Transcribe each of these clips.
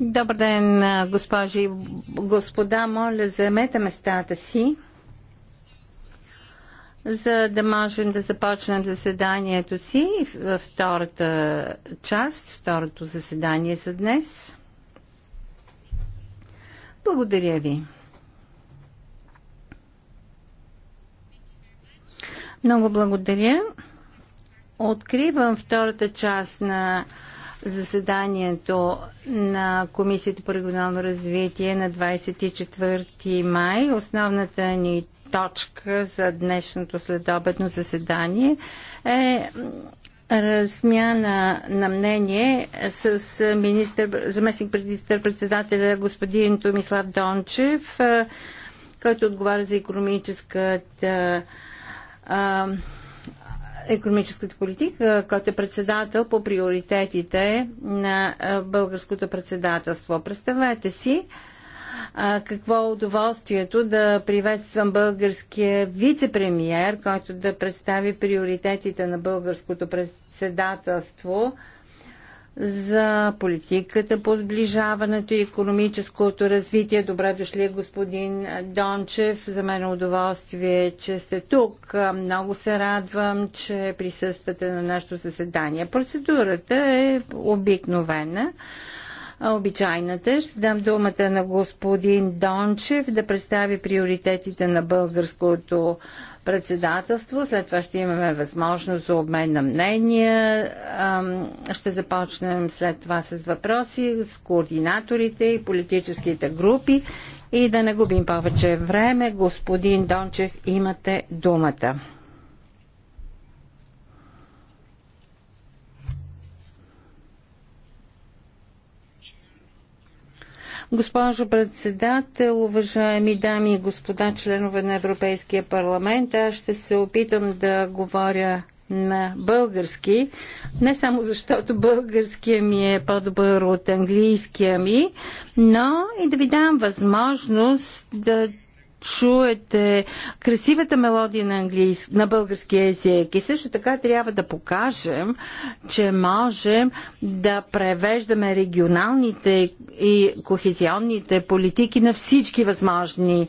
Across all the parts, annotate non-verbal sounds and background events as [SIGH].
Добър ден, госпожи и господа. Моля, заемете местата си, за да можем да започнем заседанието си във втората част, второто заседание за днес. Благодаря ви. Много благодаря. Откривам втората част на заседанието на Комисията по регионално развитие на 24 май. Основната ни точка за днешното следобедно заседание е размяна на мнение с министър, заместник председателя господин Томислав Дончев, който отговаря за економическата економическата политика, който е председател по приоритетите на българското председателство. Представете си какво е удоволствието да приветствам българския вице-премьер, който да представи приоритетите на българското председателство – за политиката по сближаването и економическото развитие. Добре дошли, господин Дончев. За мен е удоволствие, че сте тук. Много се радвам, че присъствате на нашето заседание. Процедурата е обикновена обичайната. Ще дам думата на господин Дончев да представи приоритетите на българското председателство. След това ще имаме възможност за обмен на мнения. Ще започнем след това с въпроси с координаторите и политическите групи. И да не губим повече време, господин Дончев, имате думата. Госпожо председател, уважаеми дами и господа членове на Европейския парламент, аз ще се опитам да говоря на български, не само защото българския ми е по-добър от английския ми, но и да ви дам възможност да чуете красивата мелодия на, английски, на български език. И също така трябва да покажем, че можем да превеждаме регионалните и кохезионните политики на всички възможни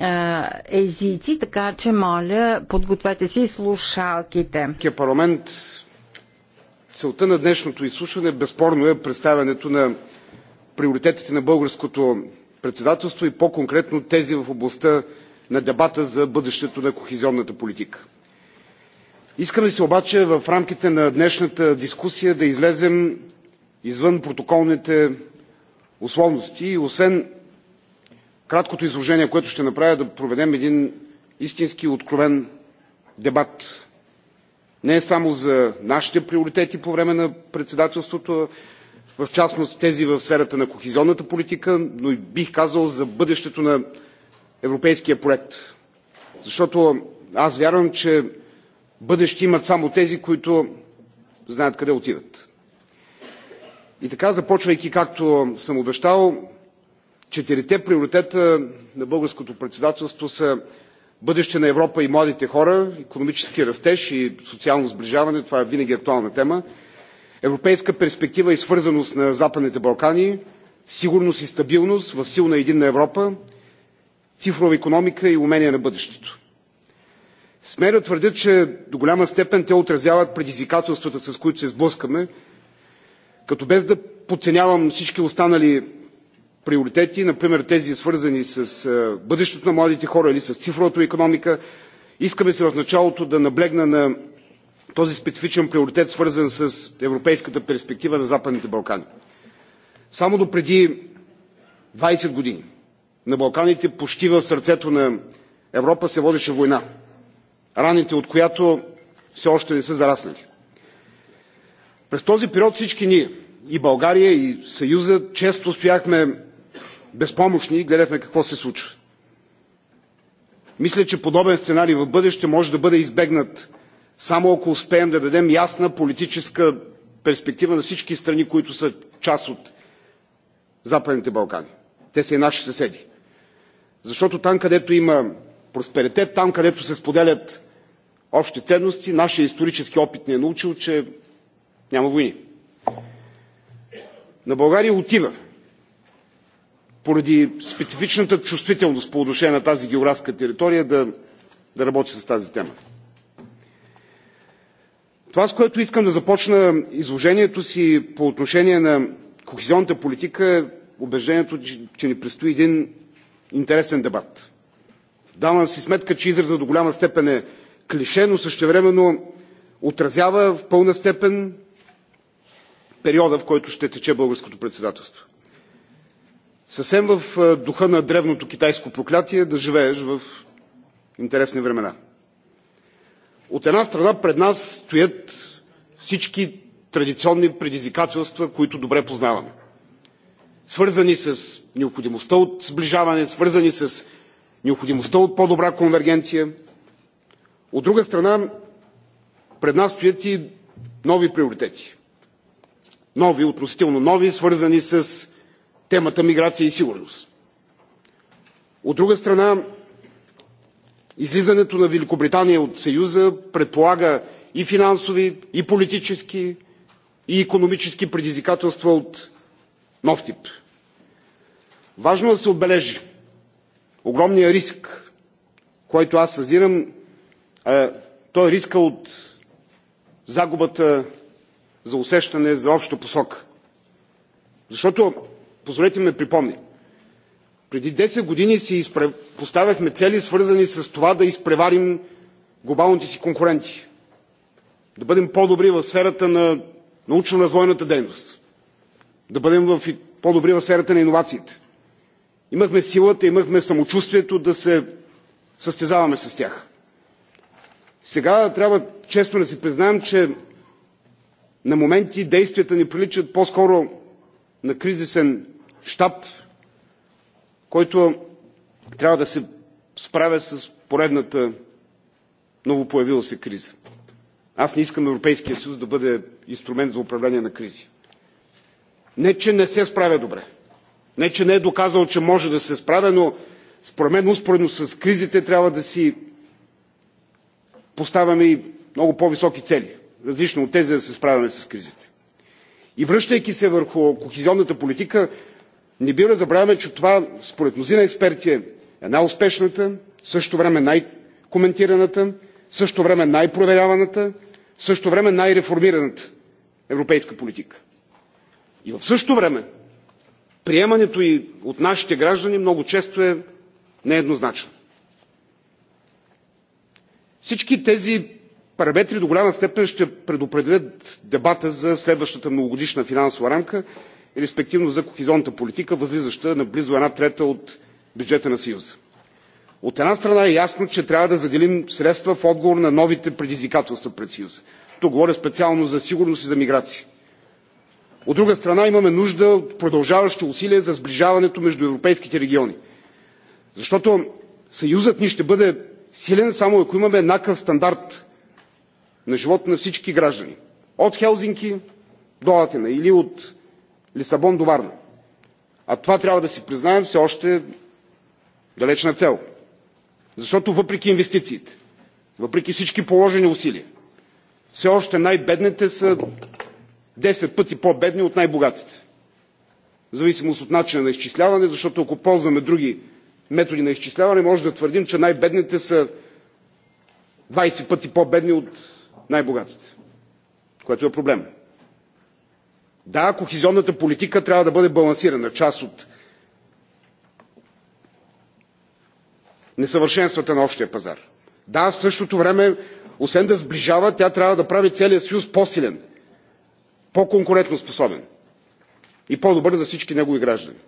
е, езици, така че моля, подгответе си слушалките. парламент целта на днешното изслушване безспорно е представянето на приоритетите на българското председателство и по конкретно тези в областта на дебата за бъдещето на кохезионната политика. Иска ми се обаче в рамките на днешната дискусия да излезем извън протоколните условности и освен краткото изложение, което ще направя, да проведем един истински откровен дебат. Не само за нашите приоритети по време на председателството, в частност тези в сферата на кохезионната политика, но и бих казал за бъдещето на европейския проект. Защото аз вярвам, че бъдеще имат само тези, които знаят къде отиват. И така, започвайки както съм обещал, четирите приоритета на българското председателство са бъдеще на Европа и младите хора, економически растеж и социално сближаване, това е винаги актуална тема, европейска перспектива и свързаност на Западните Балкани, сигурност и стабилност в силна единна Европа, цифрова економика и умения на бъдещето. Смея да твърдя, че до голяма степен те отразяват предизвикателствата, с които се сблъскаме, като без да подценявам всички останали приоритети, например тези свързани с е, бъдещето на младите хора или с цифровата економика, искаме се в началото да наблегна на този специфичен приоритет, свързан с европейската перспектива на Западните Балкани. Само до преди 20 години на Балканите, почти в сърцето на Европа, се водеше война, раните от която все още не са зараснали. През този период всички ние, и България, и Съюза, често стояхме безпомощни и гледахме какво се случва. Мисля, че подобен сценарий в бъдеще може да бъде избегнат само ако успеем да дадем ясна политическа перспектива на всички страни, които са част от Западните Балкани. Те са и наши съседи. Защото там, където има просперитет, там, където се споделят общи ценности, нашия исторически опит ни е научил, че няма войни. На България отива поради специфичната чувствителност по отношение на тази географска територия да, да работи с тази тема. Това, с което искам да започна изложението си по отношение на кохезионната политика, е убеждението, че ни предстои един интересен дебат. Давам си сметка, че изразът до голяма степен е клише, но същевременно отразява в пълна степен периода, в който ще тече българското председателство. Съвсем в духа на древното китайско проклятие да живееш в интересни времена. От една страна пред нас стоят всички традиционни предизвикателства, които добре познаваме. Свързани с необходимостта от сближаване, свързани с необходимостта от по-добра конвергенция. От друга страна, пред нас стоят и нови приоритети. Нови, относително нови, свързани с темата миграция и сигурност. От друга страна, Излизането на Великобритания от Съюза предполага и финансови, и политически, и икономически предизвикателства от нов тип. Важно е да се отбележи огромния риск, който аз съзирам. Той е риска от загубата за усещане за обща посока. Защото, позволете ми да припомня, преди 10 години си изпре... поставяхме цели, свързани с това да изпреварим глобалните си конкуренти, да бъдем по-добри в сферата на научно-развойната дейност, да бъдем в... по-добри в сферата на иновациите. Имахме силата, имахме самочувствието да се състезаваме с тях. Сега трябва често да си признаем, че на моменти действията ни приличат по-скоро на кризисен щаб който трябва да се справя с поредната новопоявила се криза. Аз не искам Европейския съюз да бъде инструмент за управление на кризи. Не, че не се справя добре. Не, че не е доказал, че може да се справя, но според мен успоредно с кризите трябва да си поставяме и много по-високи цели, различни от тези да се справяме с кризите. И връщайки се върху кохезионната политика, не бива да забравяме, че това според мнозина експерти е една успешната, в същото време най-коментираната, в същото време най-проверяваната, в същото време най-реформираната европейска политика. И в същото време приемането и от нашите граждани много често е нееднозначно. Всички тези параметри до голяма степен ще предопределят дебата за следващата многогодишна финансова рамка респективно за кохезионната политика, възлизаща на близо една трета от бюджета на Съюза. От една страна е ясно, че трябва да заделим средства в отговор на новите предизвикателства пред Съюза. Тук говоря специално за сигурност и за миграция. От друга страна имаме нужда от продължаващи усилия за сближаването между европейските региони. Защото Съюзът ни ще бъде силен само ако имаме еднакъв стандарт на живот на всички граждани. От Хелзинки до Атина или от Лисабон до Варна. А това трябва да си признаем все още е далечна цел. Защото въпреки инвестициите, въпреки всички положени усилия, все още най-бедните са 10 пъти по-бедни от най-богатите. В зависимост от начина на изчисляване, защото ако ползваме други методи на изчисляване, може да твърдим, че най-бедните са 20 пъти по-бедни от най-богатите, което е проблем. Да, кохезионната политика трябва да бъде балансирана. Част от несъвършенствата на общия пазар. Да, в същото време, освен да сближава, тя трябва да прави целия съюз по-силен, по-конкурентоспособен и по-добър за всички негови граждани.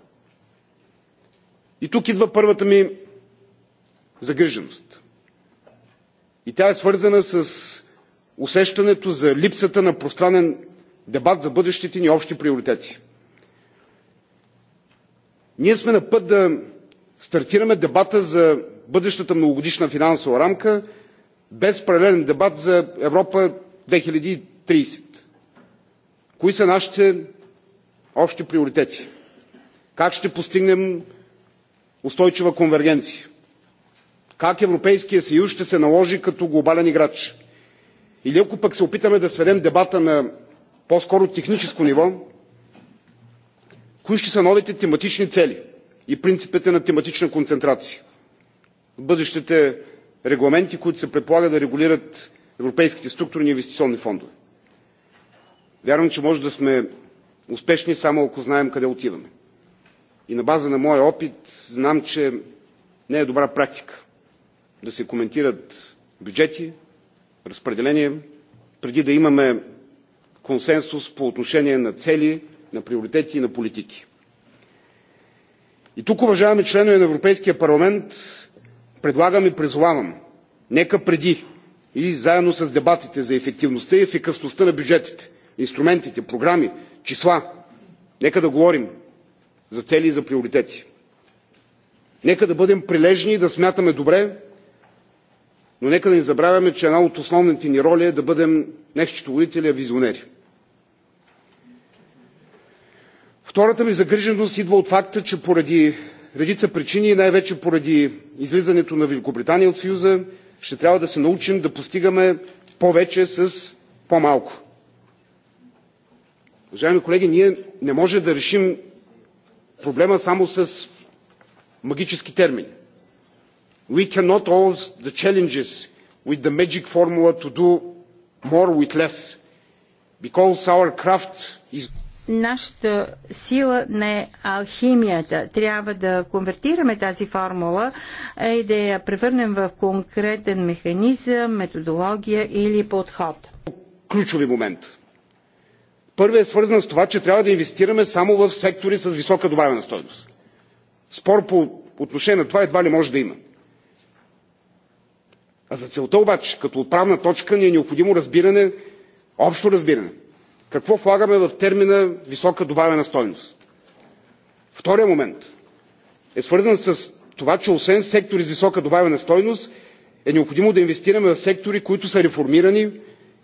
И тук идва първата ми загриженост. И тя е свързана с усещането за липсата на пространен дебат за бъдещите ни общи приоритети. Ние сме на път да стартираме дебата за бъдещата многогодишна финансова рамка без паралелен дебат за Европа 2030. Кои са нашите общи приоритети? Как ще постигнем устойчива конвергенция? Как Европейския съюз ще се наложи като глобален играч? Или ако пък се опитаме да сведем дебата на по-скоро техническо ниво, кои ще са новите тематични цели и принципите на тематична концентрация бъдещите регламенти, които се предполага да регулират европейските структурни инвестиционни фондове. Вярвам, че може да сме успешни само ако знаем къде отиваме. И на база на моя опит знам, че не е добра практика да се коментират бюджети, разпределение, преди да имаме консенсус по отношение на цели, на приоритети и на политики. И тук, уважаеми членове на Европейския парламент, предлагам и призовавам, нека преди и заедно с дебатите за ефективността и ефикасността на бюджетите, инструментите, програми, числа, нека да говорим за цели и за приоритети. Нека да бъдем прилежни и да смятаме добре, но нека да не забравяме, че една от основните ни роли е да бъдем не счетоводители, а визионери. Втората ми загриженост идва от факта, че поради редица причини най-вече поради излизането на Великобритания от Съюза ще трябва да се научим да постигаме повече с по-малко. Уважаеми колеги, ние не може да решим проблема само с магически термини. We cannot all the challenges with the magic formula to do more with less, because our craft is нашата сила не е алхимията. Трябва да конвертираме тази формула и да я превърнем в конкретен механизъм, методология или подход. Ключови момент. Първият е свързан с това, че трябва да инвестираме само в сектори с висока добавена стойност. Спор по отношение на това едва ли може да има. А за целта обаче, като отправна точка, ни е необходимо разбиране, общо разбиране – какво влагаме в термина висока добавена стойност? Вторият момент е свързан с това, че освен сектори с висока добавена стойност, е необходимо да инвестираме в сектори, които са реформирани,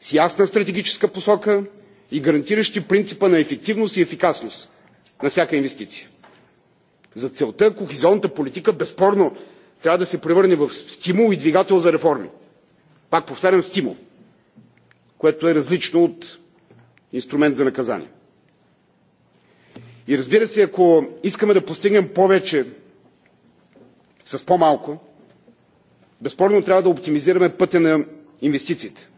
с ясна стратегическа посока и гарантиращи принципа на ефективност и ефикасност на всяка инвестиция. За целта кохезионната политика безспорно трябва да се превърне в стимул и двигател за реформи. Пак повтарям, стимул, което е различно от инструмент за наказание. И разбира се, ако искаме да постигнем повече с по-малко, безспорно трябва да оптимизираме пътя на инвестициите.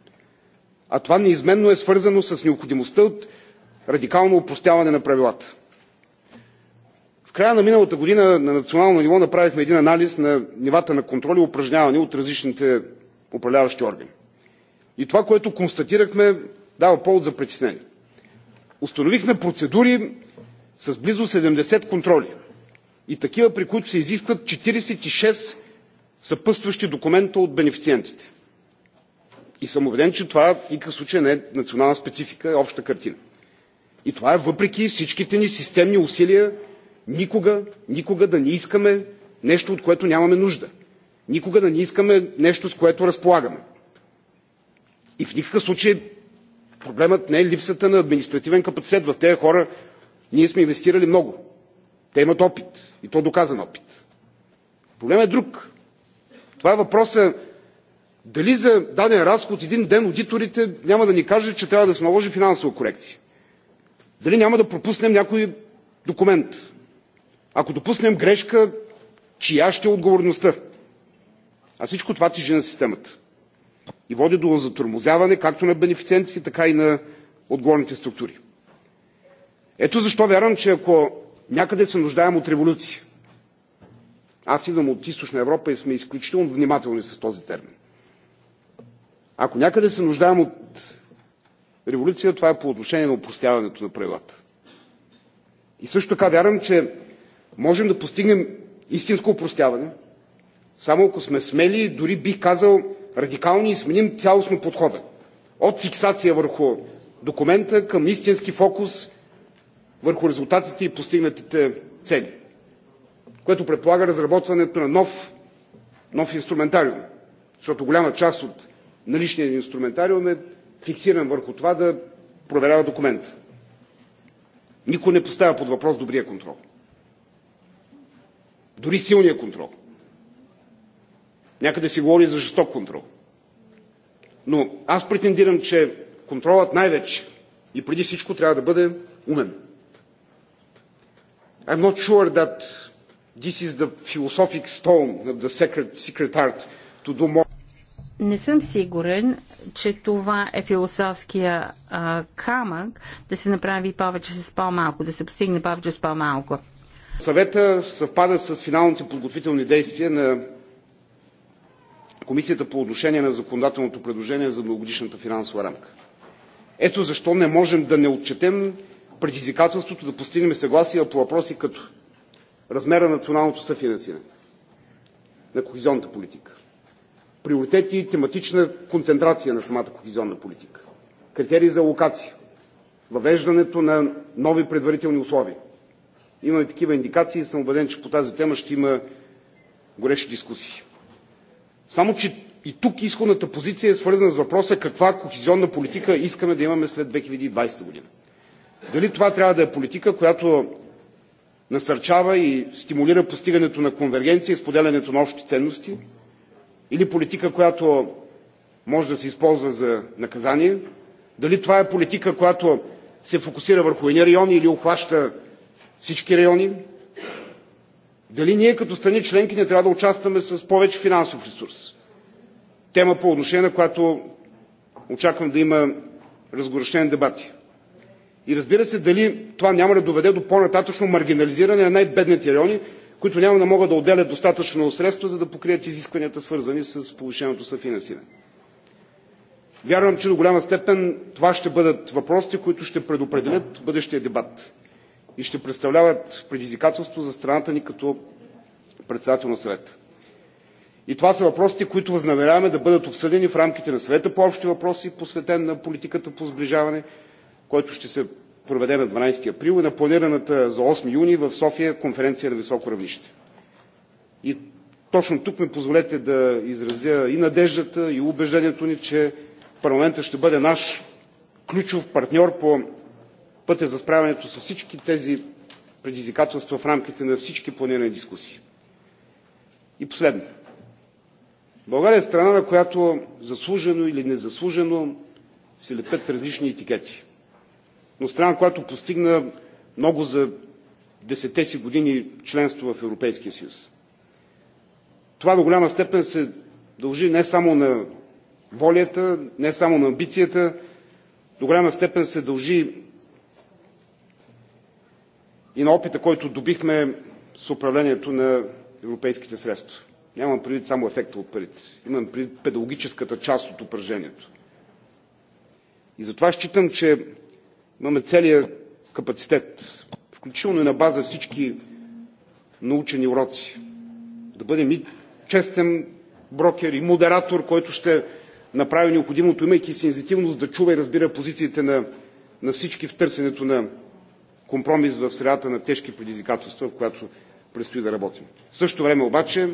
А това неизменно е свързано с необходимостта от радикално опростяване на правилата. В края на миналата година на национално ниво направихме един анализ на нивата на контрол и упражнявани от различните управляващи органи. И това, което констатирахме, дава повод за притеснение. Установихме процедури с близо 70 контроли и такива, при които се изискват 46 съпътстващи документа от бенефициентите. И съм убеден, че това в никакъв случай не е национална специфика, е обща картина. И това е въпреки всичките ни системни усилия никога, никога да не искаме нещо, от което нямаме нужда. Никога да не искаме нещо, с което разполагаме. И в никакъв случай Проблемът не е липсата на административен капацитет. В тези хора ние сме инвестирали много. Те имат опит, и то доказан опит. Проблемът е друг. Това е въпросът дали за даден разход един ден аудиторите няма да ни кажат, че трябва да се наложи финансова корекция. Дали няма да пропуснем някой документ. Ако допуснем грешка, чия ще е отговорността? А всичко това тежи на системата и води до затормозяване както на бенефициентите, така и на отговорните структури. Ето защо вярвам, че ако някъде се нуждаем от революция, аз идвам от Източна Европа и сме изключително внимателни с този термин. Ако някъде се нуждаем от революция, това е по отношение на упростяването на правилата. И също така вярвам, че можем да постигнем истинско упростяване, само ако сме смели дори бих казал радикални и сменим цялостно подхода от фиксация върху документа към истински фокус върху резултатите и постигнатите цели, което предполага разработването на нов, нов инструментариум, защото голяма част от наличния инструментариум е фиксиран върху това да проверява документа. Никой не поставя под въпрос добрия контрол. Дори силния контрол. Някъде се говори за жесток контрол. Но аз претендирам, че контролът най-вече и преди всичко трябва да бъде умен. I'm not sure that this is the philosophic stone of the secret, secret art to do more. Не съм сигурен, че това е философския а, камък да се направи повече с по-малко, да се постигне повече с по-малко. Съвета съвпада с финалните подготвителни действия на Комисията по отношение на законодателното предложение за многогодишната финансова рамка. Ето защо не можем да не отчетем предизвикателството да постигнем съгласие по въпроси като размера на националното съфинансиране, на кохезионната политика, приоритети и тематична концентрация на самата кохезионна политика, критерии за локация, въвеждането на нови предварителни условия. Имаме такива индикации и съм убеден, че по тази тема ще има горещи дискусии. Само че и тук изходната позиция е свързана с въпроса каква кохезионна политика искаме да имаме след 2020 година. Дали това трябва да е политика, която насърчава и стимулира постигането на конвергенция и споделянето на общи ценности, или политика, която може да се използва за наказание, дали това е политика, която се фокусира върху едни райони или обхваща всички райони, дали ние като страни членки не трябва да участваме с повече финансов ресурс? Тема по отношение на която очаквам да има разгорещени дебати. И разбира се, дали това няма да доведе до по-нататъчно маргинализиране на най-бедните райони, които няма да могат да отделят достатъчно средства, за да покрият изискванията, свързани с повишеното съфинансиране. Вярвам, че до голяма степен това ще бъдат въпросите, които ще предопределят бъдещия дебат и ще представляват предизвикателство за страната ни като председател на съвета. И това са въпросите, които възнамеряваме да бъдат обсъдени в рамките на съвета по общи въпроси, посветен на политиката по сближаване, който ще се проведе на 12 април и на планираната за 8 юни в София конференция на високо равнище. И точно тук ми позволете да изразя и надеждата, и убеждението ни, че парламентът ще бъде наш ключов партньор по пътя за справянето с всички тези предизвикателства в рамките на всички планирани дискусии. И последно. България е страна, на която заслужено или незаслужено се лепят различни етикети. Но страна, която постигна много за десете си години членство в Европейския съюз. Това до голяма степен се дължи не само на волята, не само на амбицията, до голяма степен се дължи и на опита, който добихме с управлението на европейските средства. Нямам предвид само ефекта от парите. Имам предвид педагогическата част от упражнението. И затова считам, че имаме целия капацитет, включително и на база всички научени уроци, да бъдем и честен брокер, и модератор, който ще направи необходимото, имайки сензитивност да чува и разбира позициите на, на всички в търсенето на, компромис в средата на тежки предизвикателства, в която предстои да работим. В същото време обаче,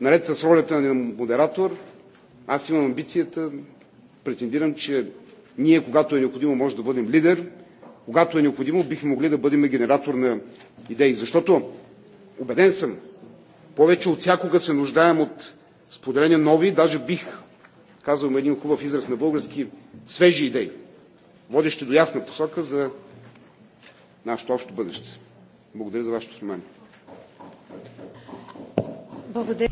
наред с ролята на модератор, аз имам амбицията, претендирам, че ние, когато е необходимо, може да бъдем лидер, когато е необходимо, бихме могли да бъдем генератор на идеи. Защото, убеден съм, повече от всякога се нуждаем от споделение нови, даже бих казвам един хубав израз на български, свежи идеи, водещи до ясна посока за нашето общо бъдеще. Благодаря за вашето внимание. Благодаря.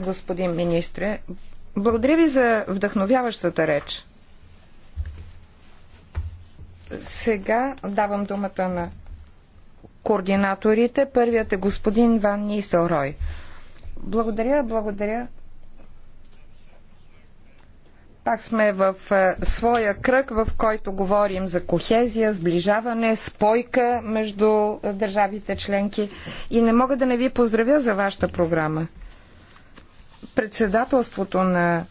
господин министре. Благодаря ви за вдъхновяващата реч. Сега давам думата на координаторите. Първият е господин Ван Нисълрой. Благодаря, благодаря пак сме в е, своя кръг, в който говорим за кохезия, сближаване, спойка между е, държавите членки. И не мога да не ви поздравя за вашата програма. Председателството на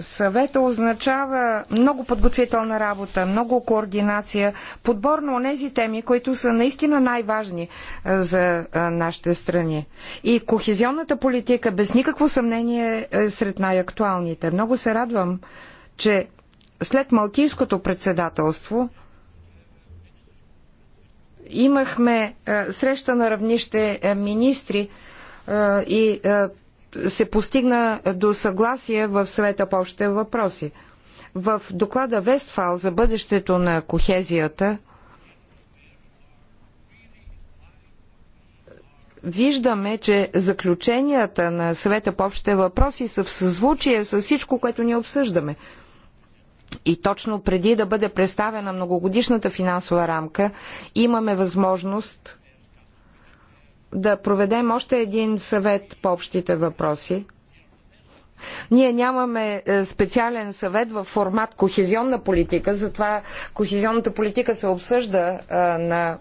съвета означава много подготвителна работа, много координация, подбор на тези теми, които са наистина най-важни за нашите страни. И кохезионната политика без никакво съмнение е сред най-актуалните. Много се радвам, че след Малтийското председателство имахме среща на равнище министри и се постигна до съгласие в съвета по общите въпроси. В доклада Вестфал за бъдещето на кохезията виждаме, че заключенията на съвета по общите въпроси са в съзвучие с всичко, което ни обсъждаме. И точно преди да бъде представена многогодишната финансова рамка, имаме възможност да проведем още един съвет по общите въпроси. Ние нямаме е, специален съвет в формат кохезионна политика, затова кохезионната политика се обсъжда е, на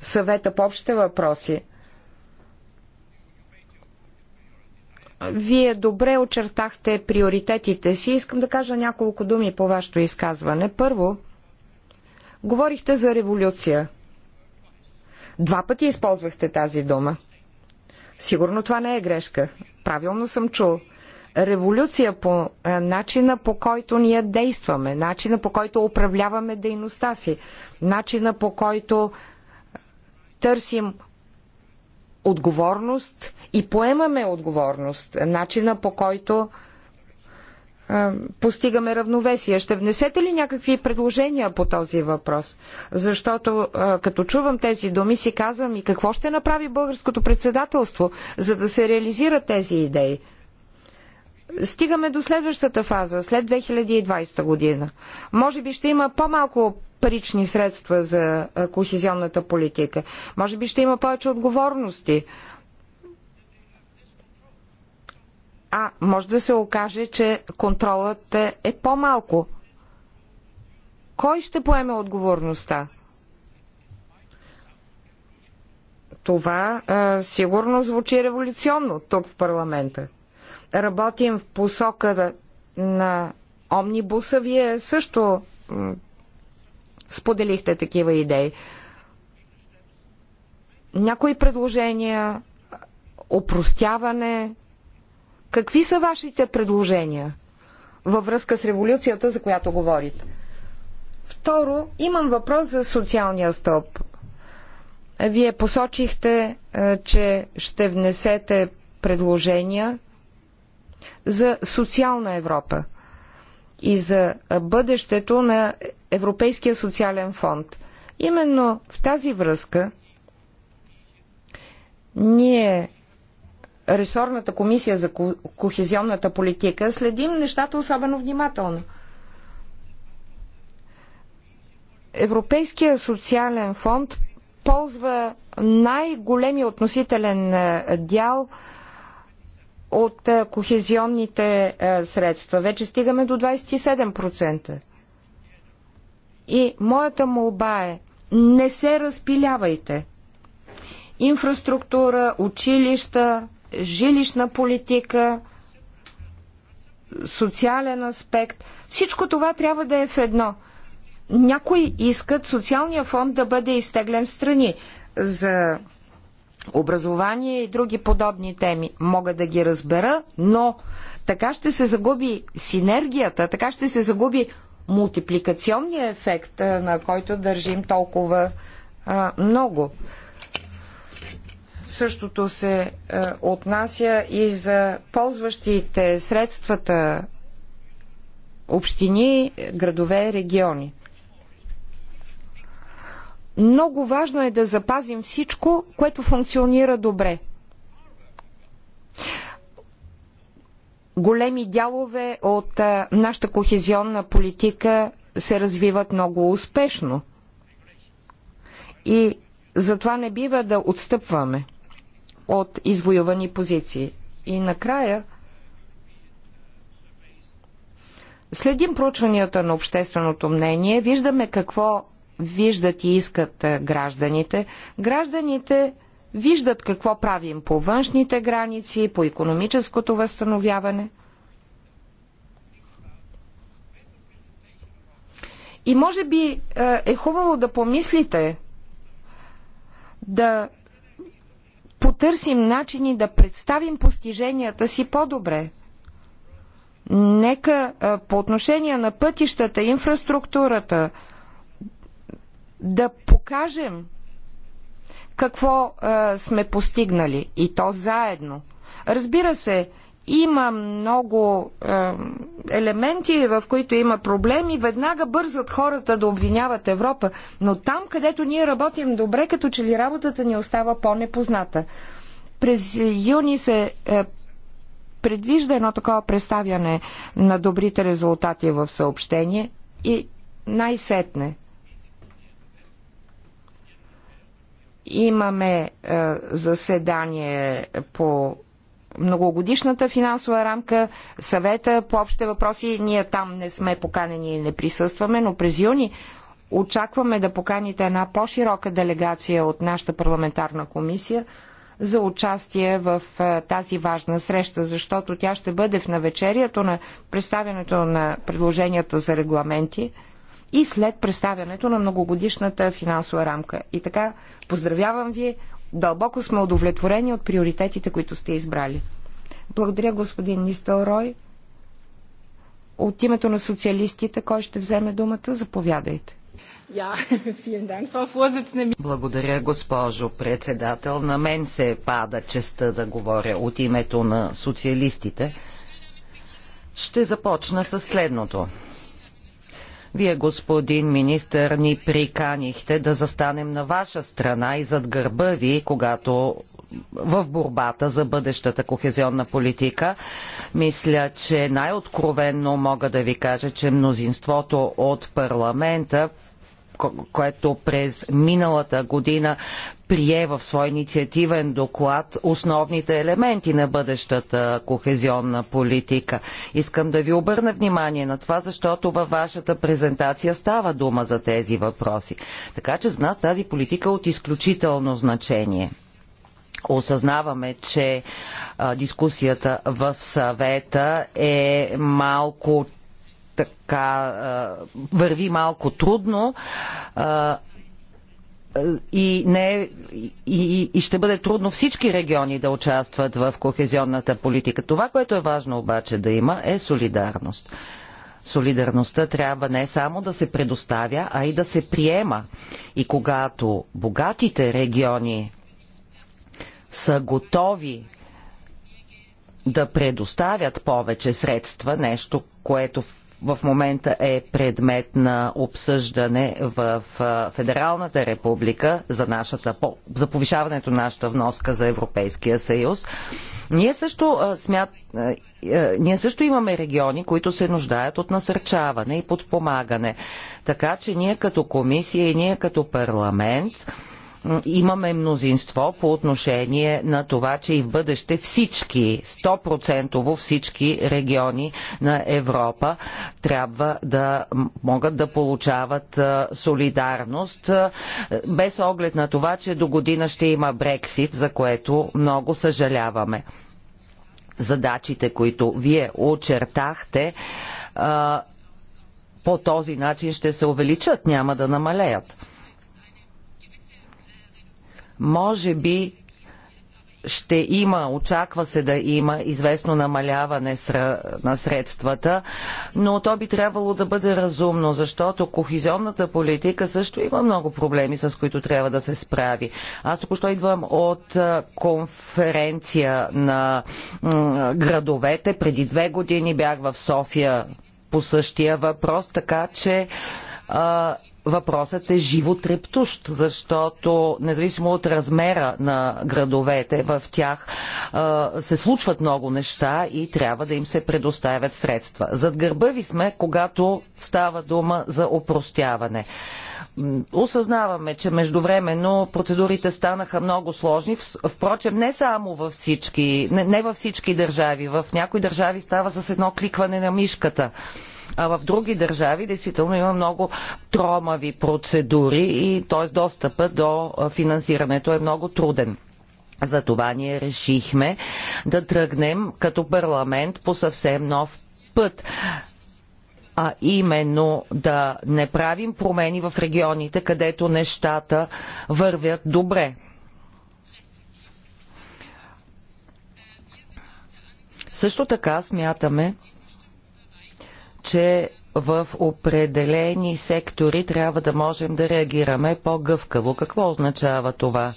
съвета по общите въпроси. Вие добре очертахте приоритетите си. Искам да кажа няколко думи по вашето изказване. Първо, говорихте за революция. Два пъти използвахте тази дума. Сигурно това не е грешка. Правилно съм чул. Революция по е, начина по който ние действаме, начина по който управляваме дейността си, начина по който е, търсим отговорност и поемаме отговорност, начина по който постигаме равновесие. Ще внесете ли някакви предложения по този въпрос? Защото като чувам тези думи си казвам и какво ще направи българското председателство, за да се реализират тези идеи. Стигаме до следващата фаза, след 2020 година. Може би ще има по-малко парични средства за кохезионната политика. Може би ще има повече отговорности. а може да се окаже, че контролът е, е по-малко. Кой ще поеме отговорността? Това а, сигурно звучи революционно тук в парламента. Работим в посока на омнибуса. Вие също споделихте такива идеи. Някои предложения, опростяване, Какви са вашите предложения във връзка с революцията, за която говорите? Второ, имам въпрос за социалния стълб. Вие посочихте, е, че ще внесете предложения за социална Европа и за бъдещето на Европейския социален фонд. Именно в тази връзка ние ресорната комисия за кохезионната политика следим нещата особено внимателно. Европейския социален фонд ползва най-големия относителен е, дял от е, кохезионните е, средства. Вече стигаме до 27%. И моята молба е не се разпилявайте. Инфраструктура, училища, жилищна политика, социален аспект. Всичко това трябва да е в едно. Някои искат социалния фонд да бъде изтеглен в страни за образование и други подобни теми. Мога да ги разбера, но така ще се загуби синергията, така ще се загуби мултипликационния ефект, на който държим толкова а, много. Същото се е, отнася и за ползващите средствата общини, градове, региони. Много важно е да запазим всичко, което функционира добре. Големи дялове от а, е, нашата кохезионна политика се развиват много успешно. И затова не бива да отстъпваме от извоювани позиции. И накрая следим проучванията на общественото мнение, виждаме какво виждат и искат е, гражданите. Гражданите виждат какво правим по външните граници, по економическото възстановяване. И може би е, е хубаво да помислите да потърсим начини да представим постиженията си по-добре. Нека по отношение на пътищата, инфраструктурата, да покажем какво а, сме постигнали и то заедно. Разбира се, има много е, елементи, в които има проблеми, веднага бързат хората да обвиняват Европа. Но там, където ние работим добре, като че ли работата ни остава по-непозната. През юни се е, предвижда едно такова представяне на добрите резултати в съобщение и най-сетне. Имаме е, заседание по многогодишната финансова рамка, съвета по общите въпроси, ние там не сме поканени и не присъстваме, но през юни очакваме да поканите една по-широка делегация от нашата парламентарна комисия за участие в е, тази важна среща, защото тя ще бъде в навечерието на представянето на предложенията за регламенти и след представянето на многогодишната финансова рамка. И така, поздравявам ви, Дълбоко сме удовлетворени от приоритетите, които сте избрали. Благодаря, господин Нистелрой. От името на социалистите, кой ще вземе думата, заповядайте. [LAUGHS] Благодаря, госпожо председател. На мен се пада честа да говоря от името на социалистите. Ще започна с следното. Вие, господин министър, ни приканихте да застанем на ваша страна и зад гърба ви, когато в борбата за бъдещата кохезионна политика. Мисля, че най-откровенно мога да ви кажа, че мнозинството от парламента което през миналата година прие в свой инициативен доклад основните елементи на бъдещата кохезионна политика. Искам да ви обърна внимание на това, защото във вашата презентация става дума за тези въпроси. Така че за нас тази политика е от изключително значение осъзнаваме, че а, дискусията в съвета е малко така, а, върви малко трудно. А, и, не е, и, и ще бъде трудно всички региони да участват в кохезионната политика. Това, което е важно обаче да има, е солидарност. Солидарността трябва не само да се предоставя, а и да се приема. И когато богатите региони са готови да предоставят повече средства, нещо, което в в момента е предмет на обсъждане в Федералната република за, нашата, за повишаването на нашата вноска за Европейския съюз. Ние също, смят, ние също имаме региони, които се нуждаят от насърчаване и подпомагане. Така че ние като комисия и ние като парламент имаме мнозинство по отношение на това, че и в бъдеще всички, 100% всички региони на Европа трябва да могат да получават солидарност, без оглед на това, че до година ще има Брексит, за което много съжаляваме. Задачите, които вие очертахте, по този начин ще се увеличат, няма да намалеят. Може би ще има, очаква се да има известно намаляване на средствата, но то би трябвало да бъде разумно, защото кохизионната политика също има много проблеми, с които трябва да се справи. Аз току-що идвам от конференция на градовете. Преди две години бях в София по същия въпрос, така че въпросът е животрептущ, защото независимо от размера на градовете, в тях се случват много неща и трябва да им се предоставят средства. Зад гърба ви сме, когато става дума за опростяване. Осъзнаваме, че междувременно процедурите станаха много сложни. Впрочем, не само във всички, не, не във всички държави. В някои държави става с едно кликване на мишката. А в други държави действително има много тромави процедури и т.е. достъпа до финансирането е много труден. Затова ние решихме да тръгнем като парламент по съвсем нов път а именно да не правим промени в регионите, където нещата вървят добре. Също така смятаме, че в определени сектори трябва да можем да реагираме по-гъвкаво. Какво означава това?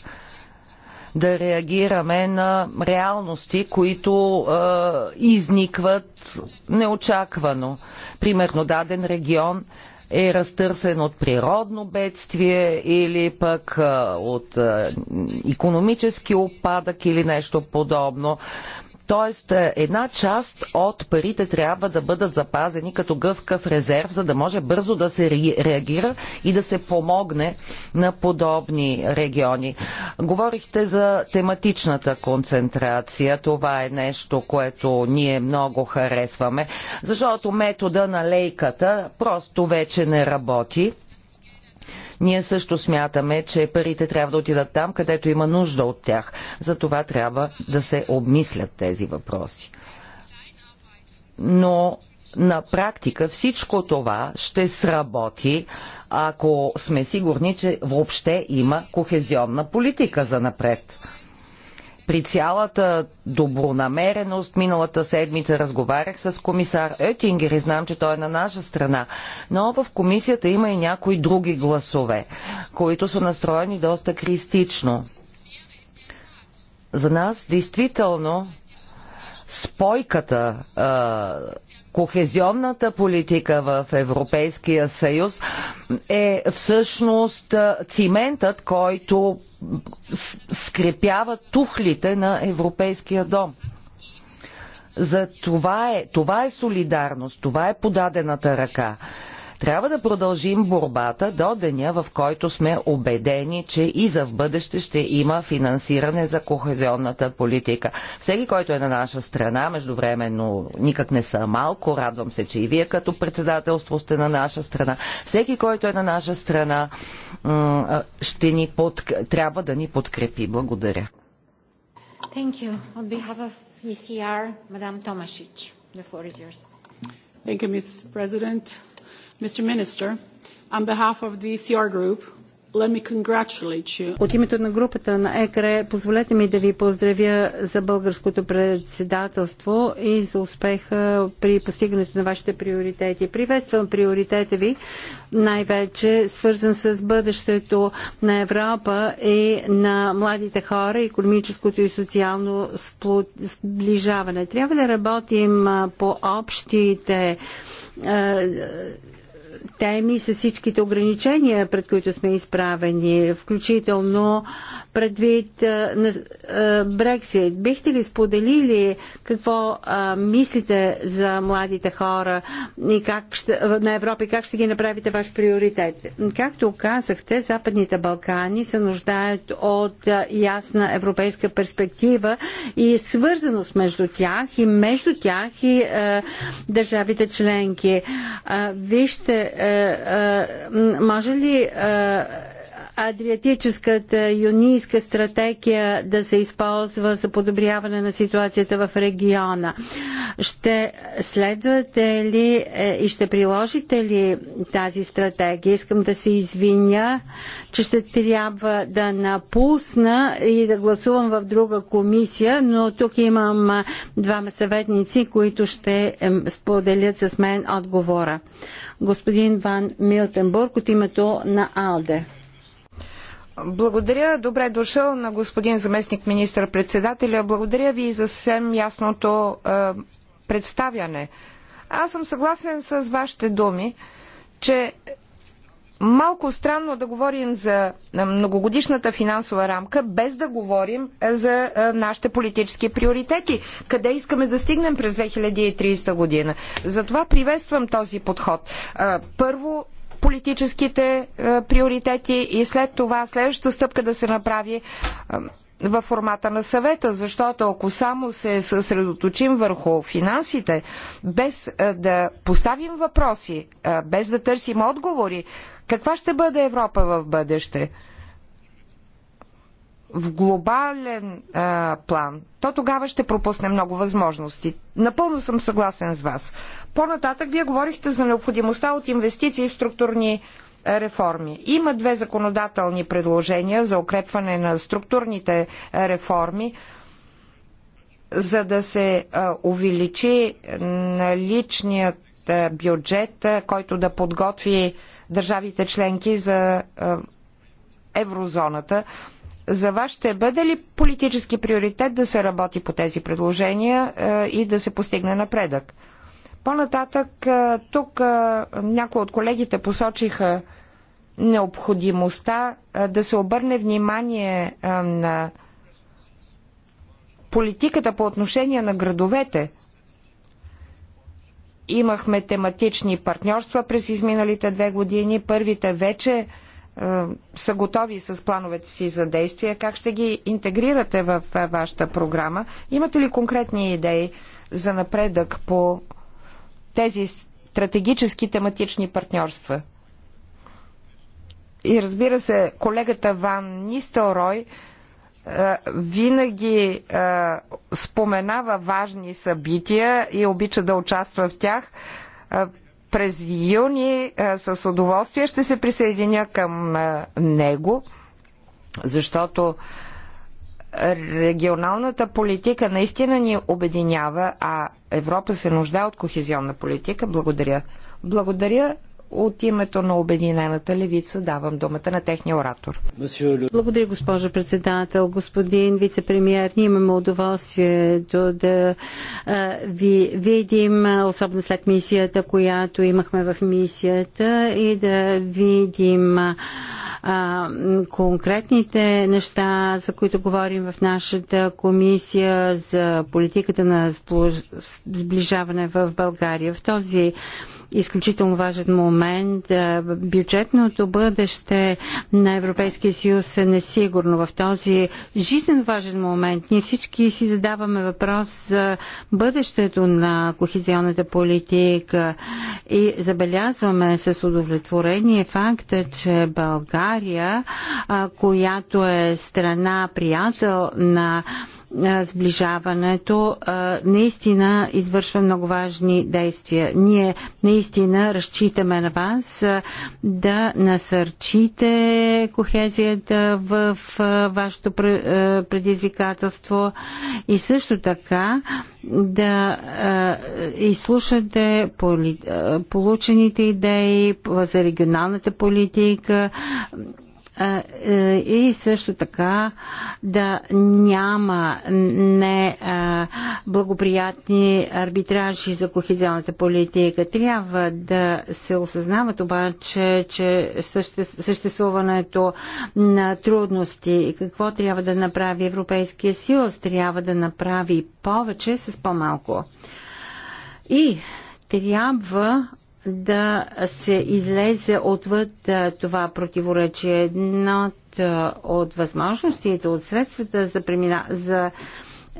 да реагираме на реалности, които е, изникват неочаквано. Примерно даден регион е разтърсен от природно бедствие или пък е, от е, економически опадък или нещо подобно. Е, Тоест, е, една част от парите трябва да бъдат запазени като гъвкав резерв, за да може бързо да се реагира и да се помогне на подобни региони. Говорихте за тематичната концентрация. Това е нещо, което ние много харесваме, защото метода на лейката просто вече не работи ние също смятаме, че парите трябва да отидат там, където има нужда от тях. За това трябва да се обмислят тези въпроси. Но на практика всичко това ще сработи, ако сме сигурни, че въобще има кохезионна политика за напред. При цялата добронамереност миналата седмица разговарях с комисар Етингер и знам, че той е на наша страна. Но в комисията има и някои други гласове, които са настроени доста кристично. За нас действително спойката кохезионната политика в Европейския съюз е всъщност циментът, който скрепява тухлите на Европейския дом. За това е, това е солидарност, това е подадената ръка. Трябва да продължим борбата до деня, в който сме убедени, че и за в бъдеще ще има финансиране за кохезионната политика. Всеки, който е на наша страна, междувременно никак не са малко, радвам се, че и вие като председателство сте на наша страна. Всеки, който е на наша страна, ще ни под... трябва да ни подкрепи. Благодаря. Thank you. On behalf of e Madame Tomasic, the floor is yours. Thank you, Ms. President. Mr. Minister, on behalf of the ECR group, let me congratulate you. От името на групата на ЕКРЕ, позволете ми да ви поздравя за българското председателство и за успеха при постигането на вашите приоритети. Приветствам приоритета ви, най-вече свързан с бъдещето на Европа и на младите хора, економическото и социално сближаване. Трябва да работим по общите теми с всичките ограничения, пред които сме изправени, включително предвид Брексит. Бихте ли споделили какво мислите за младите хора и как ще, на Европа и как ще ги направите ваш приоритет? Както казахте, Западните Балкани се нуждаят от ясна европейска перспектива и свързаност между тях и между тях и държавите членки. вижте, може ли Адриатическата юнийска стратегия да се използва за подобряване на ситуацията в региона. Ще следвате ли е, и ще приложите ли тази стратегия? Искам да се извиня, че ще трябва да напусна и да гласувам в друга комисия, но тук имам двама съветници, които ще споделят с мен отговора. Господин Ван Милтенбург от името на АЛДЕ. Благодаря. Добре дошъл на господин заместник министър председателя Благодаря ви за съвсем ясното е, представяне. Аз съм съгласен с вашите думи, че малко странно да говорим за е, многогодишната финансова рамка, без да говорим за е, нашите политически приоритети, къде искаме да стигнем през 2030 година. Затова приветствам този подход. Е, първо, политическите е, приоритети и след това следващата стъпка да се направи е, във формата на съвета, защото ако само се съсредоточим върху финансите, без е, да поставим въпроси, без да търсим отговори, каква ще бъде Европа в бъдеще? в глобален а, план, то тогава ще пропусне много възможности. Напълно съм съгласен с вас. По-нататък вие говорихте за необходимостта от инвестиции в структурни реформи. Има две законодателни предложения за укрепване на структурните реформи, за да се а, увеличи наличният а, бюджет, а, който да подготви държавите членки за еврозоната за вас ще бъде ли политически приоритет да се работи по тези предложения е, и да се постигне напредък? По-нататък, е, тук е, някои от колегите посочиха необходимостта да се обърне внимание на политиката по отношение на градовете. Имахме тематични партньорства през изминалите две години. Първите вече са готови с плановете си за действие, как ще ги интегрирате в вашата програма? Имате ли конкретни идеи за напредък по тези стратегически тематични партньорства? И разбира се, колегата Ван Нистелрой винаги споменава важни събития и обича да участва в тях през юни с удоволствие ще се присъединя към него, защото регионалната политика наистина ни обединява, а Европа се нуждае от кохезионна политика. Благодаря. Благодаря. От името на Обединената левица давам думата на техния оратор. Благодаря, госпожо председател. Господин вице-премьер, ние имаме удоволствие да ви видим, особено след мисията, която имахме в мисията и да видим а, конкретните неща, за които говорим в нашата комисия за политиката на сближаване в България. В този изключително важен момент. Е, бюджетното бъдеще на Европейския съюз е несигурно. В този жизненно важен момент ние всички си задаваме въпрос за бъдещето на кохезионната политика и забелязваме с удовлетворение факта, че България, която е страна приятел на сближаването наистина извършва много важни действия. Ние наистина разчитаме на вас да насърчите кохезията в вашето предизвикателство и също така да изслушате получените идеи за регионалната политика, е, и също така да няма не благоприятни арбитражи за кохезионната политика. Трябва да се осъзнават обаче, че съществуването на трудности и какво трябва да направи Европейския съюз, трябва да направи повече с по-малко. И трябва да се излезе отвъд това противоречие. Една от възможностите, от средствата за, премина... за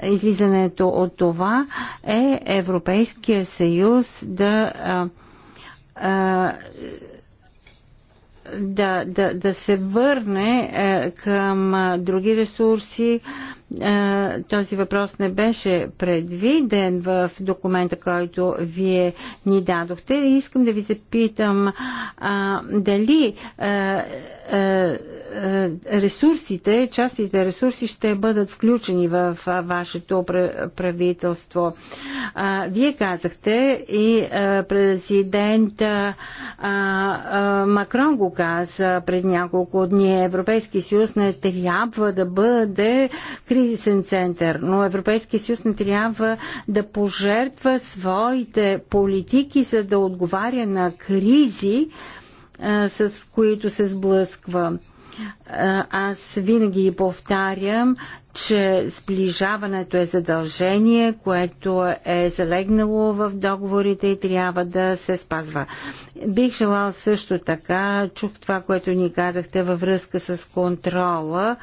излизането от това е Европейския съюз да да, да, да се върне към други ресурси, този въпрос не беше предвиден в документа, който вие ни дадохте. Искам да ви запитам а, дали а, а, ресурсите, частите ресурси ще бъдат включени в вашето правителство. А, вие казахте и а, президент а, а, Макрон го каза пред няколко дни. Европейски съюз не трябва да бъде кризисен център, но Европейския съюз не трябва да пожертва своите политики, за да отговаря на кризи, а, с които се сблъсква. Аз винаги повтарям, че сближаването е задължение, което е залегнало в договорите и трябва да се спазва. Бих желал също така, чух това, което ни казахте във връзка с контрола,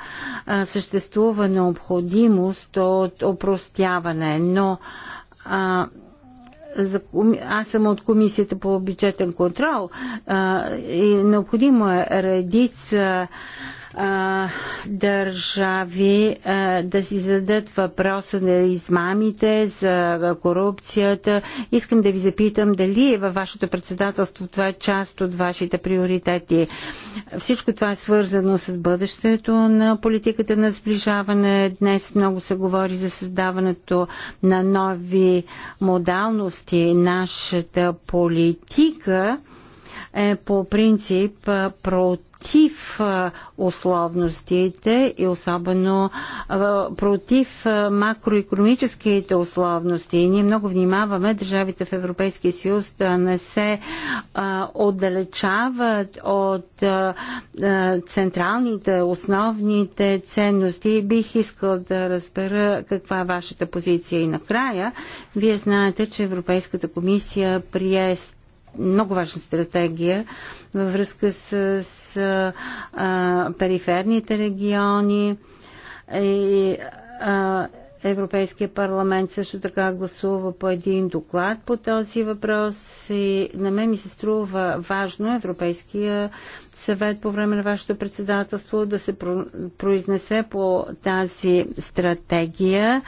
съществува необходимост от опростяване, но а, за, аз съм от комисията по бюджетен контрол а, и необходимо е редица а, държави а, да си зададат въпроса на измамите, за корупцията. Искам да ви запитам дали е във вашето председателство това е част от вашите приоритети. Всичко това е свързано с бъдещето на политиката на сближаване. Днес много се говори за създаването на нови модалности. Нашата политика е по принцип против условностите и особено против макроекономическите условности. И ние много внимаваме държавите в Европейския съюз да не се отдалечават от централните, основните ценности. И бих искал да разбера каква е вашата позиция. И накрая, вие знаете, че Европейската комисия приест много важна стратегия във връзка с, с а, периферните региони и а, Европейския парламент също така гласува по един доклад по този въпрос и на мен ми се струва важно Европейския съвет по време на вашето председателство да се произнесе по тази стратегия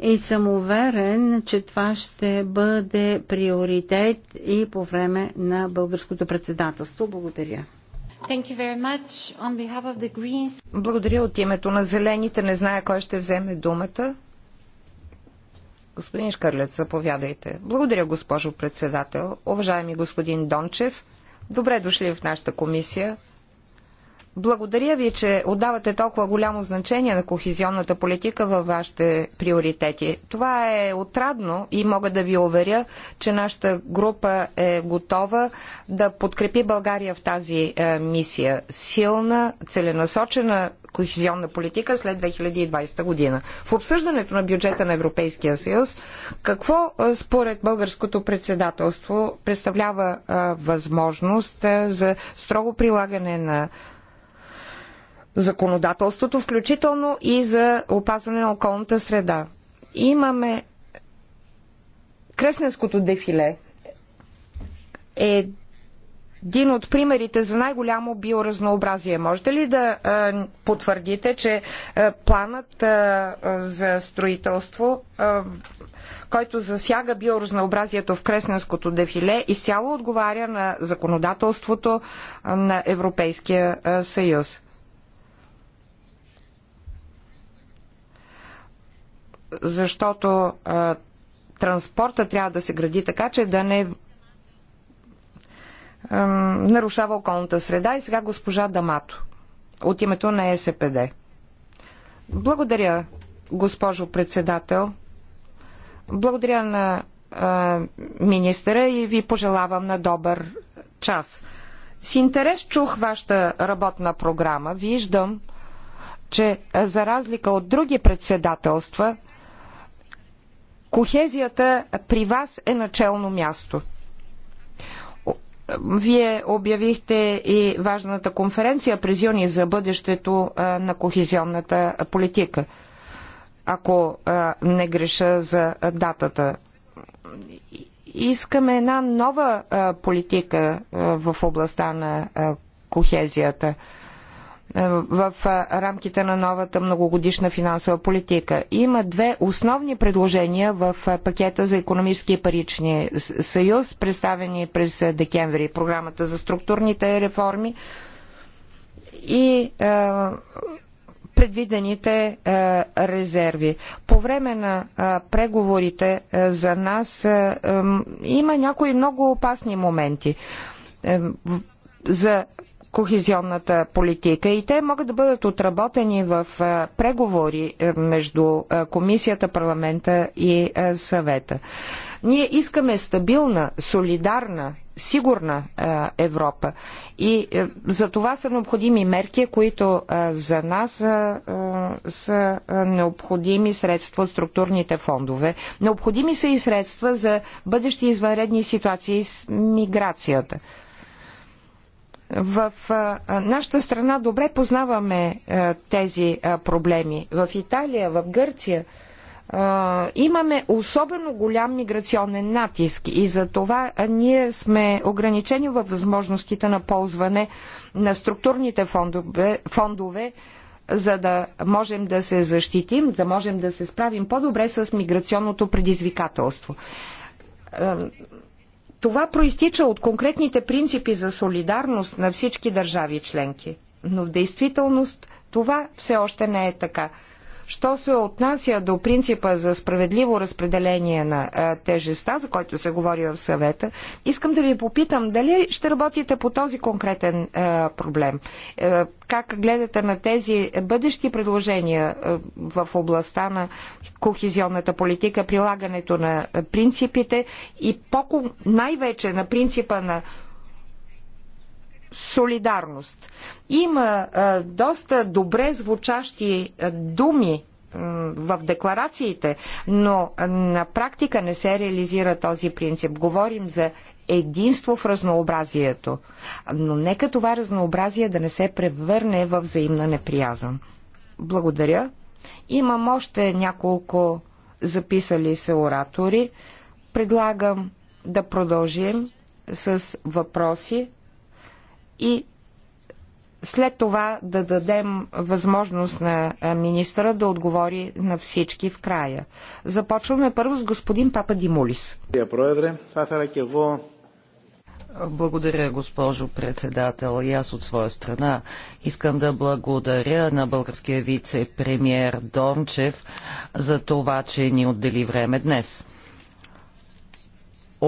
и съм уверен, че това ще бъде приоритет и по време на българското председателство. Благодаря. Благодаря от името на Зелените. Не зная кой ще вземе думата. Господин Шкърлет, заповядайте. Благодаря, госпожо председател. Уважаеми господин Дончев, добре дошли в нашата комисия. Благодаря ви, че отдавате толкова голямо значение на кохезионната политика във вашите приоритети. Това е отрадно и мога да ви уверя, че нашата група е готова да подкрепи България в тази е, мисия. Силна, целенасочена кохезионна политика след 2020 година. В обсъждането на бюджета на Европейския съюз, какво е, според българското председателство представлява е, възможност е, за строго прилагане на законодателството, включително и за опазване на околната среда. Имаме Кресненското дефиле е един от примерите за най-голямо биоразнообразие. Можете ли да а, потвърдите, че а, планът а, за строителство, а, който засяга биоразнообразието в Кресненското дефиле, изцяло отговаря на законодателството а, на Европейския а, съюз? защото а, транспорта трябва да се гради така, че да не а, нарушава околната среда. И сега госпожа Дамато от името на СПД. Благодаря, госпожо председател. Благодаря на а, министъра и ви пожелавам на добър час. С интерес чух вашата работна програма. Виждам, че за разлика от други председателства, Кохезията при вас е начално място. Вие обявихте и важната конференция през юни за бъдещето на кохезионната политика. Ако не греша за датата. Искаме една нова политика в областта на кохезията. Е, в рамките на новата многогодишна финансова политика. Има две основни предложения в пакета за економически и парични съюз, представени през декември. Програмата за структурните реформи и предвидените резерви. По време на преговорите за нас има някои много опасни моменти. за кохезионната политика и те могат да бъдат отработени в преговори е, между комисията, парламента и съвета. Ние искаме стабилна, солидарна, сигурна Европа и е, за това са необходими мерки, които за нас са необходими средства от структурните фондове. Необходими са и средства за бъдещи извънредни ситуации с миграцията. В нашата страна добре познаваме тези проблеми. В Италия, в Гърция имаме особено голям миграционен натиск и за това ние сме ограничени във възможностите на ползване на структурните фондове, фондове за да можем да се защитим, да можем да се справим по-добре с миграционното предизвикателство. Това проистича от конкретните принципи за солидарност на всички държави членки. Но в действителност това все още не е така. Що се отнася до принципа за справедливо разпределение на а, тежеста, за който се говори в съвета, искам да ви попитам дали ще работите по този конкретен а, проблем. А, как гледате на тези бъдещи предложения а, в областта на кохезионната политика, прилагането на принципите и най-вече на принципа на солидарност. Има а, доста добре звучащи а, думи в декларациите, но на практика не се реализира този принцип. Говорим за единство в разнообразието, но нека това разнообразие да не се превърне в взаимна неприязан. Благодаря. Имам още няколко записали се оратори. Предлагам да продължим с въпроси и след това да дадем възможност на министра да отговори на всички в края. Започваме първо с господин Папа Димулис. Е благодаря, госпожо председател. И аз от своя страна искам да благодаря на българския вице-премьер Дончев за това, че ни отдели време днес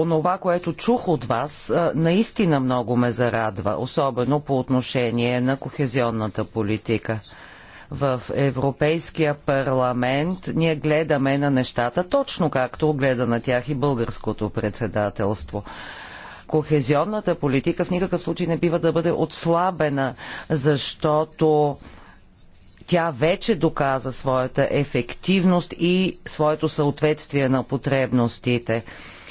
онова, което чух от вас, наистина много ме зарадва, особено по отношение на кохезионната политика. В Европейския парламент ние гледаме на нещата точно както гледа на тях и българското председателство кохезионната политика в никакъв случай не бива да бъде отслабена, защото тя вече доказа своята ефективност и своето съответствие на потребностите.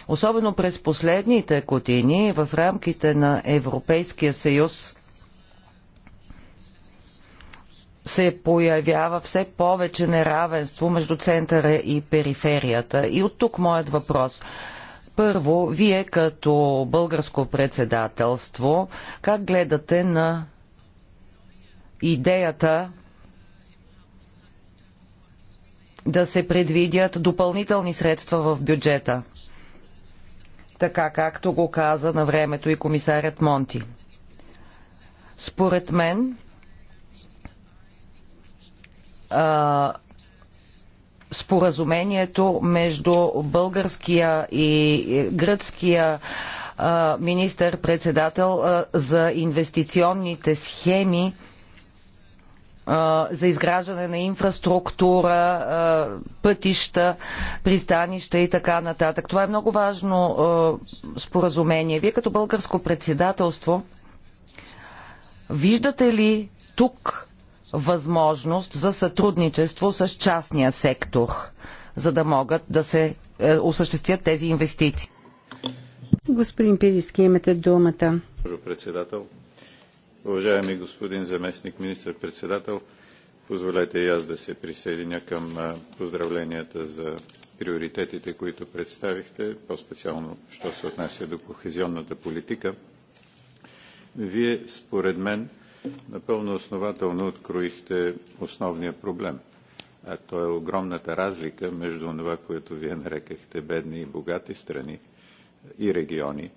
Особено през последните години в рамките на Европейския съюз се появява все повече неравенство между центъра и периферията. И от тук моят въпрос. Първо, вие като българско председателство, как гледате на идеята да се предвидят допълнителни средства в бюджета? така както го каза на времето и комисарят Монти. Според мен, а, споразумението между българския и гръцкия министър-председател за инвестиционните схеми за изграждане на инфраструктура, пътища, пристанища и така нататък. Това е много важно споразумение. Вие като българско председателство виждате ли тук възможност за сътрудничество с частния сектор, за да могат да се е, осъществят тези инвестиции? Господин Пириски, имате думата. Председател, Уважаеми господин заместник министър-председател, позволете и аз да се присъединя към поздравленията за приоритетите, които представихте, по-специално, що се отнася до кохезионната политика. Вие, според мен, напълно основателно откроихте основния проблем. А то е огромната разлика между това, което вие нарекахте бедни и богати страни и региони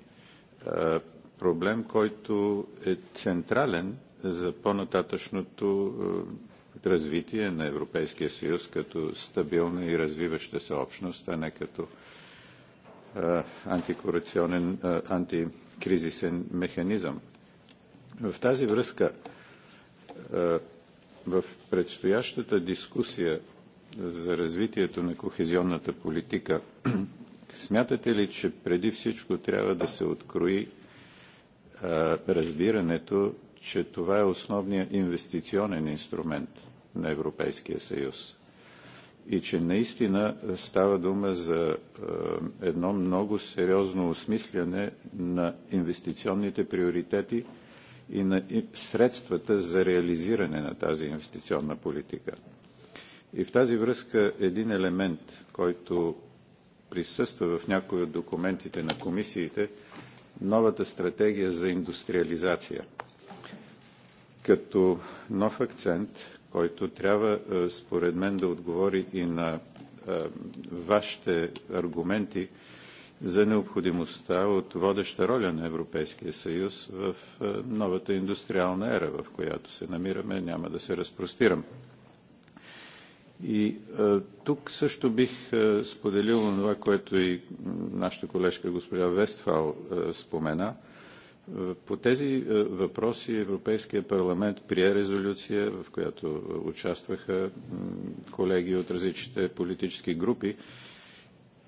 проблем, който е централен за по-нататъчното е, развитие на Европейския съюз като стабилна и развиваща се общност, а не като е, антикорупционен, е, антикризисен механизъм. В тази връзка в предстоящата дискусия за развитието на кохезионната политика, [CLEARS THROAT] смятате ли, че преди всичко трябва да се открои разбирането, че това е основният инвестиционен инструмент на Европейския съюз и че наистина става дума за едно много сериозно осмисляне на инвестиционните приоритети и на средствата за реализиране на тази инвестиционна политика. И в тази връзка един елемент, който присъства в някои от документите на комисиите – новата стратегия за индустриализация като нов акцент, който трябва е, според мен да отговори и на е, вашите аргументи за необходимостта от водеща роля на Европейския съюз в е, новата индустриална ера, в която се намираме. Няма да се разпростирам. И а, е, тук също бих а, е, споделил това, което и нашата колежка госпожа Вестфал а, е, спомена. А, по тези а, въпроси Европейския парламент прие резолюция, в която участваха колеги от различните политически групи.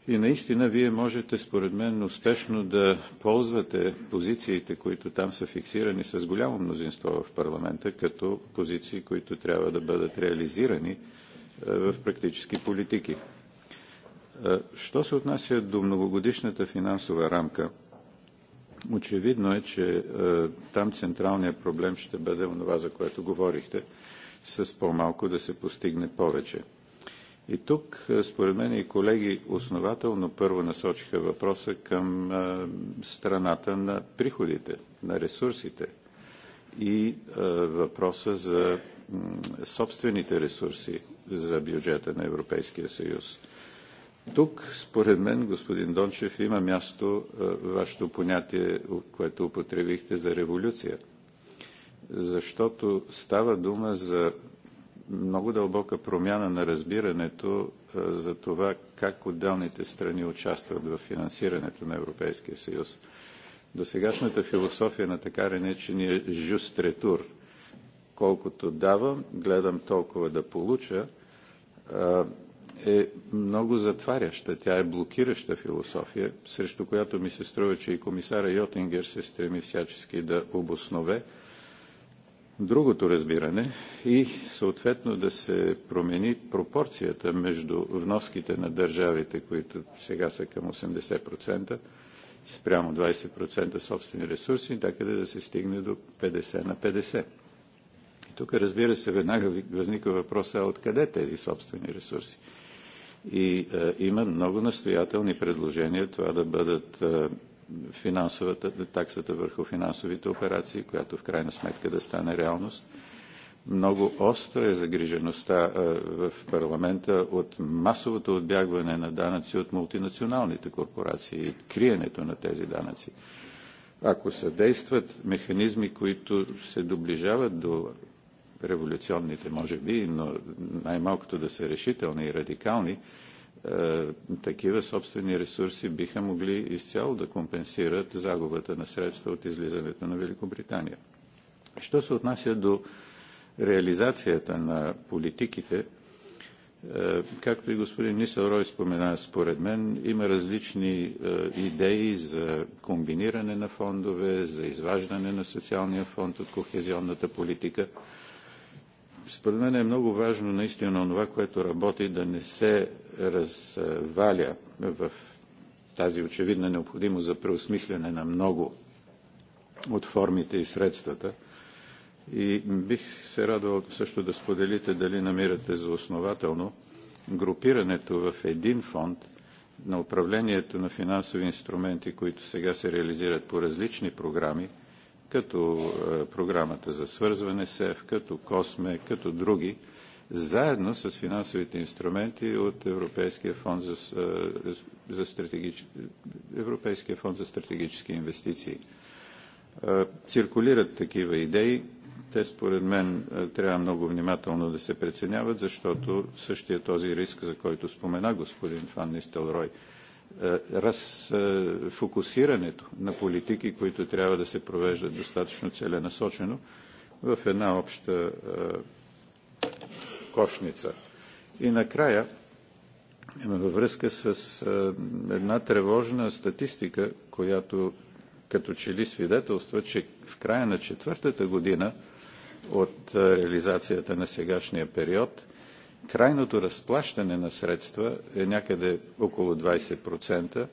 И наистина вие можете, според мен, успешно да ползвате позициите, които там са фиксирани с голямо мнозинство в парламента, като позиции, които трябва да бъдат реализирани – е, в практически политики. Е, що се отнася до многогодишната финансова рамка, очевидно е, че е, там централният проблем ще бъде онова, за което говорихте, с по-малко да се постигне повече. И тук, според мен и колеги, основателно първо насочиха въпроса към страната на приходите, на ресурсите и въпроса за собствените ресурси за бюджета на Европейския съюз. Тук, според мен, господин Дончев, има място е, вашето понятие, което употребихте за революция. Защото става дума за много дълбока промяна на разбирането е, за това как отделните страни участват в финансирането на Европейския съюз. До сегашната философия на така ренечения е жустретур. колкото давам, гледам толкова да получа – е много затваряща, тя е блокираща философия, срещу която ми се струва, че и комисара Йотингер се стреми всячески да обоснове другото разбиране и съответно да се промени пропорцията между вноските на държавите, които сега са към 80%, спрямо 20% собствени ресурси, така да се стигне до 50 на 50. Тук, разбира се, веднага възниква въпроса откъде тези собствени ресурси. И а, е, има много настоятелни предложения това да бъдат а, е, финансовата, таксата върху финансовите операции, която в крайна сметка да стане реалност. Много остра е загрижеността е, в парламента от масовото отбягване на данъци от мултинационалните корпорации и криенето на тези данъци. Ако съдействат механизми, които се доближават до революционните, може би, но най-малкото да са решителни и радикални, е, такива собствени ресурси биха могли изцяло да компенсират загубата на средства от излизането на Великобритания. Що се отнася до реализацията на политиките, е, както и господин Нисел Рой спомена, според мен има различни е, идеи за комбиниране на фондове, за изваждане на социалния фонд от кохезионната политика – според мен е много важно наистина това, което работи, да не се разваля в тази очевидна необходимост за преосмислене на много от формите и средствата. И бих се радвал също да споделите дали намирате за основателно групирането в един фонд на управлението на финансови инструменти, които сега се реализират по различни програми – като е, програмата за свързване СЕФ, като КОСМЕ, като други, заедно с финансовите инструменти от Европейския фонд за, е, за, стратегич... Европейския фонд за стратегически инвестиции. Е, циркулират такива идеи. Те според мен трябва много внимателно да се преценяват, защото същия този риск, за който спомена господин Фан Нистелрой – е, разфокусирането на политики, които трябва да се провеждат достатъчно целенасочено в една обща е, кошница. И накрая, във връзка с е, една тревожна статистика, която като че ли свидетелства, че в края на четвъртата година от реализацията на сегашния период крайното разплащане на средства е някъде около 20%,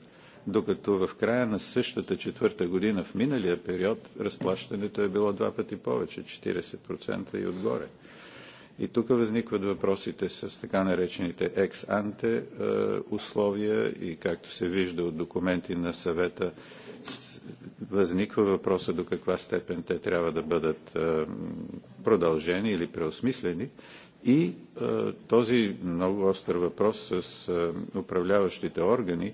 докато в края на същата четвърта година в миналия период разплащането е било два пъти повече 40% и отгоре. И тук възникват въпросите с така наречените екс-анте условия и както се вижда от документи на съвета, възниква въпроса до каква степен те трябва да бъдат е, продължени или преосмислени. И е, този много остър въпрос с е, управляващите органи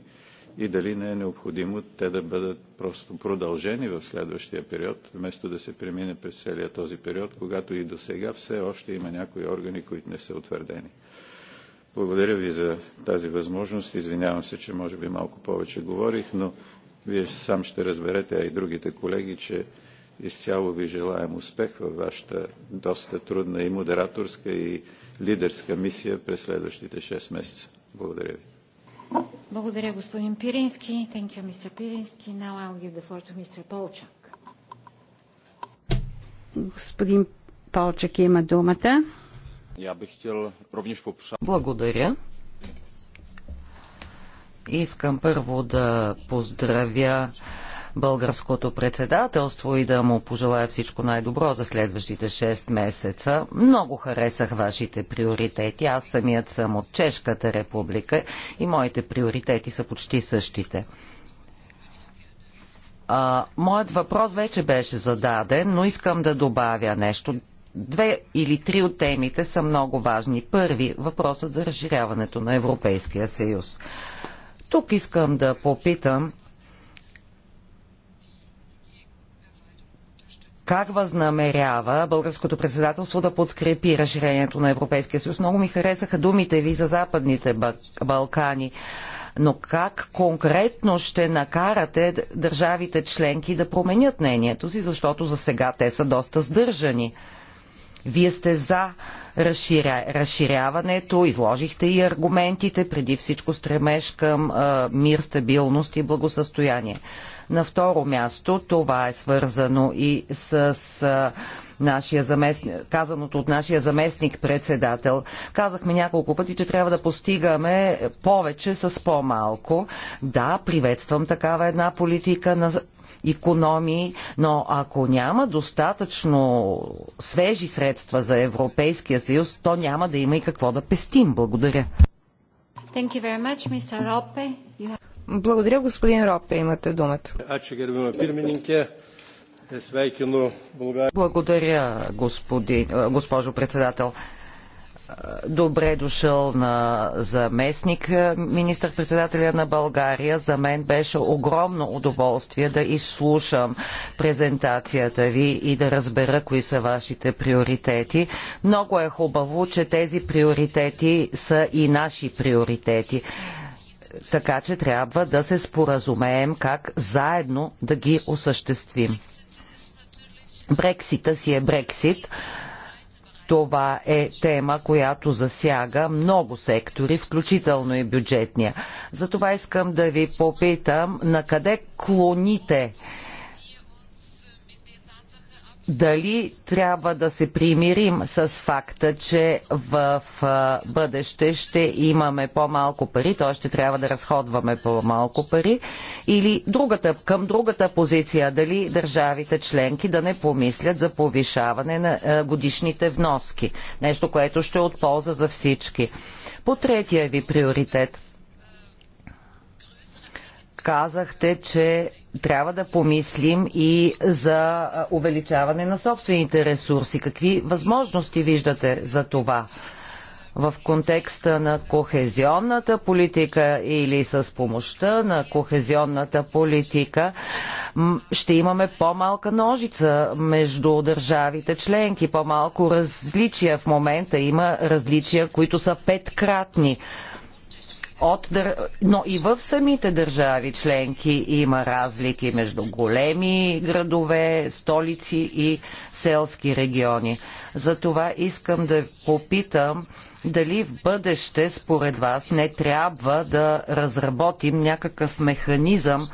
и дали не е необходимо те да бъдат просто продължени в следващия период, вместо да се премине през целия този период, когато и до сега все още има някои органи, които не са утвърдени. Благодаря ви за тази възможност. Извинявам се, че може би малко повече говорих, но вие сам ще разберете, а и другите колеги, че Изцяло ви желаем успех във вашата доста трудна и модераторска и лидерска мисия през следващите 6 месеца. Благодаря ви. Благодаря, господин Пирински. Thank you, Mr. Пирински. Now I'll give the floor to Mr. Polchak. Господин Полчак има думата. Я бих хотел ровниш попша... Благодаря. Искам първо да поздравя българското председателство и да му пожелая всичко най-добро за следващите 6 месеца. Много харесах вашите приоритети. Аз самият съм от Чешката република и моите приоритети са почти същите. А, моят въпрос вече беше зададен, но искам да добавя нещо. Две или три от темите са много важни. Първи въпросът за разширяването на Европейския съюз. Тук искам да попитам Как възнамерява българското председателство да подкрепи разширението на Европейския съюз? Много ми харесаха думите ви за Западните Балкани. Но как конкретно ще накарате държавите членки да променят мнението си, защото за сега те са доста сдържани? Вие сте за разширя... разширяването, изложихте и аргументите, преди всичко стремеж към мир, стабилност и благосъстояние. На второ място това е свързано и с нашия заместник, казаното от нашия заместник председател. Казахме няколко пъти, че трябва да постигаме повече с по-малко. Да, приветствам такава една политика на економии, но ако няма достатъчно свежи средства за Европейския съюз, то няма да има и какво да пестим. Благодаря. Thank you very much, Mr. Rope. You have... Благодаря, господин Ропе, имате думата. Благодаря, господин, госпожо председател. Добре дошъл на заместник е, министър-председателя на България. За мен беше огромно удоволствие да изслушам презентацията ви и да разбера кои са вашите приоритети. Много е хубаво, че тези приоритети са и наши приоритети така че трябва да се споразумеем как заедно да ги осъществим. Брексита си е Брексит. Това е тема, която засяга много сектори, включително и бюджетния. Затова искам да ви попитам на къде клоните дали трябва да се примирим с факта, че в бъдеще ще имаме по-малко пари, т.е. ще трябва да разходваме по-малко пари, или другата, към другата позиция, дали държавите членки да не помислят за повишаване на годишните вноски. Нещо, което ще е от полза за всички. По третия ви приоритет казахте, че трябва да помислим и за увеличаване на собствените ресурси. Какви възможности виждате за това? в контекста на кохезионната политика или с помощта на кохезионната политика ще имаме по-малка ножица между държавите членки, по-малко различия. В момента има различия, които са петкратни от, но и в самите държави членки има разлики между големи градове, столици и селски региони. Затова искам да попитам дали в бъдеще, според вас, не трябва да разработим някакъв механизъм,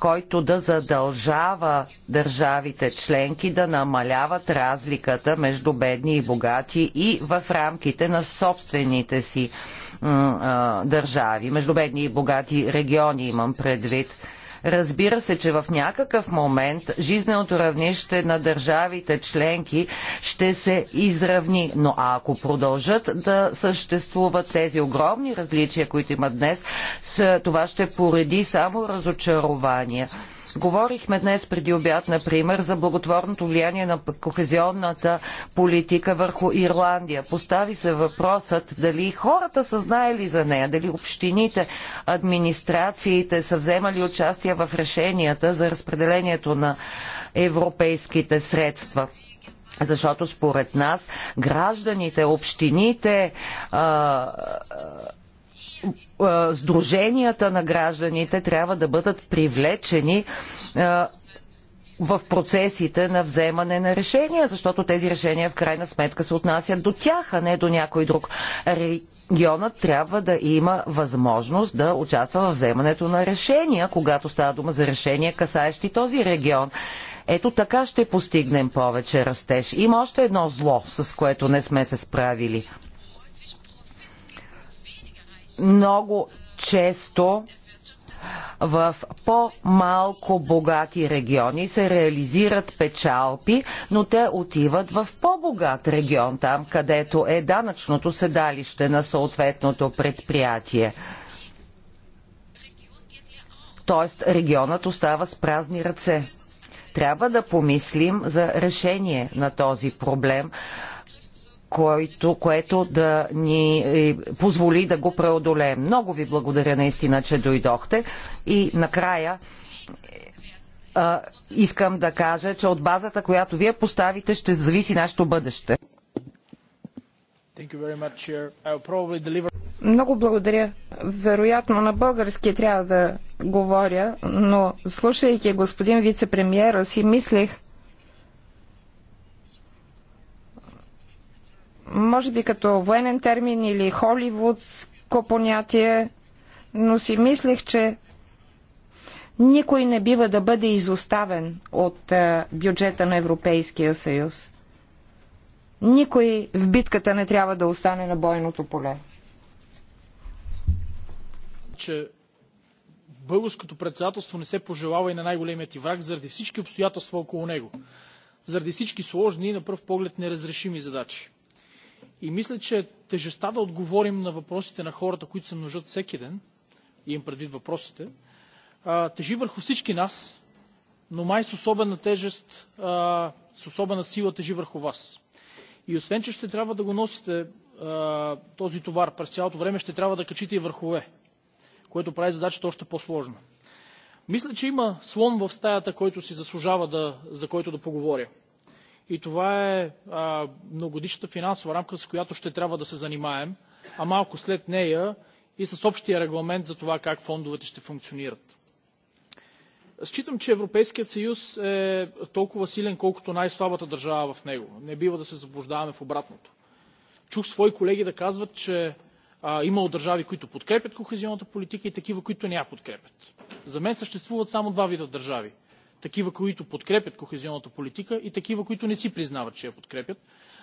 който да задължава държавите членки да намаляват разликата между бедни и богати и в рамките на собствените си държави, между бедни и богати региони имам предвид. Разбира се, че в някакъв момент жизненото равнище на държавите членки ще се изравни. Но ако продължат да съществуват тези огромни различия, които имат днес, това ще пореди само разочарование. Говорихме днес преди обяд, например, за благотворното влияние на кохезионната политика върху Ирландия. Постави се въпросът дали хората са знаели за нея, дали общините, администрациите са вземали участие в решенията за разпределението на европейските средства. Защото според нас гражданите, общините а, сдруженията на гражданите трябва да бъдат привлечени в процесите на вземане на решения, защото тези решения в крайна сметка се отнасят до тях, а не до някой друг. Регионът трябва да има възможност да участва в вземането на решения, когато става дума за решения, касаещи този регион. Ето така ще постигнем повече растеж. Има още едно зло, с което не сме се справили – много често в по-малко богати региони се реализират печалпи, но те отиват в по-богат регион, там където е данъчното седалище на съответното предприятие. Тоест регионът остава с празни ръце. Трябва да помислим за решение на този проблем, който, което да ни е, позволи да го преодолеем. Много ви благодаря наистина, че дойдохте и накрая а, искам да кажа, че от базата, която вие поставите, ще зависи нашето бъдеще. Много благодаря. Вероятно на български трябва да говоря, но слушайки господин вице си, мислех, може би като военен термин или холивудско понятие, но си мислех, че никой не бива да бъде изоставен от е, бюджета на Европейския съюз. Никой в битката не трябва да остане на бойното поле. Че българското председателство не се пожелава и на най-големият ти враг заради всички обстоятелства около него. Заради всички сложни и на пръв поглед неразрешими задачи. И мисля, че тежестта да отговорим на въпросите на хората, които се множат всеки ден, и им предвид въпросите, тежи върху всички нас, но май с особена тежест, с особена сила тежи върху вас. И освен, че ще трябва да го носите този товар през цялото време, ще трябва да качите и върхове, което прави задачата още по-сложна. Мисля, че има слон в стаята, който си заслужава да, за който да поговоря и това е а, многодишната финансова рамка, с която ще трябва да се занимаем, а малко след нея и с общия регламент за това как фондовете ще функционират. Считам, че Европейският съюз е толкова силен, колкото най-слабата държава в него. Не бива да се заблуждаваме в обратното. Чух свои колеги да казват, че а, имало държави, които подкрепят кохезионната политика и такива, които не я подкрепят. За мен съществуват само два вида държави – такива, които подкрепят кохезионната политика и такива, които не си признават, че я подкрепят.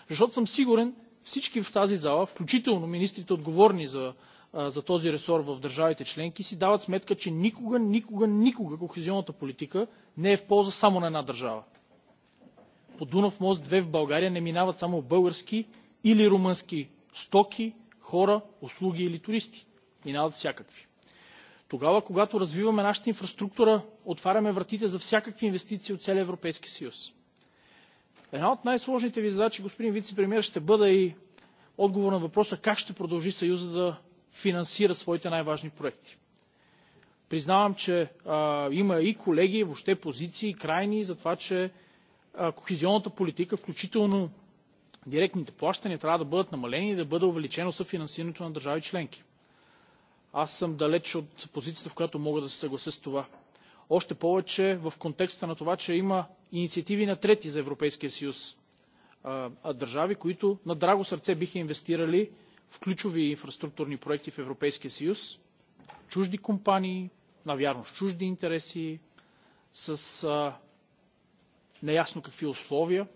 Защото съм сигурен, всички в тази зала, включително министрите отговорни за, за този ресор в държавите членки, си дават сметка, че никога, никога, никога кохезионната политика не е в полза само на една държава. По Дунав мост 2 в България не минават само български или румънски стоки, хора, услуги или туристи. Минават всякакви. Тогава, когато развиваме нашата инфраструктура, отваряме вратите за всякакви инвестиции от целия Европейски съюз. Една от най-сложните ви задачи, господин вице-премьер, ще бъде и отговор на въпроса как ще продължи Съюза да финансира своите най-важни проекти. Признавам, че а, има и колеги, въобще позиции, крайни за това, че а, кохезионната политика, включително директните плащания, трябва да бъдат намалени и да бъде увеличено съфинансирането на държави членки аз съм далеч от позицията, в която мога да се съглася с това. Още повече в контекста на това, че има инициативи на трети за Европейския съюз държави, които на драго сърце биха инвестирали в ключови инфраструктурни проекти в Европейския съюз, чужди компании, навярно с чужди интереси, с а, неясно какви условия.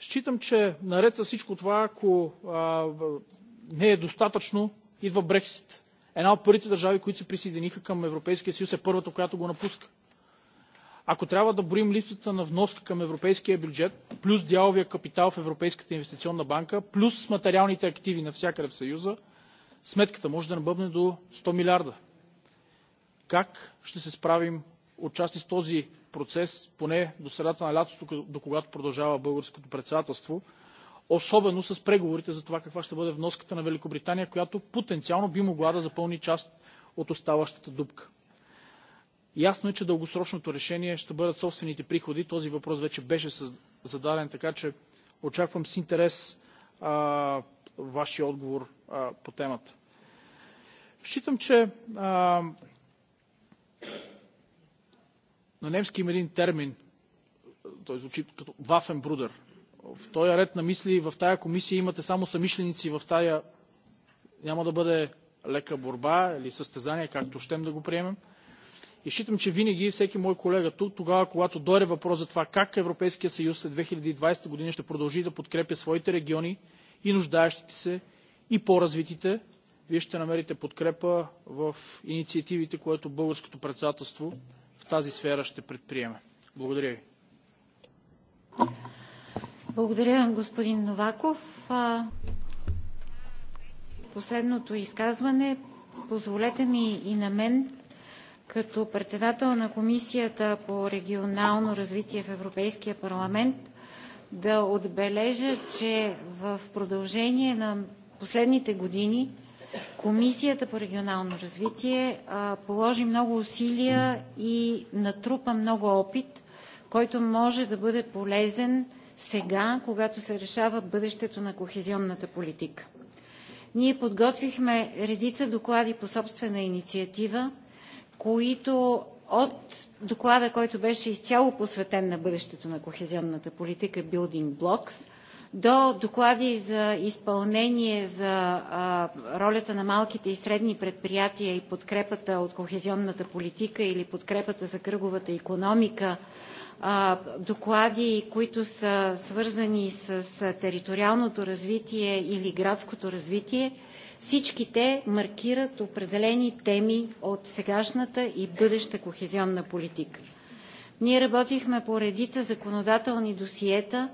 Считам, че наред с всичко това, ако а, не е достатъчно идва Брексит. Една от първите държави, които се присъединиха към Европейския съюз, е първата, която го напуска. Ако трябва да броим липсата на вноска към европейския бюджет, плюс дяловия капитал в Европейската инвестиционна банка, плюс материалните активи навсякъде в Съюза, сметката може да набъбне до 100 милиарда. Как ще се справим отчасти с този процес, поне до средата на лятото, до когато продължава българското председателство, особено с преговорите за това каква ще бъде вноската на Великобритания, която потенциално би могла да запълни част от оставащата дупка. Ясно е, че дългосрочното решение ще бъдат собствените приходи. Този въпрос вече беше зададен, така че очаквам с интерес а, вашия отговор а, по темата. Считам, че а, на немски има един термин, той звучи като Waffenbruder, в този ред на мисли в тая комисия имате само самишленици в тая няма да бъде лека борба или състезание, както щем да го приемем. И считам, че винаги всеки мой колега тук, тогава когато дойде въпрос за това как Европейския съюз след 2020 година ще продължи да подкрепя своите региони и нуждаещите се, и по-развитите, вие ще намерите подкрепа в инициативите, което българското председателство в тази сфера ще предприеме. Благодаря ви. Благодаря, господин Новаков. Последното изказване позволете ми и на мен като председател на Комисията по регионално развитие в Европейския парламент да отбележа, че в продължение на последните години Комисията по регионално развитие положи много усилия и натрупа много опит, който може да бъде полезен сега, когато се решава бъдещето на кохезионната политика. Ние подготвихме редица доклади по собствена инициатива, които от доклада, който беше изцяло посветен на бъдещето на кохезионната политика Building Blocks, до доклади за изпълнение за а, ролята на малките и средни предприятия и подкрепата от кохезионната политика или подкрепата за кръговата економика доклади, които са свързани с териториалното развитие или градското развитие, всички те маркират определени теми от сегашната и бъдеща кохезионна политика. Ние работихме по редица законодателни досиета,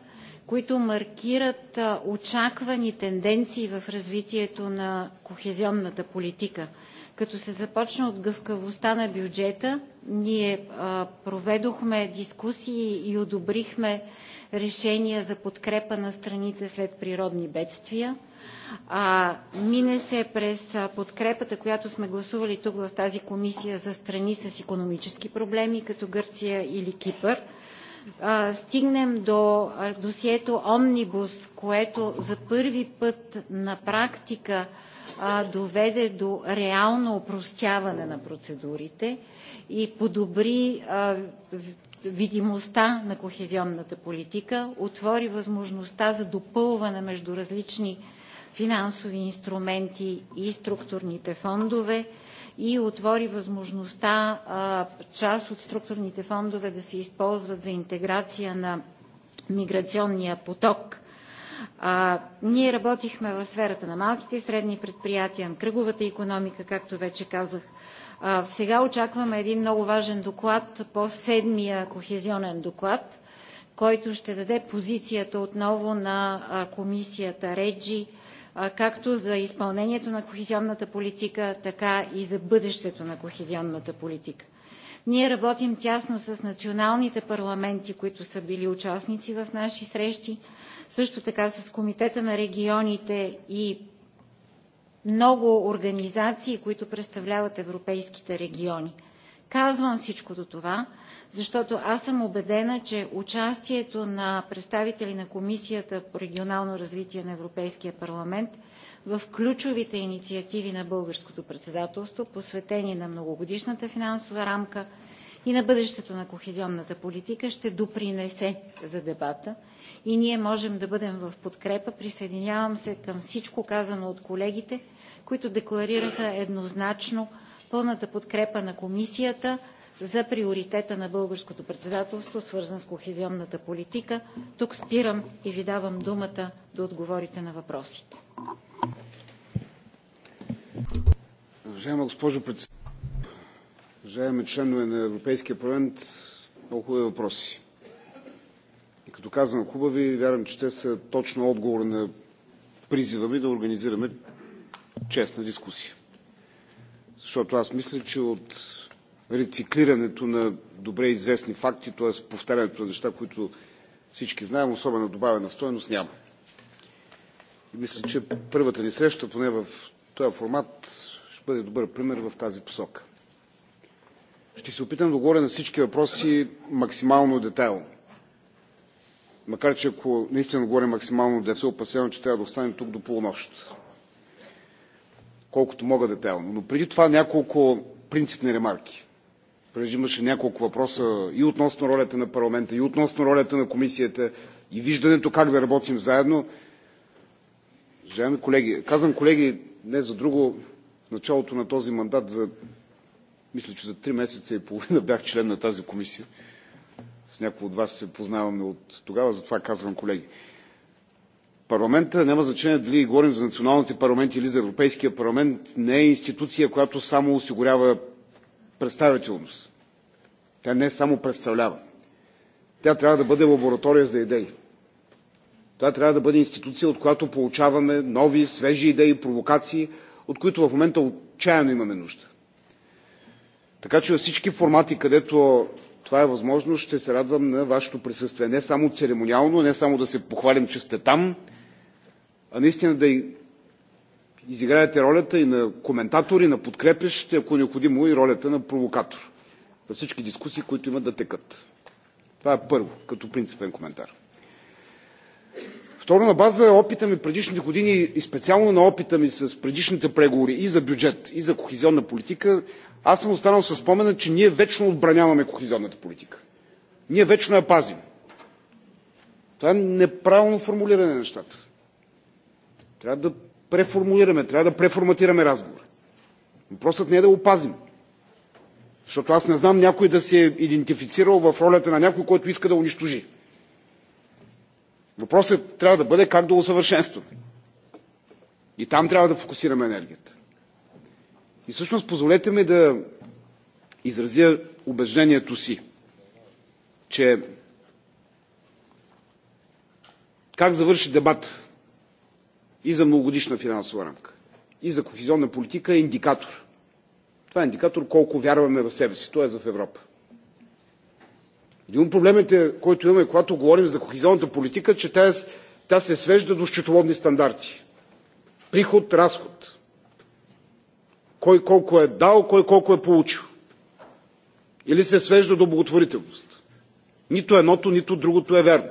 които маркират очаквани тенденции в развитието на кохезионната политика – като се започна от гъвкавостта на бюджета, ние а, проведохме дискусии и одобрихме решения за подкрепа на страните след природни бедствия. А, мине се през подкрепата, която сме гласували тук в тази комисия за страни с економически проблеми, като Гърция или Кипър стигнем до досието Омнибус, което за първи път на практика доведе до реално упростяване на процедурите и подобри видимостта на кохезионната политика, отвори възможността за допълване между различни финансови инструменти и структурните фондове и отвори възможността част от структурните фондове да се използват за интеграция на миграционния поток а, ние работихме в сферата на малките и средни предприятия, на кръговата економика, както вече казах. А, сега очакваме един много важен доклад по седмия кохезионен доклад, който ще даде позицията отново на комисията Реджи, както за изпълнението на кохезионната политика, така и за бъдещето на кохезионната политика. Ние работим тясно с националните парламенти, които са били участници в наши срещи също така с Комитета на регионите и много организации, които представляват европейските региони. Казвам всичкото това, защото аз съм убедена, че участието на представители на Комисията по регионално развитие на Европейския парламент в ключовите инициативи на българското председателство, посветени на многогодишната финансова рамка и на бъдещето на кохезионната политика, ще допринесе за дебата и ние можем да бъдем в подкрепа. Присъединявам се към всичко казано от колегите, които декларираха еднозначно пълната подкрепа на комисията за приоритета на българското председателство, свързан с кохезионната политика. Тук спирам и ви давам думата да отговорите на въпросите. Уважаема госпожо председател, уважаеми членове на Европейския парламент, много хубави въпроси като казвам хубави, вярвам, че те са точно отговор на призива ми да организираме честна дискусия. Защото аз мисля, че от рециклирането на добре известни факти, т.е. повтарянето на неща, които всички знаем, особена добавена стоеност, няма. И мисля, че първата ни среща, поне в този формат, ще бъде добър пример в тази посока. Ще се опитам да говоря на всички въпроси максимално детайлно макар че ако наистина говоря максимално да се опасявам, че трябва да останем тук до полунощ. Колкото мога детайлно. Но преди това няколко принципни ремарки. Преди имаше няколко въпроса и относно ролята на парламента, и относно ролята на комисията, и виждането как да работим заедно. Уважаеми колеги, казвам колеги не за друго. Началото на този мандат за мисля, че за три месеца и половина бях член на тази комисия. С някои от вас се познаваме от тогава, затова казвам колеги. Парламента, няма значение дали говорим за националните парламенти или за Европейския парламент, не е институция, която само осигурява представителност. Тя не само представлява. Тя трябва да бъде лаборатория за идеи. Това трябва да бъде институция, от която получаваме нови, свежи идеи, провокации, от които в момента отчаяно имаме нужда. Така че във всички формати, където това е възможно, ще се радвам на вашето присъствие. Не само церемониално, не само да се похвалим, че сте там, а наистина да изиграете ролята и на коментатор, и на подкрепящ, ако е необходимо и ролята на провокатор във всички дискусии, които имат да текат. Това е първо, като принципен коментар. Второ, на база опита ми предишните години и специално на опита ми с предишните преговори и за бюджет, и за кохезионна политика, аз съм останал със спомена, че ние вечно отбраняваме кохезионната политика. Ние вечно я пазим. Това е неправилно формулиране на нещата. Трябва да преформулираме, трябва да преформатираме разговор. Въпросът не е да го пазим. Защото аз не знам някой да се е идентифицирал в ролята на някой, който иска да унищожи. Въпросът трябва да бъде как да усъвършенстваме. И там трябва да фокусираме енергията. И всъщност позволете ми да изразя убеждението си, че как завърши дебат и за многогодишна финансова рамка, и за кохизионна политика е индикатор. Това е индикатор колко вярваме в себе си. т.е. в Европа. Един от проблемите, който имаме, когато говорим за кохизионната политика, че тя, е тя се свежда до счетоводни стандарти. Приход, разход. Кой колко е дал, кой колко е получил. Или се свежда до благотворителност. Нито едното, нито другото е верно.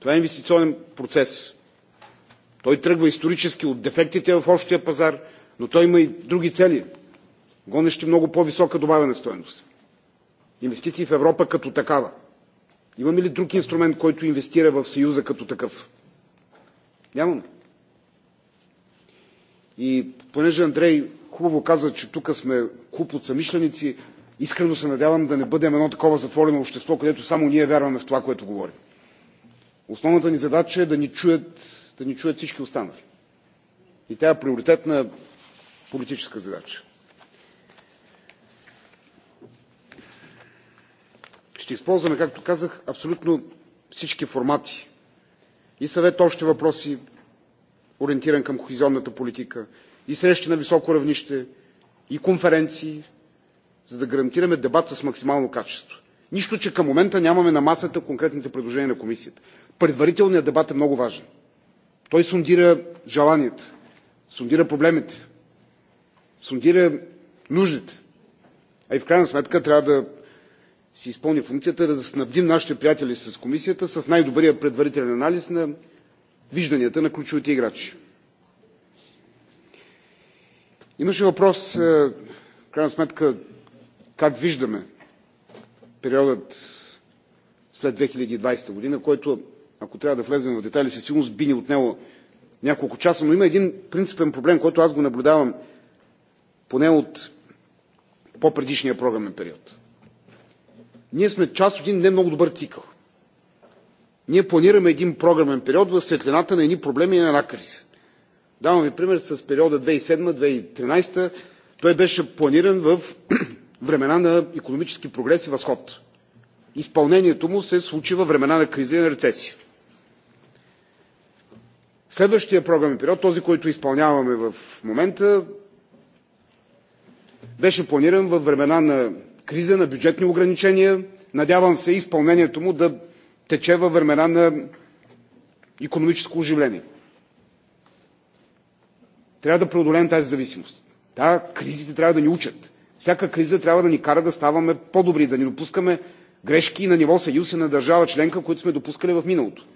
Това е инвестиционен процес. Той тръгва исторически от дефектите в общия пазар, но той има и други цели, гонещи много по-висока добавена стоеност. Инвестиции в Европа като такава. Имаме ли друг инструмент, който инвестира в Съюза като такъв? Нямаме. И понеже Андрей хубаво каза, че тук сме куп от самишленици, искрено се надявам да не бъдем едно такова затворено общество, където само ние вярваме в това, което говорим. Основната ни задача е да ни чуят, да ни чуят всички останали. И тя е приоритетна политическа задача. Ще използваме, както казах, абсолютно всички формати. И съвет още въпроси, ориентиран към кохезионната политика, и срещи на високо равнище, и конференции, за да гарантираме дебат с максимално качество. Нищо, че към момента нямаме на масата конкретните предложения на комисията. Предварителният дебат е много важен. Той сундира желанията, сундира проблемите, сундира нуждите. А и в крайна сметка трябва да си изпълни функцията да снабдим нашите приятели с комисията с най-добрия предварителен анализ на вижданията на ключовите играчи. Имаше въпрос, е, в крайна сметка, как виждаме периодът след 2020 година, който, ако трябва да влезем в детайли, със сигурност би ни отнело няколко часа, но има един принципен проблем, който аз го наблюдавам поне от по-предишния програмен период. Ние сме част от един не много добър цикъл ние планираме един програмен период в светлината на едни проблеми и на една криза. Давам ви пример с периода 2007-2013. Той беше планиран в [CLEARS THROAT] времена на економически прогрес и възход. Изпълнението му се случи във времена на криза и на рецесия. Следващия програмен период, този, който изпълняваме в момента, беше планиран във времена на криза, на бюджетни ограничения. Надявам се изпълнението му да тече във времена на економическо оживление. Трябва да преодолеем тази зависимост. Да, кризите трябва да ни учат. Всяка криза трябва да ни кара да ставаме по-добри, да ни допускаме грешки на ниво съюз и на държава членка, които сме допускали в миналото.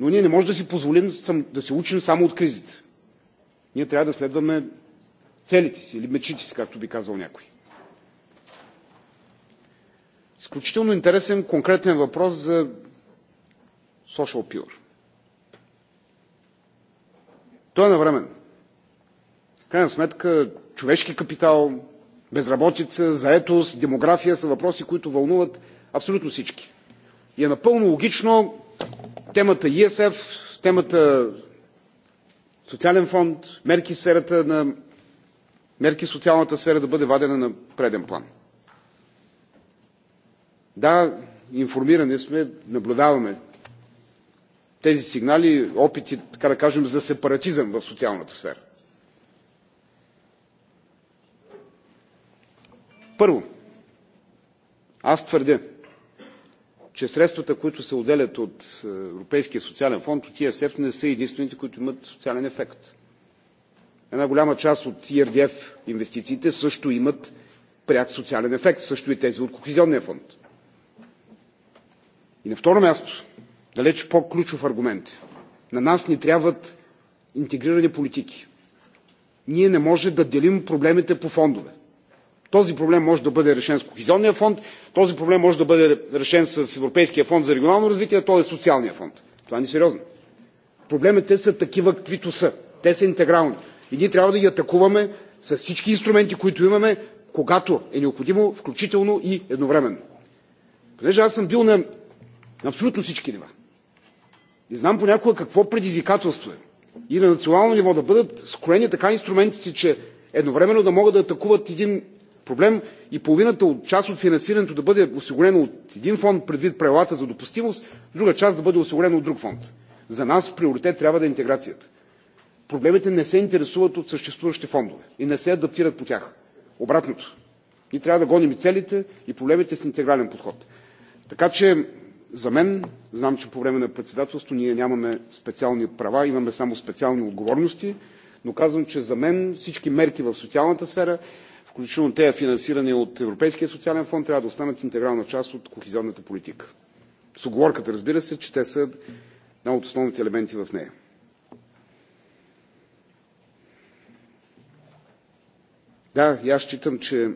Но ние не можем да си позволим да се учим само от кризите. Ние трябва да следваме целите си или мечите си, както би казал някой. Изключително интересен конкретен въпрос за social pure. Той е навремен. В крайна сметка, човешки капитал, безработица, заетост, демография са въпроси, които вълнуват абсолютно всички. И е напълно логично темата ESF, темата социален фонд, мерки в сферата на мерки в социалната сфера да бъде вадена на преден план. Да, информирани сме, наблюдаваме тези сигнали, опити, така да кажем, за сепаратизъм в социалната сфера. Първо, аз твърдя, че средствата, които се отделят от е, Европейския социален фонд, от ИСФ, не са единствените, които имат социален ефект. Една голяма част от ИРДФ инвестициите също имат пряк социален ефект, също и тези от Кохизионния фонд. И на второ място, далеч по-ключов аргумент. На нас ни трябват интегрирани политики. Ние не може да делим проблемите по фондове. Този проблем може да бъде решен с Кохизионния фонд, този проблем може да бъде решен с Европейския фонд за регионално развитие, този е социалния фонд. Това е сериозно. Проблемите са такива, каквито са. Те са интегрални. И ние трябва да ги атакуваме с всички инструменти, които имаме, когато е необходимо, включително и едновременно. Понеже аз съм бил на на абсолютно всички нива. Не знам понякога какво предизвикателство е. И на национално ниво да бъдат скроени така инструментите, че едновременно да могат да атакуват един проблем и половината от част от финансирането да бъде осигурено от един фонд предвид правилата за допустимост, друга част да бъде осигурено от друг фонд. За нас приоритет трябва да е интеграцията. Проблемите не се интересуват от съществуващите фондове и не се адаптират по тях. Обратното. И трябва да гоним и целите, и проблемите с интегрален подход. Така че за мен, знам, че по време на председателство ние нямаме специални права, имаме само специални отговорности, но казвам, че за мен всички мерки в социалната сфера, включително тези финансирани от Европейския социален фонд, трябва да останат интегрална част от кохезионната политика. С оговорката, разбира се, че те са една от основните елементи в нея. Да, и аз считам, че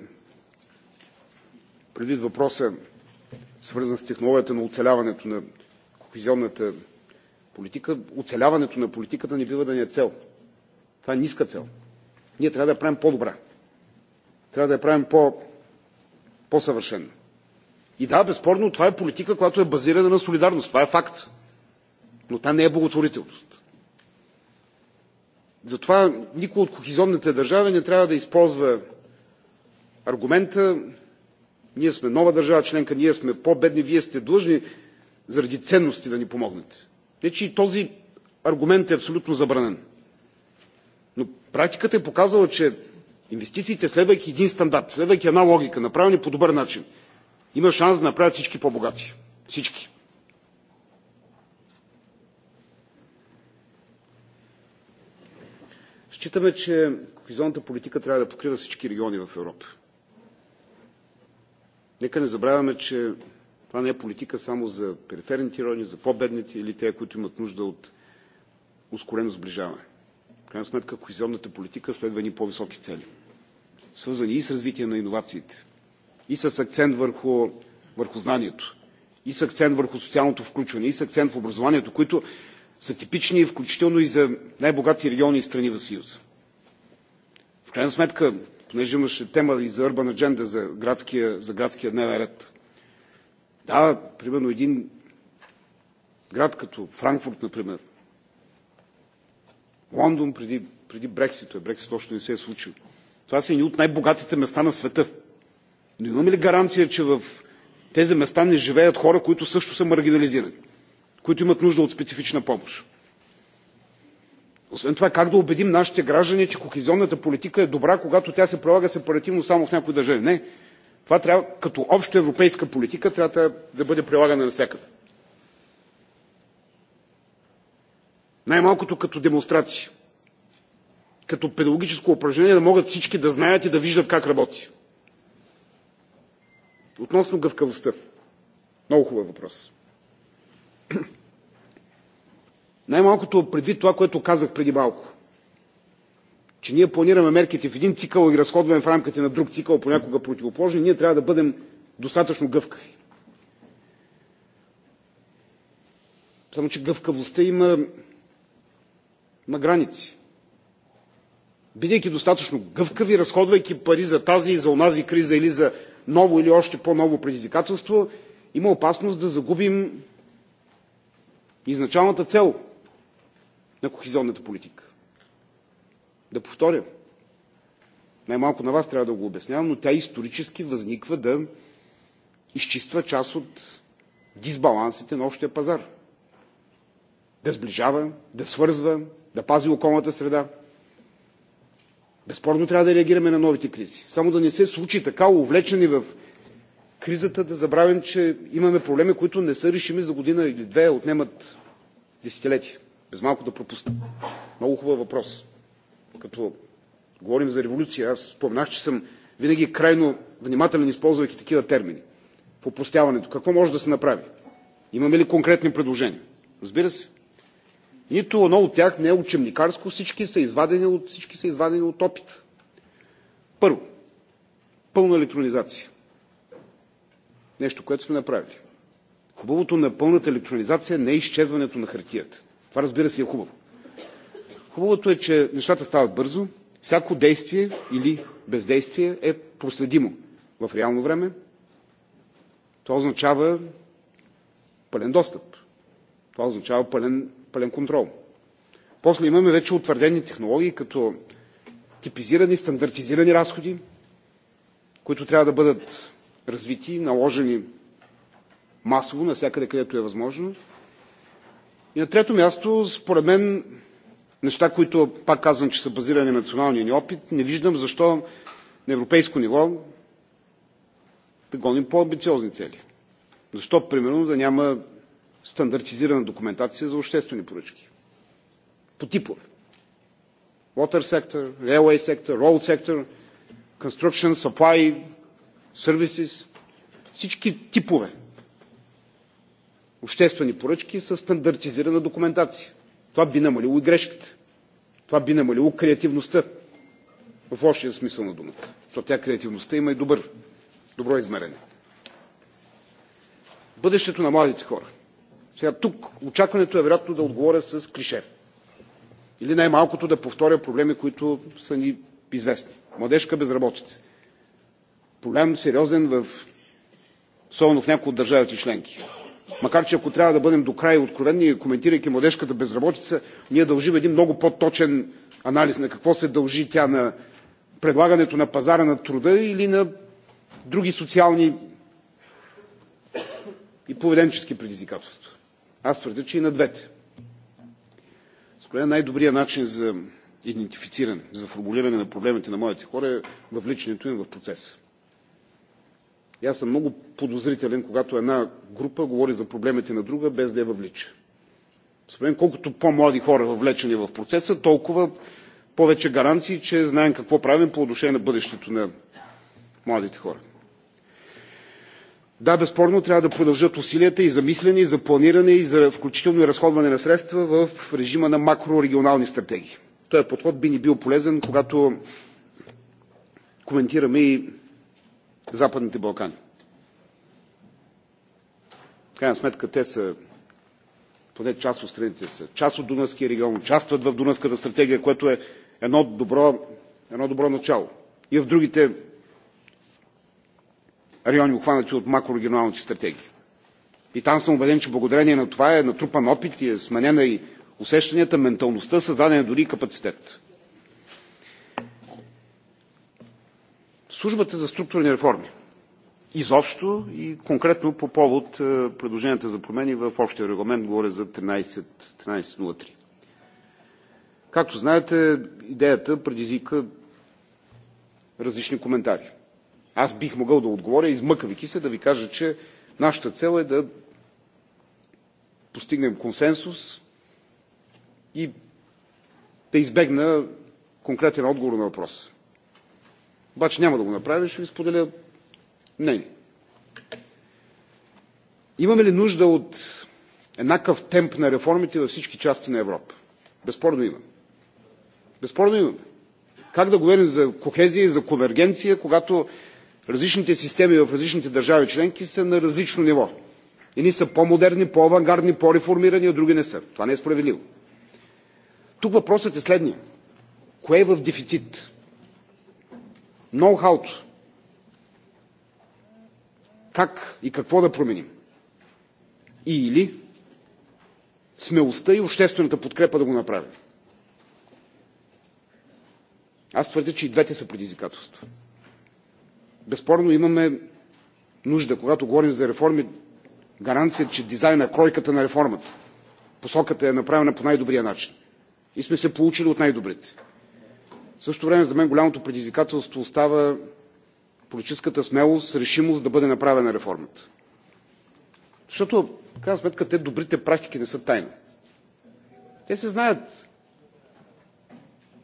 предвид въпроса свързан с технологията на оцеляването на кохезионната политика, оцеляването на политиката не бива да ни е цел. Това е ниска цел. Ние трябва да я правим по-добра. Трябва да я правим по- по-съвършена. И да, безспорно, това е политика, която е базирана на солидарност. Това е факт. Но това не е благотворителност. Затова никой от кохизионните държави не трябва да използва аргумента ние сме нова държава членка, ние сме по-бедни, вие сте длъжни заради ценности да ни помогнете. Не, че и този аргумент е абсолютно забранен. Но практиката е показала, че инвестициите, следвайки един стандарт, следвайки една логика, направени по добър начин, има шанс да направят всички по-богати. Всички. Считаме, че кохезионната политика трябва да покрива всички региони в Европа. Нека не забравяме, че това не е политика само за периферните райони, за по-бедните или те, които имат нужда от ускорено сближаване. В крайна сметка, кохезионната политика следва ни по-високи цели, свързани и с развитие на иновациите, и с акцент върху, върху знанието, и с акцент върху социалното включване, и с акцент в образованието, които са типични включително и за най-богати региони и страни в Съюза. В крайна сметка, понеже имаше тема и за Urban Agenda, за градския, за градския дневен ред. Да, примерно един град като Франкфурт, например, Лондон преди, преди Брексит, Брексит още не се е случил. Това са едни от най-богатите места на света. Но имаме ли гаранция, че в тези места не живеят хора, които също са маргинализирани, които имат нужда от специфична помощ? Освен това, как да убедим нашите граждани, че кохезионната политика е добра, когато тя се прилага сепаративно само в някои държави? Не. Това трябва, като обща европейска политика трябва да бъде прилагана навсякъде. Най-малкото като демонстрация. Като педагогическо упражнение да могат всички да знаят и да виждат как работи. Относно гъвкавостта. Много хубав въпрос. Най-малкото предвид това, което казах преди малко, че ние планираме мерките в един цикъл и разходваме в рамките на друг цикъл, понякога противоположни, ние трябва да бъдем достатъчно гъвкави. Само, че гъвкавостта има, на граници. Бидейки достатъчно гъвкави, разходвайки пари за тази и за онази криза или за ново или още по-ново предизвикателство, има опасност да загубим изначалната цел на кохизионната политика. Да повторя, най-малко на вас трябва да го обяснявам, но тя исторически възниква да изчиства част от дисбалансите на общия пазар. Да сближава, да свързва, да пази околната среда. Безспорно трябва да реагираме на новите кризи. Само да не се случи така увлечени в кризата, да забравим, че имаме проблеми, които не са решими за година или две, отнемат десетилетия без малко да пропусна. Много хубав въпрос. Като говорим за революция, аз споменах, че съм винаги крайно внимателен, използвайки такива термини. В опростяването. Какво може да се направи? Имаме ли конкретни предложения? Разбира се. Нито едно от тях не е учебникарско, всички са извадени от, всички са извадени от опит. Първо, пълна електронизация. Нещо, което сме направили. Хубавото на пълната електронизация не е изчезването на хартията. Това разбира се е хубаво. Хубавото е, че нещата стават бързо. Всяко действие или бездействие е проследимо в реално време. Това означава пълен достъп. Това означава пълен, пълен контрол. После имаме вече утвърдени технологии, като типизирани, стандартизирани разходи, които трябва да бъдат развити, наложени масово, навсякъде където е възможно, и на трето място, според мен, неща, които пак казвам, че са базирани на националния ни опит, не виждам защо на европейско ниво да гоним по-амбициозни цели. Защо, примерно, да няма стандартизирана документация за обществени поръчки? По типове. Water sector, railway sector, road sector, construction, supply, services. Всички типове обществени поръчки с стандартизирана документация. Това би намалило и грешката. Това би намалило креативността. В лошия смисъл на думата. Защото тя креативността има и добър, добро измерение. Бъдещето на младите хора. Сега тук очакването е вероятно да отговоря с клише. Или най-малкото да повторя проблеми, които са ни известни. Младежка безработица. Проблем сериозен в особено в някои от държавите членки. Макар че ако трябва да бъдем до край откровени, коментирайки младежката безработица, ние дължим един много по-точен анализ на какво се дължи тя на предлагането на пазара на труда или на други социални и поведенчески предизвикателства. Аз твърдя, че и на двете. Според най-добрият начин за идентифициране, за формулиране на проблемите на моите хора е въвличането им в процеса. И аз съм много подозрителен, когато една група говори за проблемите на друга, без да я въвлича. Спомен, колкото по-млади хора въвлечени в процеса, толкова повече гаранции, че знаем какво правим по отношение на бъдещето на младите хора. Да, безспорно трябва да продължат усилията и за мислене, и за планиране, и за включително и разходване на средства в режима на макрорегионални стратегии. Той подход би ни бил полезен, когато коментираме и Западните Балкани. В крайна сметка те са, поне част от страните са, част от Дунавския регион, участват в Дунавската стратегия, което е едно добро, едно добро начало. И в другите райони, обхванати от макрорегионалните стратегии. И там съм убеден, че благодарение на това е натрупан опит и е сменена и усещанията, менталността, създаден дори и капацитет. Службата за структурни реформи. Изобщо и конкретно по повод е, предложенията за промени в общия регламент, говоря за 13, 1303. Както знаете, идеята предизвика различни коментари. Аз бих могъл да отговоря, измъквайки се, да ви кажа, че нашата цел е да постигнем консенсус и да избегна конкретен отговор на въпроса. Обаче няма да го направя, ще ви споделя мнение. Имаме ли нужда от еднакъв темп на реформите във всички части на Европа? Безспорно имаме. Безспорно имаме. Как да говорим за кохезия и за конвергенция, когато различните системи в различните държави членки са на различно ниво? Едни са по-модерни, по-авангардни, по-реформирани, а други не са. Това не е справедливо. Тук въпросът е следния. Кое е в дефицит? ноу-хауто. Как и какво да променим? И или смелостта и обществената подкрепа да го направим. Аз твърдя, че и двете са предизвикателства. Безспорно имаме нужда, когато говорим за реформи, гаранция, че дизайна, кройката на реформата, посоката е направена по най-добрия начин. И сме се получили от най-добрите. В същото време за мен голямото предизвикателство остава политическата смелост, решимост да бъде направена реформата. Защото в крайна сметка те добрите практики не са тайна. Те се знаят.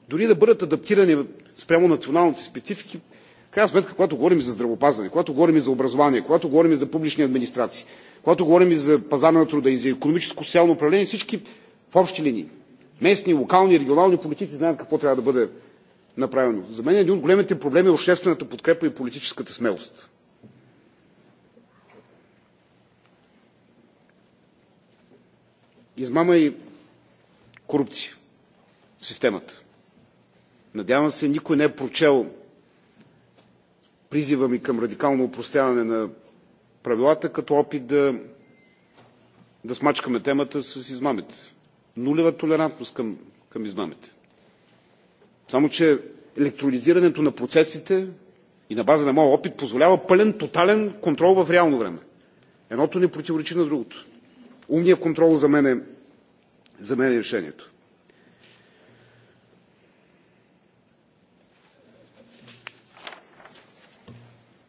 Дори да бъдат адаптирани спрямо националните специфики, в крайна сметка, когато говорим за здравопазване, когато говорим за образование, когато говорим за публични администрации, когато говорим за пазар на труда и за економическо социално управление, всички в общи линии, местни, локални, регионални политици знаят какво трябва да бъде направено. За мен един от големите проблеми е обществената подкрепа и политическата смелост. Измама и корупция в системата. Надявам се, никой не е прочел призива ми към радикално упростяване на правилата, като опит да, да смачкаме темата с измамите. Нулева толерантност към, към измамите. Само, че електролизирането на процесите и на база на моя опит позволява пълен, тотален контрол в реално време. Едното не противоречи на другото. Умният контрол за мен е, за мен е решението.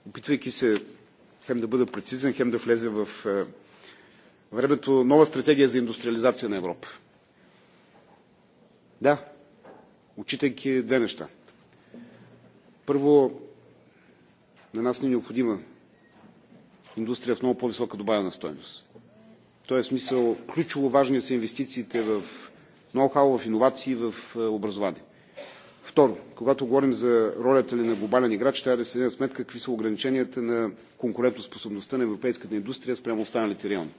Опитвайки се хем да бъда прецизен, хем да влезе в е, времето нова стратегия за индустриализация на Европа. Да, отчитайки две неща. Първо, на нас не е необходима индустрия в много по-висока добавена стоеност. В този е смисъл ключово важни са инвестициите в ноу-хау, в иновации, в е, образование. Второ, когато говорим за ролята ли на глобален играч, трябва да се даде сметка какви са ограниченията на конкурентоспособността на европейската индустрия спрямо останалите райони.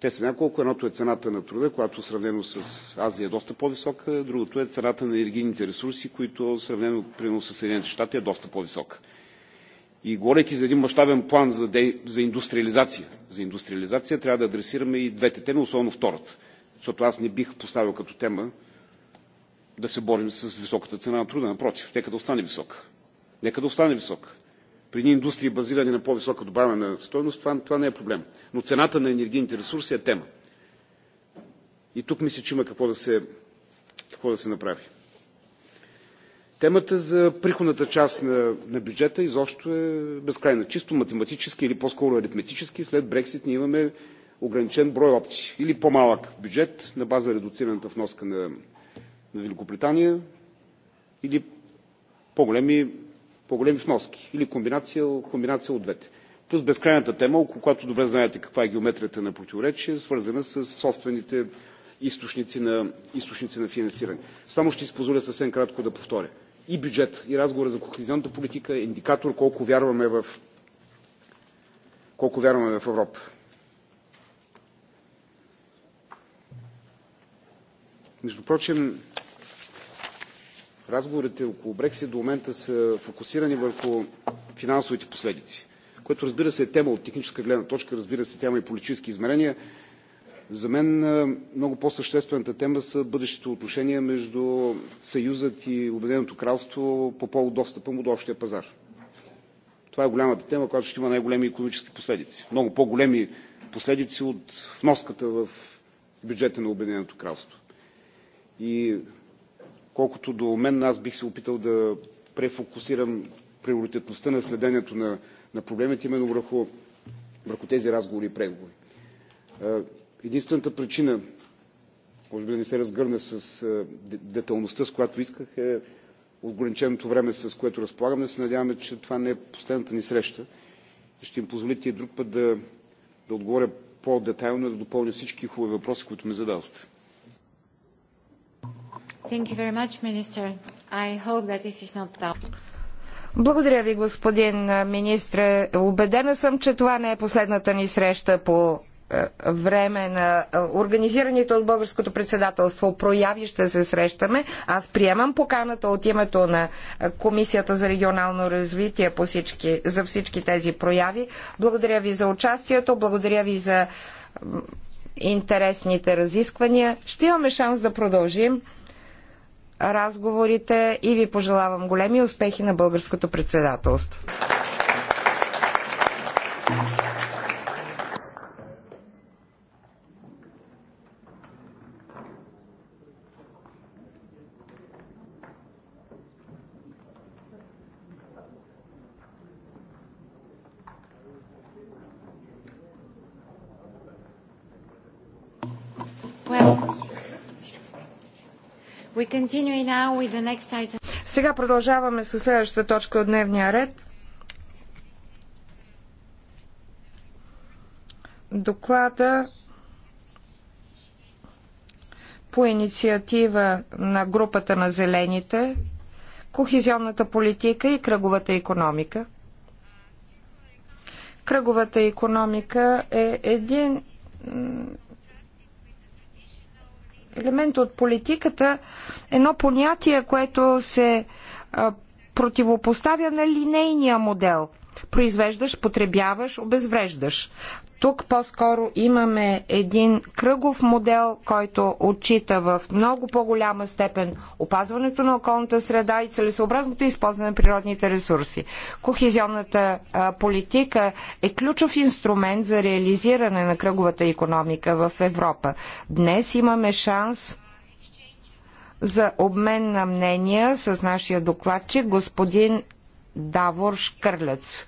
Те са няколко. Едното е цената на труда, която сравнено с Азия е доста по-висока. Другото е цената на енергийните ресурси, които сравнено примерно с Съединените щати е доста по-висока. И говорейки за един мащабен план за, де... за индустриализация, за индустриализация трябва да адресираме и двете теми, особено втората. Защото аз не бих поставил като тема да се борим с високата цена на труда. Напротив, нека да остане висока. Нека да остане висока при едни индустрии базирани на по-висока добавена стойност, това, това не е проблем. Но цената на енергийните ресурси е тема. И тук мисля, че има какво да се, какво да се направи. Темата за приходната част на, на бюджета изобщо е безкрайна. Чисто математически или по-скоро аритметически, след Брексит ние имаме ограничен брой опции. Или по-малък бюджет на база редуцираната вноска на, на Великобритания, или по-големи по-големи вноски или комбинация, комбинация от двете. Плюс безкрайната тема, около която добре знаете каква е геометрията на противоречие, свързана с собствените източници на, източници на финансиране. Само ще си позволя съвсем кратко да повторя. И бюджет, и разговора за кохезионната политика е индикатор колко вярваме в, колко вярваме в Европа. Между прочим, разговорите около Брексит до момента са фокусирани върху финансовите последици, което разбира се е тема от техническа гледна точка, разбира се, тема и политически измерения. За мен много по-съществената тема са бъдещите отношения между Съюзът и Обединеното кралство по повод достъпа му до общия пазар. Това е голямата тема, която ще има най-големи економически последици. Много по-големи последици от вноската в бюджета на Обединеното кралство. И Колкото до мен, аз бих се опитал да префокусирам приоритетността на следенето на, на проблемите именно върху, върху тези разговори и преговори. Единствената причина, може би да не се разгърна с деталността, с която исках, е ограниченото време, с което разполагаме. се надяваме, че това не е последната ни среща. Ще им позволите и друг път да, да отговоря по-детайлно и да допълня всички хубави въпроси, които ми зададохте. Much, Благодаря ви, господин министр. Убедена съм, че това не е последната ни среща по време на организираните от българското председателство прояви ще се срещаме. Аз приемам поканата от името на Комисията за регионално развитие по всички, за всички тези прояви. Благодаря ви за участието, благодаря ви за интересните разисквания. Ще имаме шанс да продължим разговорите и ви пожелавам големи успехи на българското председателство. Сега продължаваме с следващата точка от дневния ред. Доклада по инициатива на групата на зелените, кохизионната политика и кръговата економика. Кръговата економика е един елемент от политиката едно понятие, което се противопоставя на линейния модел – произвеждаш, потребяваш, обезвреждаш. Тук по-скоро имаме един кръгов модел, който отчита в много по-голяма степен опазването на околната среда и целесообразното използване на природните ресурси. Кохезионната политика е ключов инструмент за реализиране на кръговата економика в Европа. Днес имаме шанс за обмен на мнения с нашия докладчик господин Давор Шкърлец.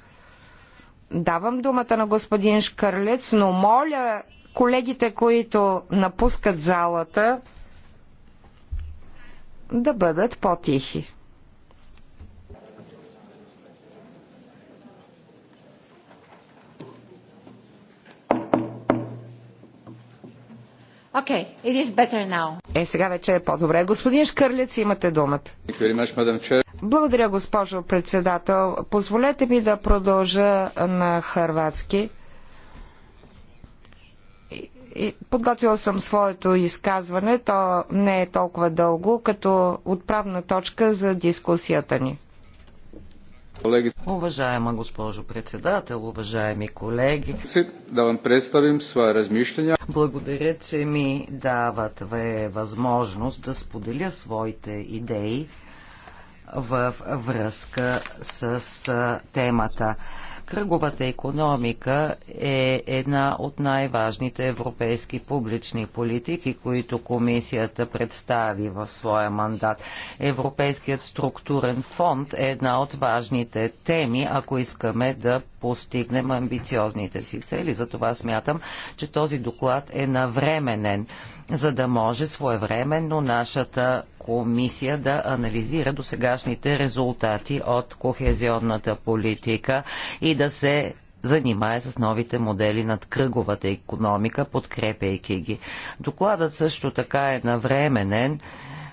Давам думата на господин Шкърлец, но моля колегите, които напускат залата, да бъдат по-тихи. Okay, it is better now. Е, сега вече е по-добре. Господин Шкърлец, имате думата. Благодаря, госпожо председател. Позволете ми да продължа на хърватски. Подготвила съм своето изказване. То не е толкова дълго, като отправна точка за дискусията ни. Колеги. Уважаема госпожо председател, уважаеми колеги, да вам представим своя размишления. Благодаря, че ми дават възможност да споделя своите идеи в връзка с темата. Кръговата економика е една от най-важните европейски публични политики, които комисията представи в своя мандат. Европейският структурен фонд е една от важните теми, ако искаме да постигнем амбициозните си цели. Затова смятам, че този доклад е навременен за да може своевременно нашата комисия да анализира досегашните резултати от кохезионната политика и да се занимае с новите модели над кръговата економика, подкрепяйки ги. Докладът също така е навременен,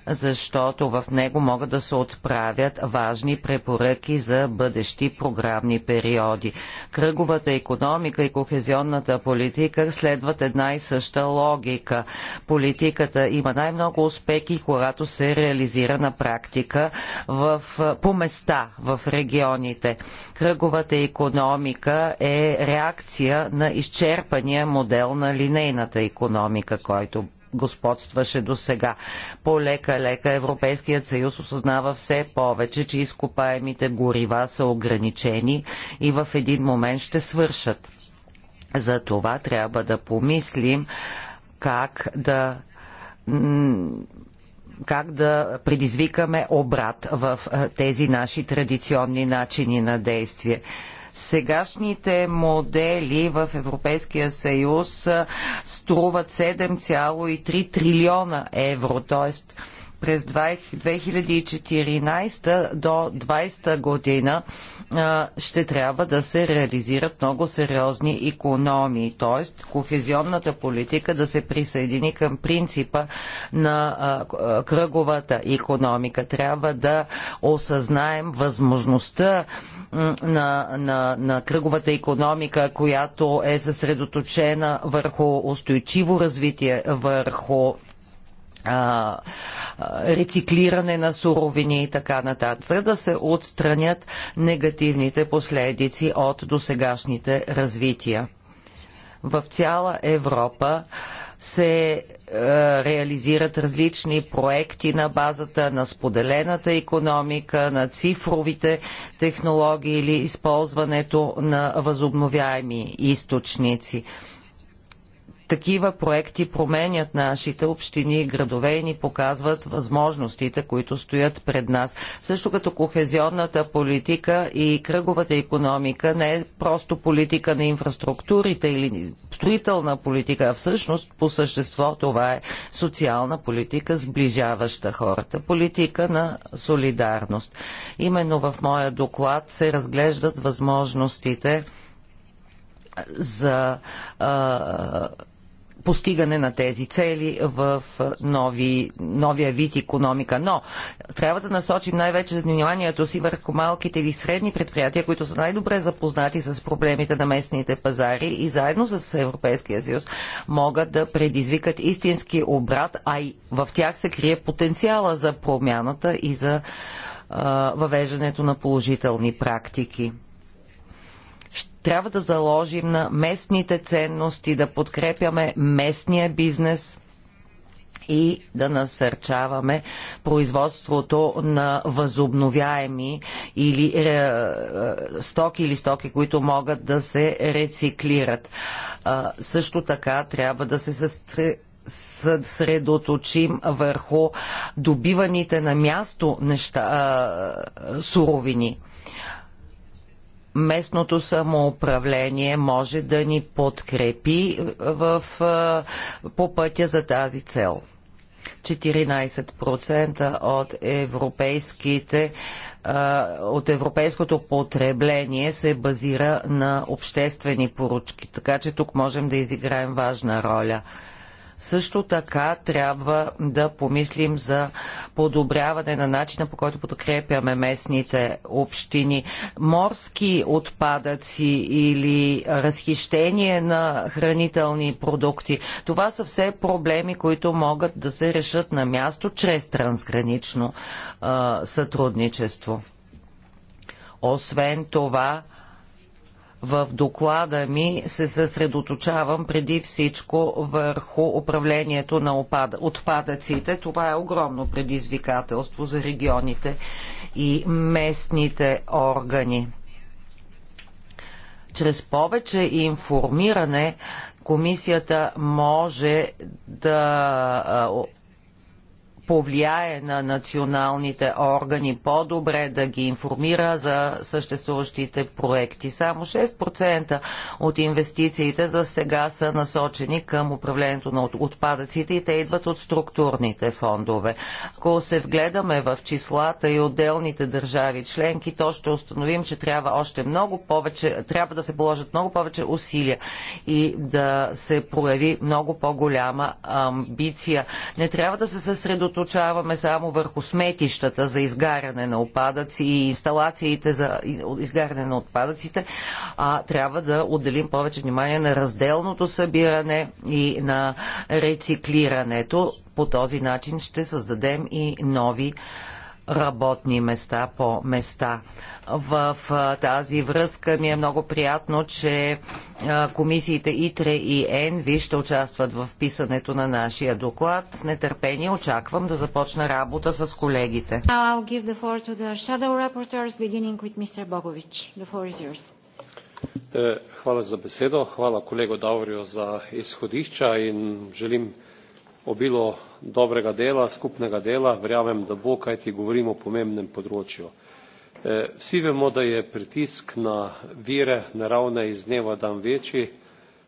защото в него могат да се отправят важни препоръки за бъдещи програмни периоди. Кръговата економика и кохезионната политика следват една и съща логика. Политиката има най-много успехи, когато се реализира на практика в, по места в регионите. Кръговата економика е реакция на изчерпания модел на линейната економика, който господстваше до сега. Полека-лека Европейският съюз осъзнава все повече, че изкопаемите горива са ограничени и в един момент ще свършат. За това трябва да помислим как да как да предизвикаме обрат в тези наши традиционни начини на действие. Сегашните модели в Европейския съюз струват 7,3 трилиона евро, т.е през 2014 до 2020 година ще трябва да се реализират много сериозни економии, т.е. кохезионната политика да се присъедини към принципа на кръговата економика. Трябва да осъзнаем възможността на, на, на кръговата економика, която е съсредоточена върху устойчиво развитие, върху а, рециклиране на суровини и така нататък, за да се отстранят негативните последици от досегашните развития. В цяла Европа се е, реализират различни проекти на базата на споделената економика, на цифровите технологии или използването на възобновяеми източници такива проекти променят нашите общини и градове и ни показват възможностите, които стоят пред нас. Също като кохезионната политика и кръговата економика не е просто политика на инфраструктурите или строителна политика, а всъщност по същество това е социална политика, сближаваща хората. Политика на солидарност. Именно в моя доклад се разглеждат възможностите за а, постигане на тези цели в нови, новия вид економика. Но трябва да насочим най-вече вниманието си върху малките или средни предприятия, които са най-добре запознати с проблемите на местните пазари и заедно с Европейския съюз могат да предизвикат истински обрат, а и в тях се крие потенциала за промяната и за въвеждането на положителни практики. Трябва да заложим на местните ценности, да подкрепяме местния бизнес и да насърчаваме производството на възобновяеми или е, е стоки или стоки, които могат да се рециклират. Е, също така трябва да се съсредоточим върху добиваните на място неща, а, суровини местното самоуправление може да ни подкрепи в, по пътя за тази цел. 14% от европейските от европейското потребление се базира на обществени поручки. така че тук можем да изиграем важна роля. Също така трябва да помислим за подобряване на начина по който подкрепяме местните общини. Морски отпадъци или разхищение на хранителни продукти. Това са все проблеми, които могат да се решат на място чрез трансгранично а, сътрудничество. Освен това, в доклада ми се съсредоточавам преди всичко върху управлението на отпадъците. Това е огромно предизвикателство за регионите и местните органи. Чрез повече информиране комисията може да повлияе на националните органи по-добре, да ги информира за съществуващите проекти. Само 6% от инвестициите за сега са насочени към управлението на отпадъците и те идват от структурните фондове. Ако се вгледаме в числата и отделните държави членки, то ще установим, че трябва още много повече, трябва да се положат много повече усилия и да се прояви много по-голяма амбиция. Не трябва да се съсредоточим съсредоточаваме само върху сметищата за изгаряне на отпадъци и инсталациите за изгаряне на отпадъците, а трябва да отделим повече внимание на разделното събиране и на рециклирането. По този начин ще създадем и нови работни места по места. В тази връзка ми е много приятно, че комисиите ИТРЕ и ЕНВИ ще участват в писането на нашия доклад. С нетърпение очаквам да започна работа с колегите. E, hvala za besedo, hvala kolego Davorju za izhodišča in želim obilo dobrega dela, skupnega dela, verjamem, da bo, kajti govorimo o pomembnem področju. Vsi vemo, da je pritisk na vire naravne iz dneva dan večji.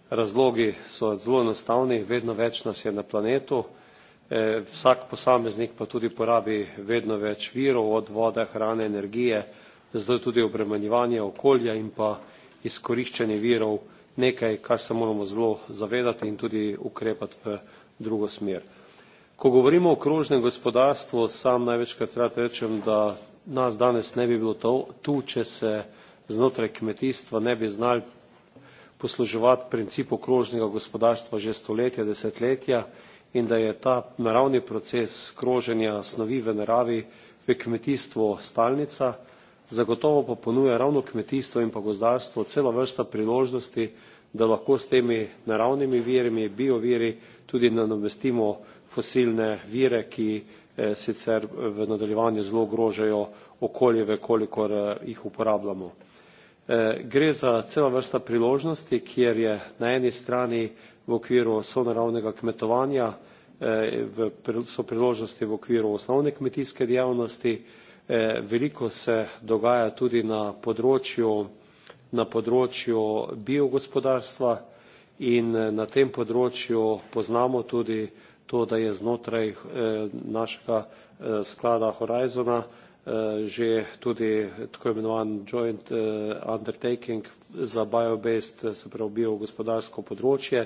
Razlogi so zelo enostavni, vedno več nas je na planetu, vsak posameznik pa tudi porabi vedno več virov od vode, hrane, energije, zato je tudi obremenjevanje okolja in pa izkoriščanje virov nekaj, kar se moramo zelo zavedati in tudi ukrepati v drugo smer. Ko govorimo o krožnem gospodarstvu, sam največkrat rad rečem, da nas danes ne bi bilo tu, če se znotraj kmetijstva ne bi znali posluževati principu krožnega gospodarstva že stoletja, desetletja in da je ta naravni proces kroženja snovi v naravi v kmetijstvu stalnica, zagotovo pa ponuja ravno kmetijstvo in pa gozdarstvo celo vrsta priložnosti, da lahko s temi naravnimi viri, bioviri tudi nadomestimo fosilne vire, ki sicer v nadaljevanju zelo ogrožajo okolje, kolikor jih uporabljamo. Gre za celo vrsta priložnosti, kjer je na eni strani v okviru sonaravnega kmetovanja so priložnosti v okviru osnovne kmetijske dejavnosti, veliko se dogaja tudi na področju na področju biogospodarstva in na tem področju poznamo tudi to da je znotraj našega sklada Horizona že tudi tako imenovan joint undertaking za biobased, se pravi biogospodarsko področje,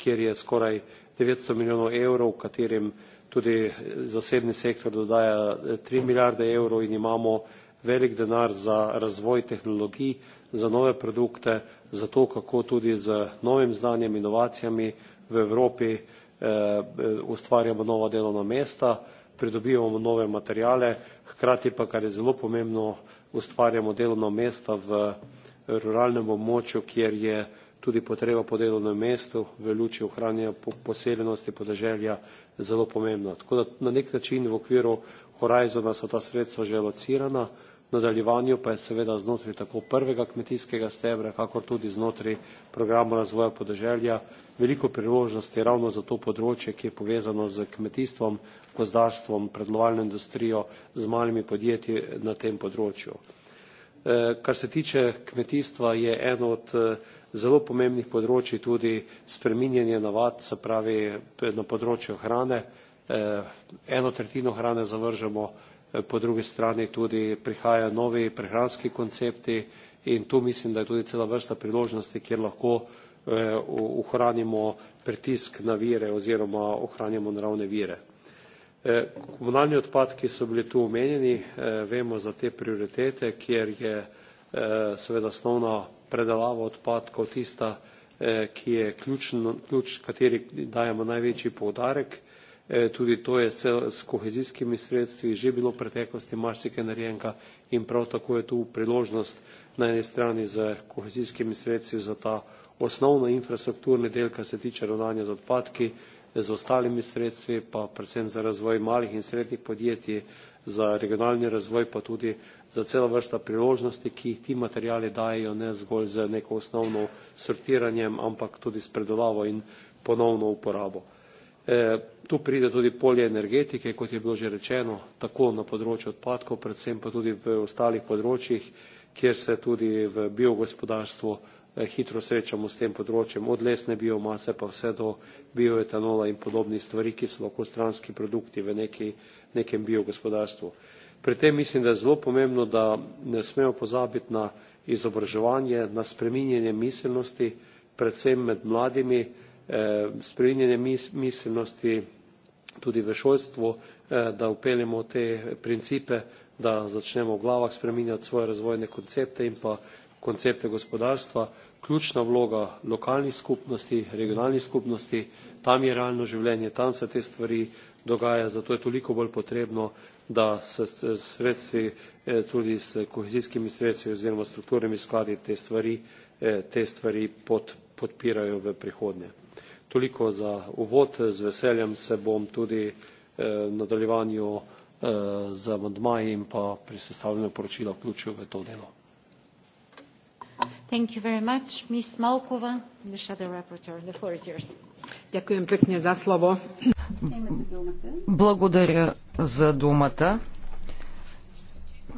kjer je skoraj 900 milijonov evrov, katerem tudi zasebni sektor dodaja 3 milijarde evrov in imamo velik denar za razvoj tehnologij, za nove produkte, za to, kako tudi z novim znanjem, inovacijami v Evropi ustvarjamo nova delovna mesta, pridobivamo nove materijale, hkrati pa, kar je zelo pomembno, ustvarjamo delovna mesta v ruralnem območju, kjer je tudi potreba po delovnem mestu v luči ohranjanja poseljenosti podeželja zelo pomembna. Tako da na nek način v okviru Horizona so ta sredstva že locirana, nadaljevanju pa je seveda znotraj tako prvega kmetijskega stebra kakor tudi znotraj programa razvoja podeželja veliko priložnosti ravno za to področje, ki je povezano s kmetijstvom, gozdarstvom, predelovalno industrijo, z malimi podjetji na tem področju. Kar se tiče kmetijstva, je eno od zelo pomembnih področji tudi spreminjanje navad, se pravi na področju hrane. Eno tretjino hrane zavržemo po drugi strani tudi prihajajo novi prehranski koncepti in tu mislim, da je tudi cela vrsta priložnosti, kjer lahko ohranimo pritisk na vire oziroma ohranjamo naravne vire. Komunalni odpadki so bili tu omenjeni, vemo za te prioritete, kjer je seveda osnovna predelava odpadkov tista, ki je ključen, ključ, kateri dajemo največji poudarek tudi to je s kohezijskimi sredstvi že bilo v preteklosti marsikaj narejenega in prav tako je tu priložnost na eni strani s kohezijskimi sredstvi za ta osnovni infrastrukturni del, kar se tiče ravnanja z odpadki, z ostalimi sredstvi pa predvsem za razvoj malih in srednjih podjetij, za regionalni razvoj pa tudi za celo vrsta priložnosti, ki jih ti materijali dajejo ne zgolj z neko osnovno sortiranjem, ampak tudi s predelavo in ponovno uporabo. Tu pride tudi polje energetike, kot je bilo že rečeno, tako na področju odpadkov, predvsem pa tudi v ostalih področjih, kjer se tudi v biogospodarstvu hitro srečamo s tem področjem, od lesne biomase pa vse do bioetanola in podobnih stvari, ki so lahko stranski produkti v neki, nekem biogospodarstvu. Pri tem mislim, da je zelo pomembno, da ne smemo pozabiti na izobraževanje, na spreminjanje miselnosti, predvsem med mladimi, spreminjanje miselnosti, tudi v šolstvu, da upeljemo te principe, da začnemo v glavah spreminjati svoje razvojne koncepte in pa koncepte gospodarstva. Ključna vloga lokalnih skupnosti, regionalnih skupnosti, tam je realno življenje, tam se te stvari dogaja, zato je toliko bolj potrebno, da se s sredstvi, tudi s kohezijskimi sredstvi oziroma strukturnimi skladi te stvari, te stvari podpirajo v prihodnje. Toliko za uvod. Z veseljem se bom tudi v nadaljevanju z amandmaji in pa pri sestavljanju poročila vključil v to delo. Thank you very much. Ms. Malkova, the shadow rapporteur, the floor is yours. Ďakujem pekne za slovo. Благодаря за думата.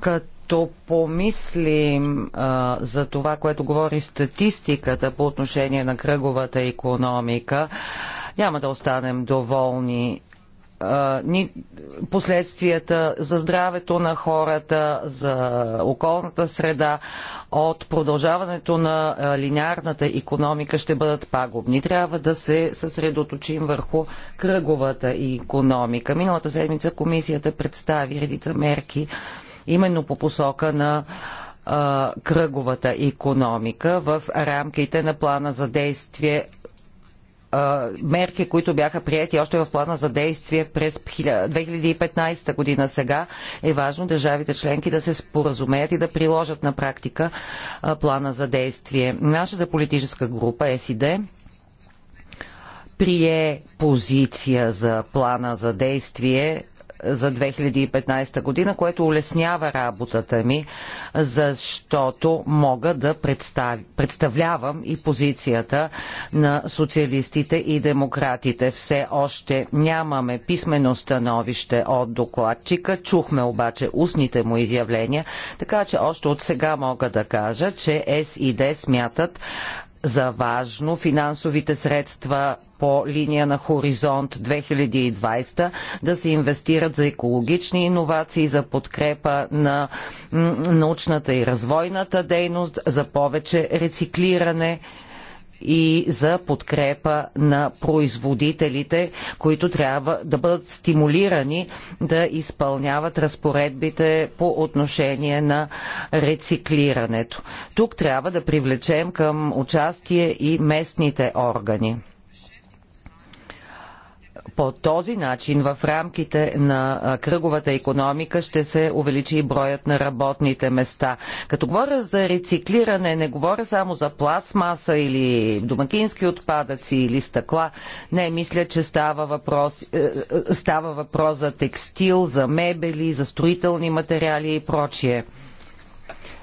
Като като помислим а, за това, което говори статистиката по отношение на кръговата економика, няма да останем доволни ни, последствията за здравето на хората, за околната среда от продължаването на линярната економика ще бъдат пагубни. Трябва да се съсредоточим върху кръговата економика. Миналата седмица комисията представи редица мерки именно по посока на а, кръговата економика в рамките на плана за действие мерки, които бяха прияти още в плана за действие през 2015 година. Сега е важно държавите членки да се споразумеят и да приложат на практика плана за действие. Нашата политическа група СИД прие позиция за плана за действие за 2015 година, което улеснява работата ми, защото мога да представ... представлявам и позицията на социалистите и демократите. Все още нямаме писмено становище от докладчика, чухме обаче устните му изявления, така че още от сега мога да кажа, че СИД смятат за важно финансовите средства по линия на Хоризонт 2020 да се инвестират за екологични иновации, за подкрепа на научната и развойната дейност, за повече рециклиране и за подкрепа на производителите, които трябва да бъдат стимулирани да изпълняват разпоредбите по отношение на рециклирането. Тук трябва да привлечем към участие и местните органи. По този начин в рамките на кръговата економика ще се увеличи и броят на работните места. Като говоря за рециклиране, не говоря само за пластмаса или домакински отпадъци или стъкла. Не, мисля, че става въпрос, е, е, става въпрос за текстил, за мебели, за строителни материали и прочие.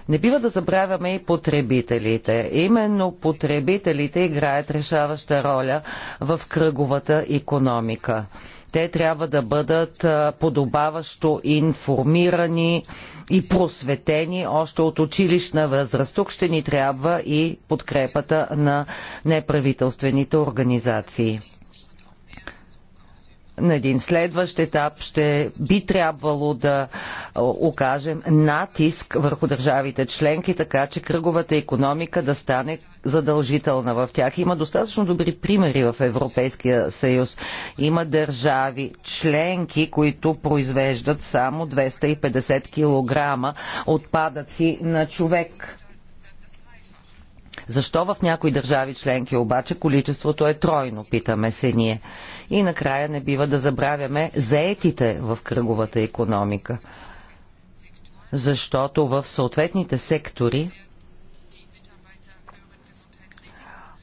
Не бива да забравяме и потребителите. Именно потребителите играят решаваща роля в кръговата економика. Те трябва да бъдат подобаващо информирани и просветени още от училищна възраст. Тук ще ни трябва и подкрепата на неправителствените организации на един следващ етап ще би трябвало да окажем натиск върху държавите членки, така че кръговата економика да стане задължителна в тях. Има достатъчно добри примери в Европейския съюз. Има държави членки, които произвеждат само 250 кг отпадъци на човек защо в някои държави членки обаче количеството е тройно, питаме се ние. И накрая не бива да забравяме заетите в кръговата економика. Защото в съответните сектори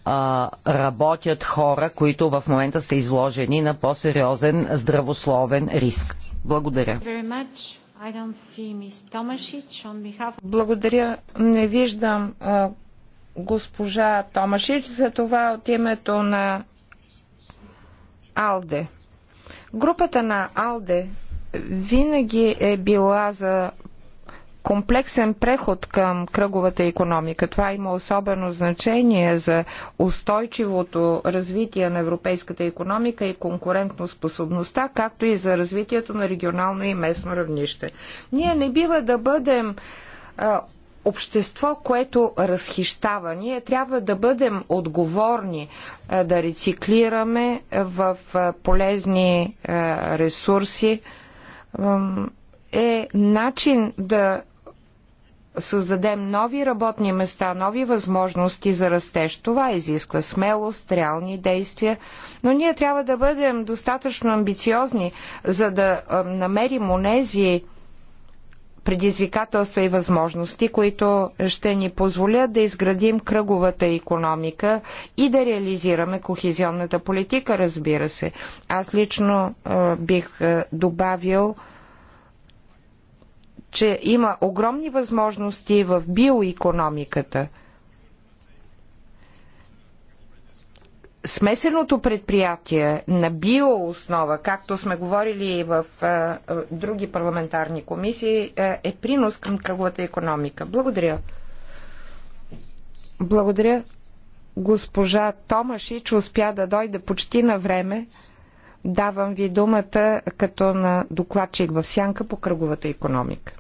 а, работят хора, които в момента са изложени на по-сериозен здравословен риск. Благодаря. Благодаря. Не виждам госпожа Томашич, за това от името на Алде. Групата на Алде винаги е била за комплексен преход към кръговата економика. Това има особено значение за устойчивото развитие на европейската економика и конкурентно способността, както и за развитието на регионално и местно равнище. Ние не бива да бъдем общество, което разхищава. Ние трябва да бъдем отговорни, да рециклираме в полезни ресурси. Е начин да създадем нови работни места, нови възможности за растеж. Това изисква смелост, реални действия, но ние трябва да бъдем достатъчно амбициозни, за да намерим онези предизвикателства и възможности, които ще ни позволят да изградим кръговата економика и да реализираме кохезионната политика, разбира се. Аз лично а, бих а, добавил, че има огромни възможности в биоекономиката – смесеното предприятие на биооснова, както сме говорили и в а, други парламентарни комисии, е, е принос към кръговата економика. Благодаря. Благодаря. Госпожа Томашич успя да дойде почти на време. Давам ви думата като на докладчик в сянка по кръговата економика.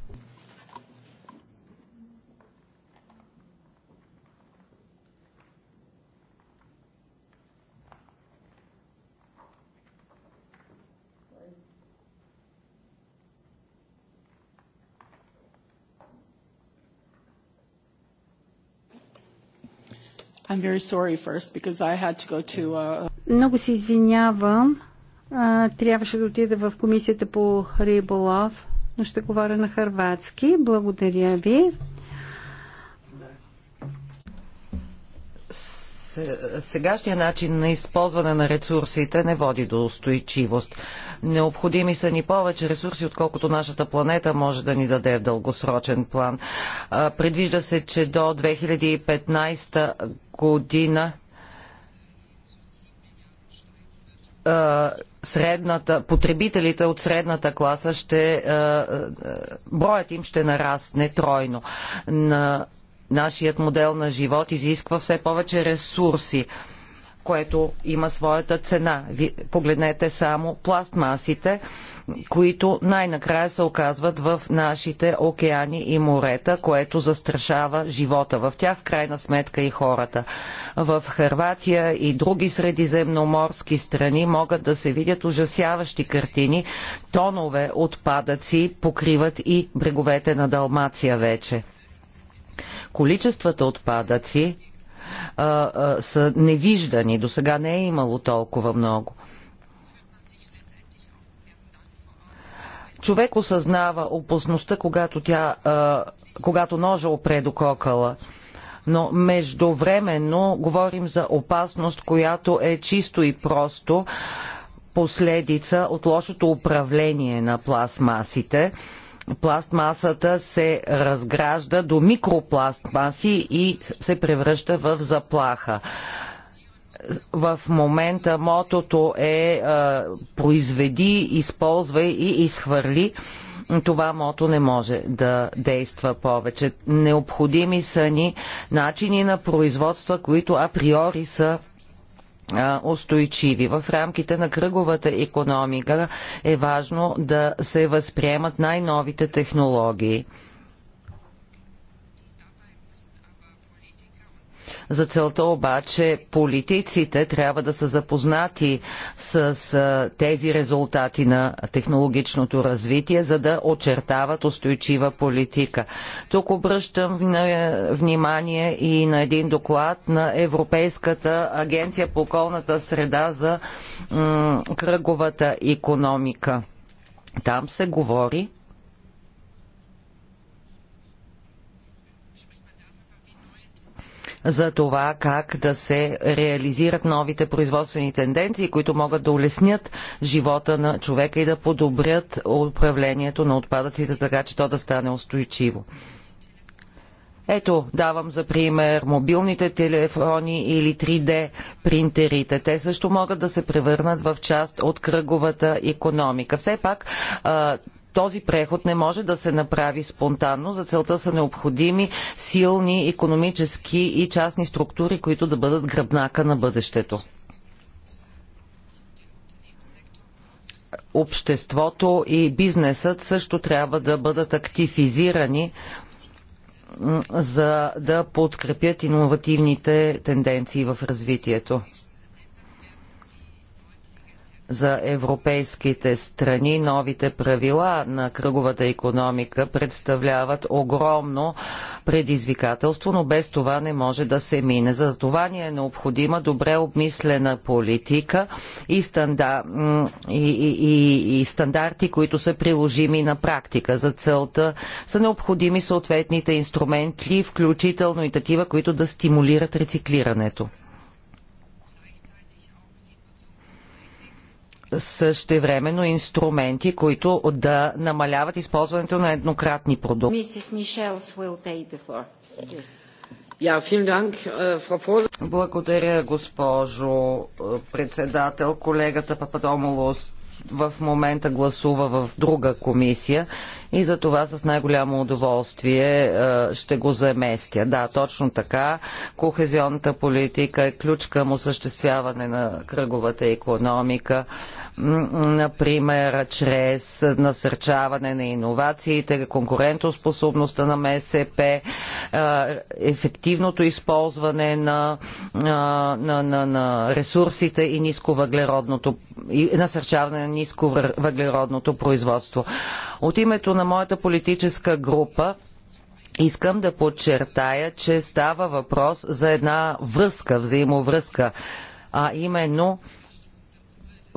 I'm very sorry first because I had to go to a... Uh, uh, Много се извинявам. трябваше да отида в комисията по риболов, но ще говоря на харватски. Благодаря ви. сегашния начин на използване на ресурсите не води до устойчивост. Необходими са ни повече ресурси, отколкото нашата планета може да ни даде в дългосрочен план. Предвижда се, че до 2015 година средната, потребителите от средната класа ще, броят им ще нарасне тройно. На нашият модел на живот изисква все повече ресурси което има своята цена. Погледнете само пластмасите, които най-накрая се оказват в нашите океани и морета, което застрашава живота в тях, в крайна сметка и хората. В Харватия и други средиземноморски страни могат да се видят ужасяващи картини. Тонове отпадъци покриват и бреговете на Далмация вече. Количествата отпадъци а, а, са невиждани. До сега не е имало толкова много. Човек осъзнава опасността, когато, тя, а, когато ножа опре до кокала но междувременно говорим за опасност, която е чисто и просто последица от лошото управление на пластмасите пластмасата се разгражда до микропластмаси и се превръща в заплаха. В момента мотото е а, е, произведи, използвай и изхвърли това мото не може да действа повече. Необходими са ни начини на производства, които априори са устойчиви. В рамките на кръговата економика е важно да се възприемат най-новите технологии. За целта обаче политиците трябва да са запознати с тези резултати на технологичното развитие, за да очертават устойчива политика. Тук обръщам внимание и на един доклад на Европейската агенция по околната среда за кръговата економика. Там се говори за това как да се реализират новите производствени тенденции, които могат да улеснят живота на човека и да подобрят управлението на отпадъците, така че то да стане устойчиво. Ето, давам за пример мобилните телефони или 3D принтерите. Те също могат да се превърнат в част от кръговата економика. Все пак този преход не може да се направи спонтанно. За целта са необходими силни економически и частни структури, които да бъдат гръбнака на бъдещето. Обществото и бизнесът също трябва да бъдат активизирани, за да подкрепят иновативните тенденции в развитието за европейските страни новите правила на кръговата економика представляват огромно предизвикателство, но без това не може да се мине. За това ни е необходима добре обмислена политика и, и, и, и, и стандарти, които са приложими на практика. За целта са необходими съответните инструменти, включително и такива, които да стимулират рециклирането. същевременно инструменти, които да намаляват използването на еднократни продукти. Äh, Благодаря, госпожо э, председател. Колегата Пападомолос в момента гласува в друга комисия и за това с най-голямо удоволствие э, ще го заместя. Да, точно така. Кохезионната политика е ключ към осъществяване на кръговата економика например, чрез насърчаване на иновациите, конкурентоспособността на МСП, ефективното използване на, на, на, на ресурсите и нисковъглеродното и насърчаване на нисковъглеродното производство. От името на моята политическа група искам да подчертая, че става въпрос за една връзка, взаимовръзка, а именно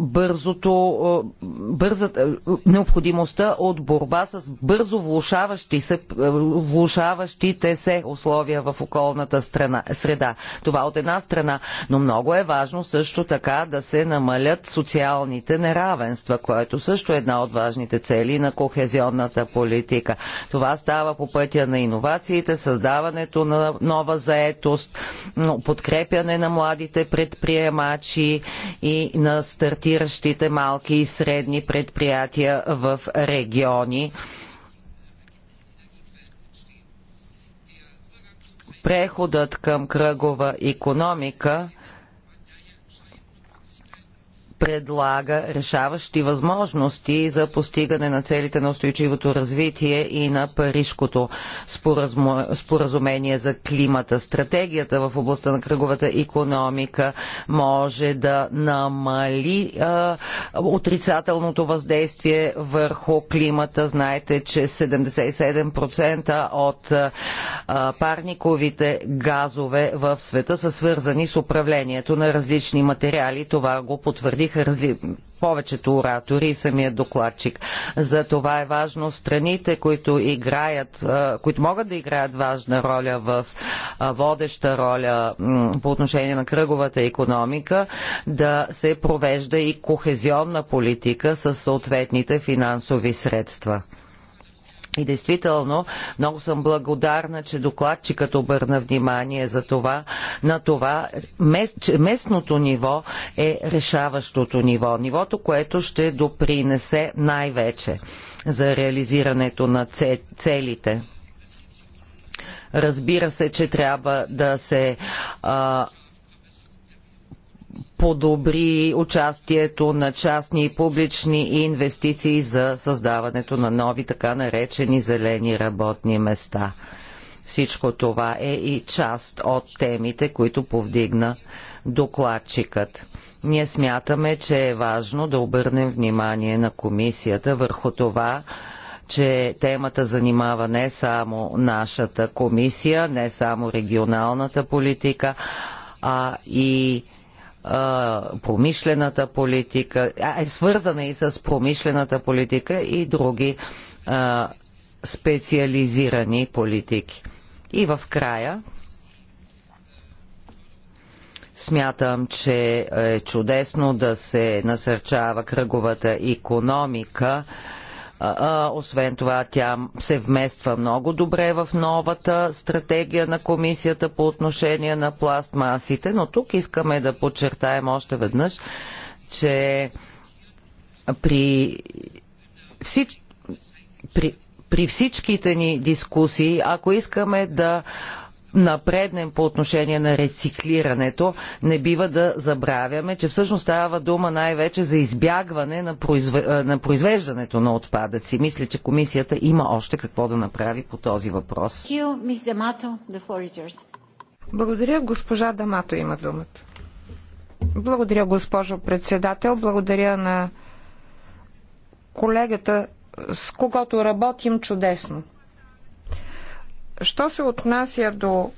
бързото, бързата, необходимостта от борба с бързо влушаващи се, влушаващите се условия в околната страна, среда. Това от една страна, но много е важно също така да се намалят социалните неравенства, което също е една от важните цели на кохезионната политика. Това става по пътя на иновациите, създаването на нова заетост, подкрепяне на младите предприемачи и на стартиране стартиращите малки и средни предприятия в региони. Преходът към кръгова економика – предлага решаващи възможности за постигане на целите на устойчивото развитие и на Парижкото споразумение за климата. Стратегията в областта на кръговата економика може да намали а, отрицателното въздействие върху климата. Знаете, че 77% от а, парниковите газове в света са свързани с управлението на различни материали. Това го потвърдих изразиха разли... повечето оратори и самия докладчик. За това е важно страните, които играят, които могат да играят важна роля в водеща роля по отношение на кръговата економика, да се провежда и кохезионна политика с съответните финансови средства. И действително много съм благодарна, че докладчикът обърна внимание за това, на това, че местното ниво е решаващото ниво. Нивото, което ще допринесе най-вече за реализирането на целите. Разбира се, че трябва да се а, подобри участието на частни и публични инвестиции за създаването на нови така наречени зелени работни места. Всичко това е и част от темите, които повдигна докладчикът. Ние смятаме, че е важно да обърнем внимание на комисията върху това, че темата занимава не само нашата комисия, не само регионалната политика, а и промишлената политика, а е свързана и с промишлената политика и други а, специализирани политики. И в края смятам, че е чудесно да се насърчава кръговата економика. Освен това, тя се вмества много добре в новата стратегия на комисията по отношение на пластмасите, но тук искаме да подчертаем още веднъж, че при, всич... при... при всичките ни дискусии, ако искаме да напреднем по отношение на рециклирането, не бива да забравяме, че всъщност става дума най-вече за избягване на, произве... на произвеждането на отпадъци. Мисля, че комисията има още какво да направи по този въпрос. Благодаря. Госпожа Дамато има думата. Благодаря, госпожо председател. Благодаря на колегата, с когото работим чудесно. Що се отнася до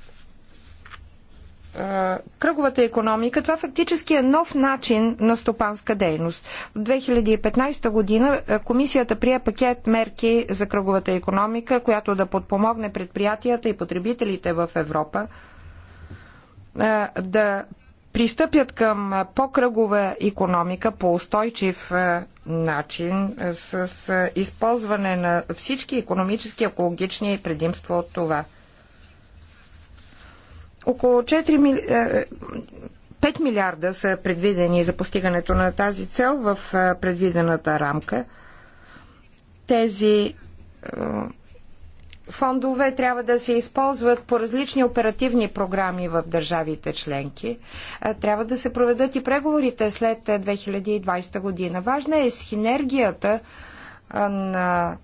кръговата економика, това фактически е нов начин на стопанска дейност. В 2015 година комисията прие пакет мерки за кръговата економика, която да подпомогне предприятията и потребителите в Европа да пристъпят към по-кръгова економика по устойчив начин с използване на всички економически, екологични предимства от това. Около 4 мили... 5 милиарда са предвидени за постигането на тази цел в предвидената рамка. Тези фондове трябва да се използват по различни оперативни програми в държавите членки. Трябва да се проведат и преговорите след 2020 година. Важна е синергията на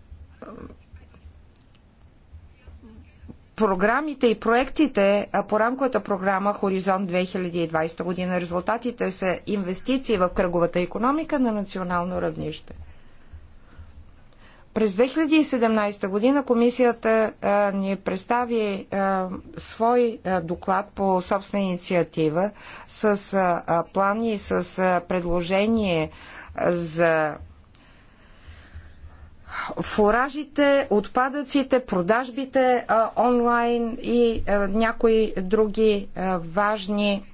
програмите и проектите по рамковата програма Хоризонт 2020 година. Резултатите са инвестиции в кръговата економика на национално равнище. През 2017 година комисията а, ни представи а, свой а, доклад по собствена инициатива с а, план и с а, предложение за фуражите, отпадъците, продажбите а, онлайн и а, някои други а, важни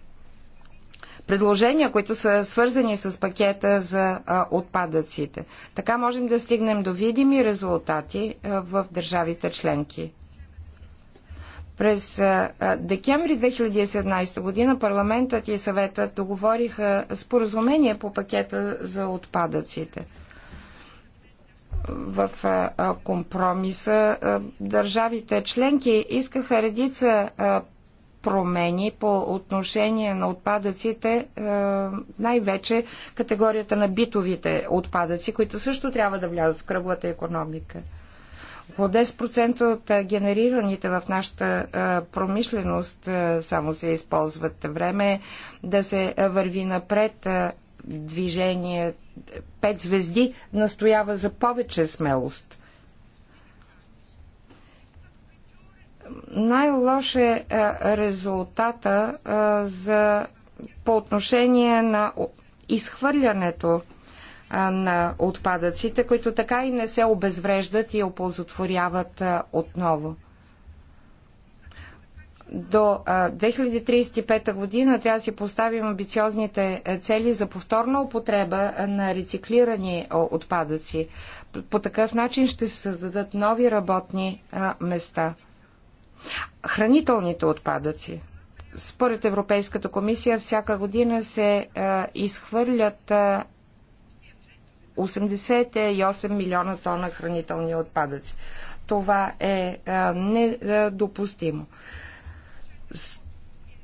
предложения, които са свързани с пакета за отпадъците. Така можем да стигнем до видими резултати в държавите членки. През декември 2017 година парламентът и съветът договориха споразумение по пакета за отпадъците. В компромиса държавите членки искаха редица промени по отношение на отпадъците, е, най-вече категорията на битовите отпадъци, които също трябва да влязат в кръглата економика. Около 10% от генерираните в нашата е, промишленост е, само се използват. Време да се върви напред движение. Пет звезди настоява за повече смелост. най-лош е, е резултата е, за, по отношение на изхвърлянето е, на отпадъците, които така и не се обезвреждат и оползотворяват отново. До 2035 година трябва да си поставим амбициозните цели за повторна употреба на рециклирани отпадъци. По такъв начин ще се създадат нови работни места – Хранителните отпадъци. Според Европейската комисия всяка година се а, е, изхвърлят а, е, 88 милиона тона хранителни отпадъци. Това е а, е, недопустимо.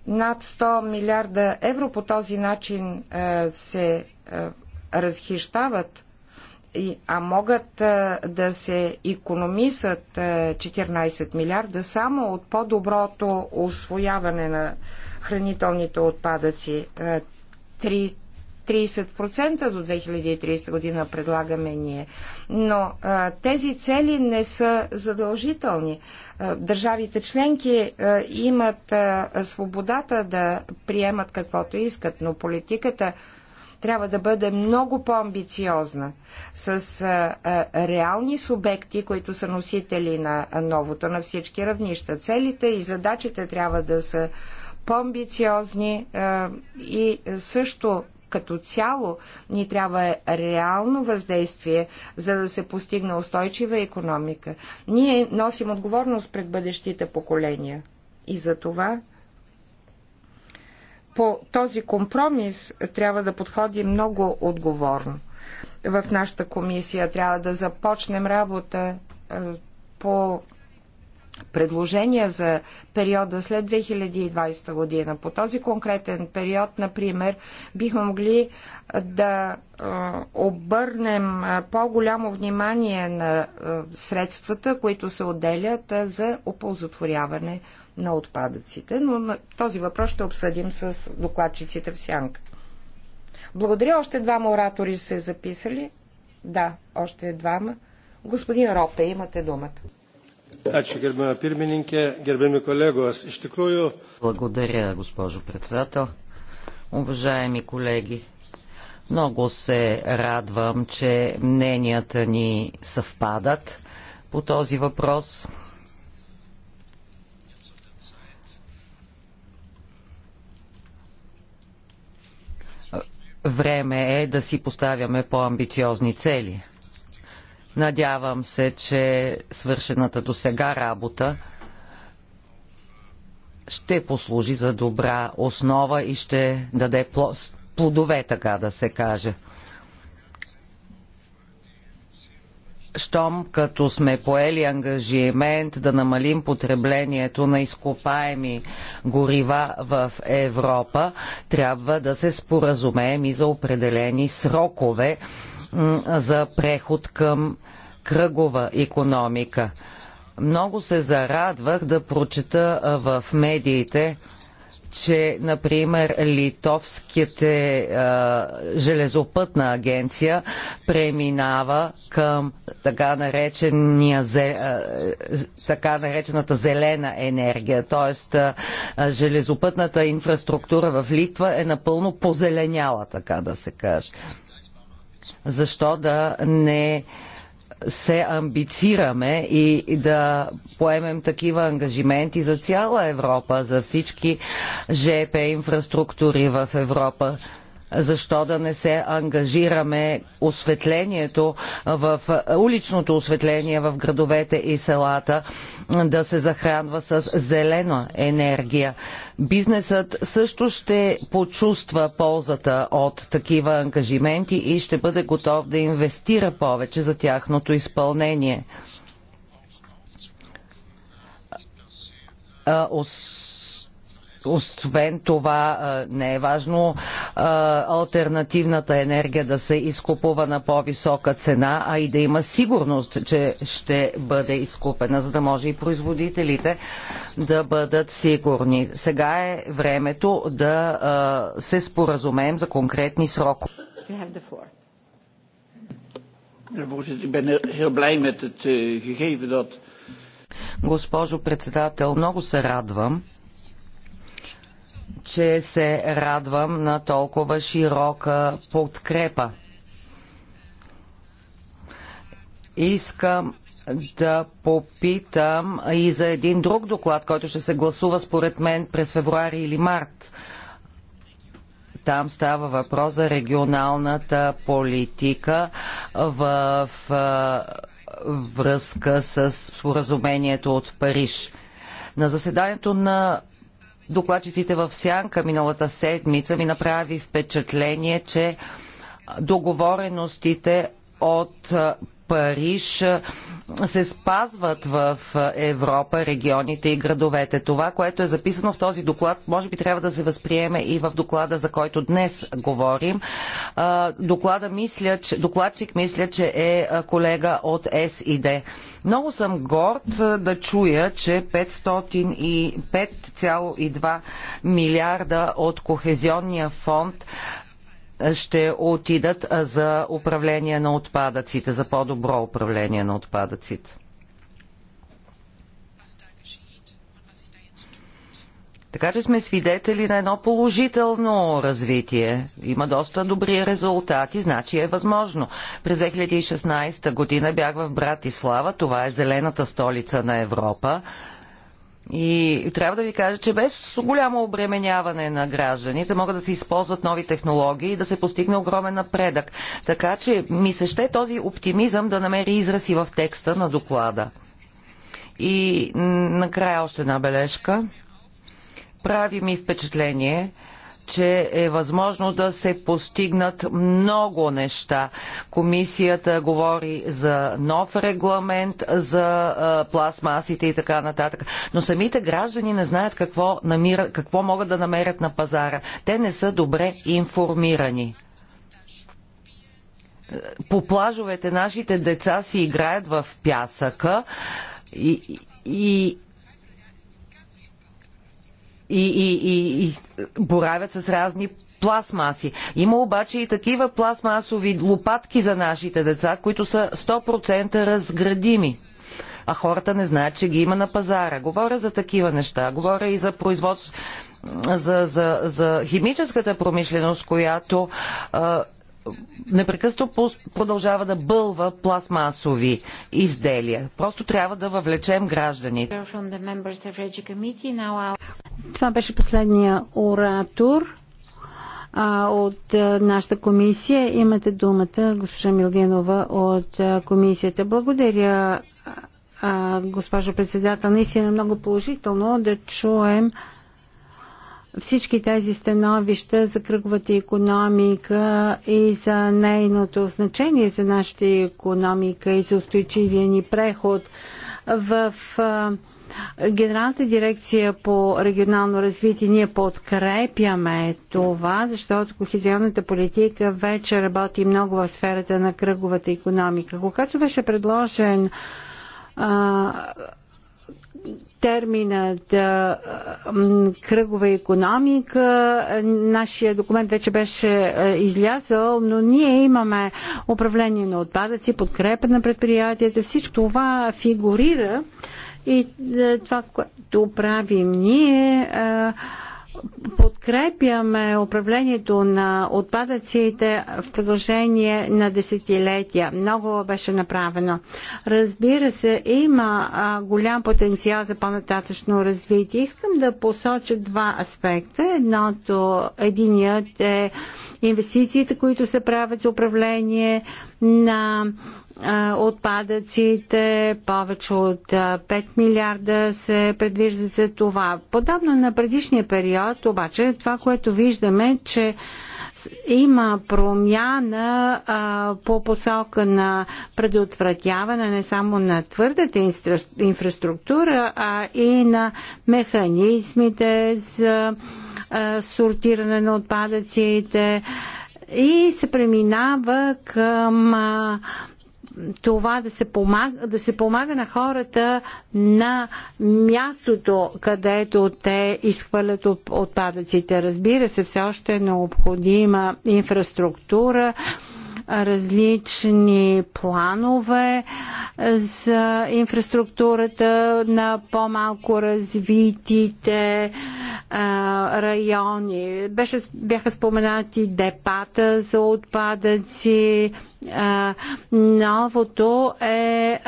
Над 100 милиарда евро по този начин а, се а, разхищават а могат да се економисат 14 милиарда само от по-доброто освояване на хранителните отпадъци. 30% до 2030 година предлагаме ние. Но а, тези цели не са задължителни. А, държавите членки а, имат а, свободата да приемат каквото искат, но политиката трябва да бъде много по-амбициозна с а, а, реални субекти, които са носители на новото на всички равнища. Целите и задачите трябва да са по-амбициозни и също като цяло ни трябва реално въздействие, за да се постигне устойчива економика. Ние носим отговорност пред бъдещите поколения. И за това по този компромис трябва да подходим много отговорно. В нашата комисия трябва да започнем работа е, по предложения за периода след 2020 година. По този конкретен период, например, бихме могли да е, обърнем е, по-голямо внимание на средствата, които се отделят за оползотворяване на отпадъците, но на този въпрос ще обсъдим с докладчиците в сянка. Благодаря. Още двама оратори се записали. Да, още двама. Господин Ропе, имате думата. Ačiū, gerbėme pirmininkė, gerbėmi kolegos. Благодаря, госпожо председател. Уважаеми колеги, много се радвам, че мненията ни съвпадат по този въпрос. Време е да си поставяме по-амбициозни цели. Надявам се, че свършената до сега работа ще послужи за добра основа и ще даде плодове, така да се каже. щом като сме поели ангажимент да намалим потреблението на изкопаеми горива в Европа, трябва да се споразумеем и за определени срокове за преход към кръгова економика. Много се зарадвах да прочета в медиите че, например, литовските а, железопътна агенция преминава към така, наречения, така наречената зелена енергия. Тоест, а, железопътната инфраструктура в Литва е напълно позеленяла, така да се каже. Защо да не а, се амбицираме и да поемем такива ангажименти за цяла Европа, за всички ЖП инфраструктури в Европа. Защо да не се ангажираме осветлението в уличното осветление в градовете и селата да се захранва с зелена енергия? Бизнесът също ще почувства ползата от такива ангажименти и ще бъде готов да инвестира повече за тяхното изпълнение. Освен това не е важно альтернативната енергия да се изкупува на по-висока цена, а и да има сигурност, че ще бъде изкупена, за да може и производителите да бъдат сигурни. Сега е времето да се споразумеем за конкретни срокове. Er eh, Госпожо председател, много се радвам, че се радвам на толкова широка подкрепа. Искам да попитам и за един друг доклад, който ще се гласува според мен през февруари или март. Там става въпрос за регионалната политика в връзка с споразумението от Париж. На заседанието на докладчиците в Сянка миналата седмица ми направи впечатление, че договореностите от Париж се спазват в Европа регионите и градовете. Това, което е записано в този доклад, може би трябва да се възприеме и в доклада, за който днес говорим. Доклада мисля, че, докладчик мисля, че е колега от СИД. Много съм горд да чуя, че 505,2 милиарда от Кохезионния фонд ще отидат за управление на отпадъците, за по-добро управление на отпадъците. Така че сме свидетели на едно положително развитие. Има доста добри резултати, значи е възможно. През 2016 година бях в Братислава, това е зелената столица на Европа. И трябва да ви кажа, че без голямо обременяване на гражданите могат да се използват нови технологии и да се постигне огромен напредък. Така че ми се ще този оптимизъм да намери израз и в текста на доклада. И накрая още една бележка. Прави ми впечатление, че е възможно да се постигнат много неща. Комисията говори за нов регламент, за а, пластмасите и така нататък. Но самите граждани не знаят какво, намира, какво могат да намерят на пазара. Те не са добре информирани по плажовете нашите деца си играят в пясъка и, и и, и, и, и боравят с разни пластмаси. Има обаче и такива пластмасови лопатки за нашите деца, които са 100% разградими. А хората не знаят, че ги има на пазара. Говоря за такива неща. Говоря и за производство, за, за, за химическата промишленост, която а, непрекъснато продължава да бълва пластмасови изделия. Просто трябва да въвлечем гражданите. Това беше последния оратор от нашата комисия. Имате думата, госпожа Милгенова от комисията. Благодаря, госпожа председател. Наистина много положително да чуем всички тези становища за кръговата економика и за нейното значение за нашата економика и за устойчивия ни преход в Генералната дирекция по регионално развитие ние подкрепяме това, защото кохезионната политика вече работи много в сферата на кръговата економика. Когато беше предложен а, терминът кръгова економика. Нашия документ вече беше е, излязъл, но ние имаме управление на отпадъци, подкрепа на предприятията. Всичко това фигурира и е, това, което правим ние. А, е, подкрепяме управлението на отпадъците в продължение на десетилетия. Много беше направено. Разбира се, има а, голям потенциал за по-нататъчно развитие. Искам да посоча два аспекта. Едното, единият е инвестициите, които се правят за управление на отпадъците, повече от 5 милиарда се предвижда за това. Подобно на предишния период, обаче, това, което виждаме, че има промяна а, по посока на предотвратяване не само на твърдата инфраструктура, а и на механизмите за а, сортиране на отпадъците и се преминава към а, това да се, помага, да се помага на хората на мястото, където те изхвърлят отпадъците. Разбира се, все още е необходима инфраструктура, различни планове за инфраструктурата на по-малко развитите райони. Беше, бяха споменати депата за отпадъци. Новото е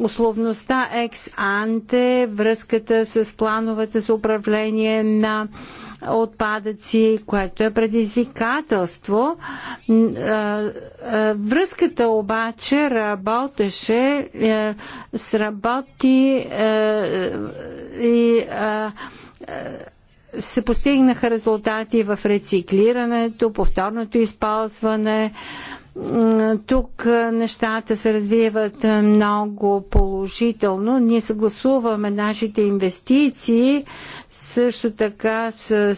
условността екс анте, връзката с плановете за управление на отпадъци, което е предизвикателство. Връзката обаче работеше, е, сработи е, и е, се постигнаха резултати в рециклирането, повторното използване, тук нещата се развиват много положително. Ние съгласуваме нашите инвестиции също така с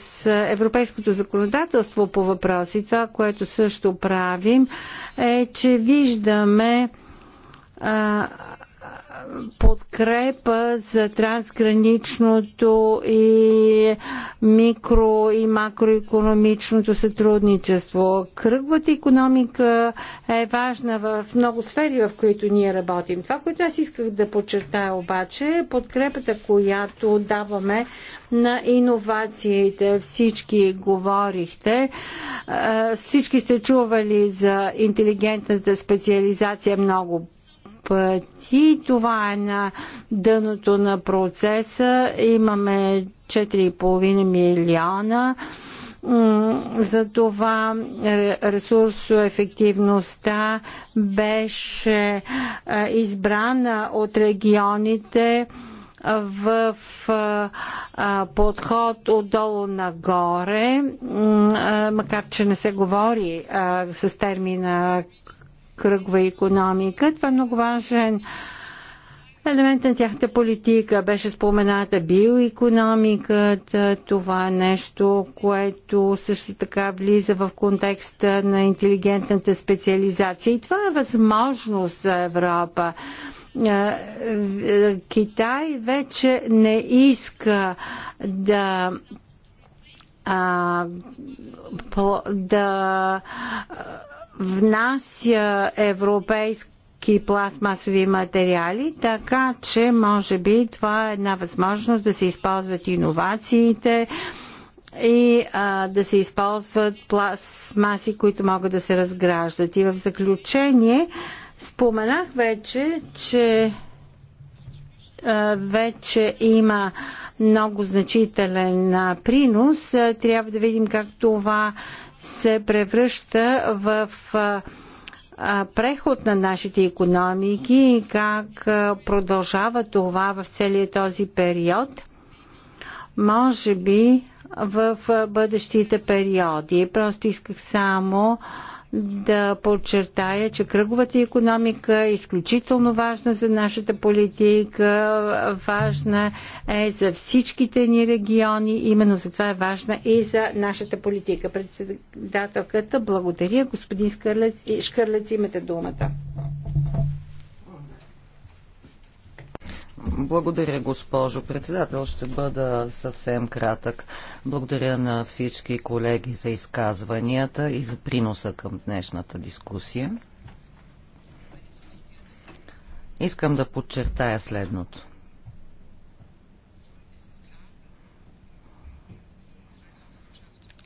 европейското законодателство по въпроси. Това, което също правим, е, че виждаме подкрепа за трансграничното и микро и макроекономичното сътрудничество. Кръгвата економика е важна в много сфери, в които ние работим. Това, което аз исках да подчертая обаче е подкрепата, която даваме на иновациите. Всички говорихте, е, всички сте чували за интелигентната специализация много пъти. Това е на дъното на процеса. Имаме 4,5 милиона за това ресурсоефективността беше избрана от регионите в подход отдолу нагоре, макар че не се говори с термина кръгва економика. Това е много важен елемент на тяхната политика. Беше спомената биоекономиката. Това е нещо, което също така влиза в контекста на интелигентната специализация. И това е възможност за Европа. Е, е, Китай вече не иска да да внася европейски пластмасови материали, така че може би това е една възможност да се използват иновациите и а, да се използват пластмаси, които могат да се разграждат. И в заключение споменах вече, че вече има много значителен принос. Трябва да видим как това се превръща в преход на нашите економики и как продължава това в целия този период. Може би в бъдещите периоди. Просто исках само да подчертая, че кръговата економика е изключително важна за нашата политика, важна е за всичките ни региони, именно за това е важна и за нашата политика. Председателката, благодаря. Господин Шкърлец, имате думата. Благодаря, госпожо председател. Ще бъда съвсем кратък. Благодаря на всички колеги за изказванията и за приноса към днешната дискусия. Искам да подчертая следното.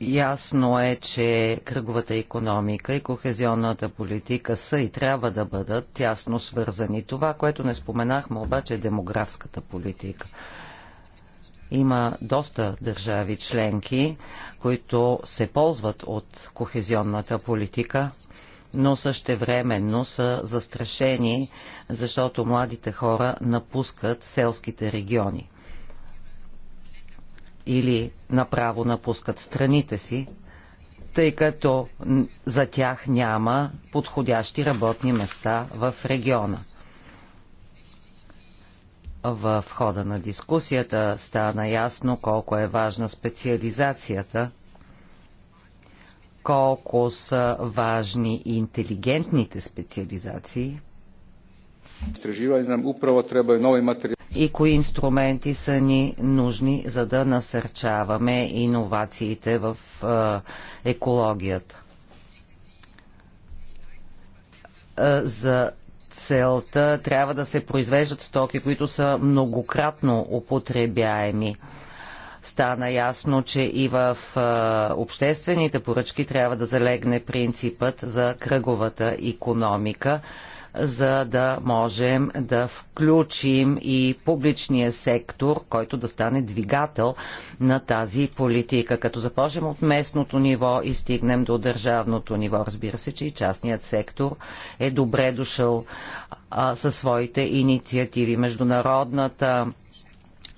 Ясно е, че кръговата економика и кохезионната политика са и трябва да бъдат тясно свързани. Това, което не споменахме обаче е демографската политика. Има доста държави членки, които се ползват от кохезионната политика, но същевременно са застрашени, защото младите хора напускат селските региони или направо напускат страните си, тъй като за тях няма подходящи работни места в региона. В хода на дискусията стана ясно колко е важна специализацията, колко са важни и интелигентните специализации – и кои инструменти са ни нужни, за да насърчаваме иновациите в е, екологията? Е, за целта трябва да се произвеждат стоки, които са многократно употребяеми. Стана ясно, че и в е, обществените поръчки трябва да залегне принципът за кръговата економика за да можем да включим и публичния сектор, който да стане двигател на тази политика. Като започнем от местното ниво и стигнем до държавното ниво, разбира се, че и частният сектор е добре дошъл а, със своите инициативи. Международната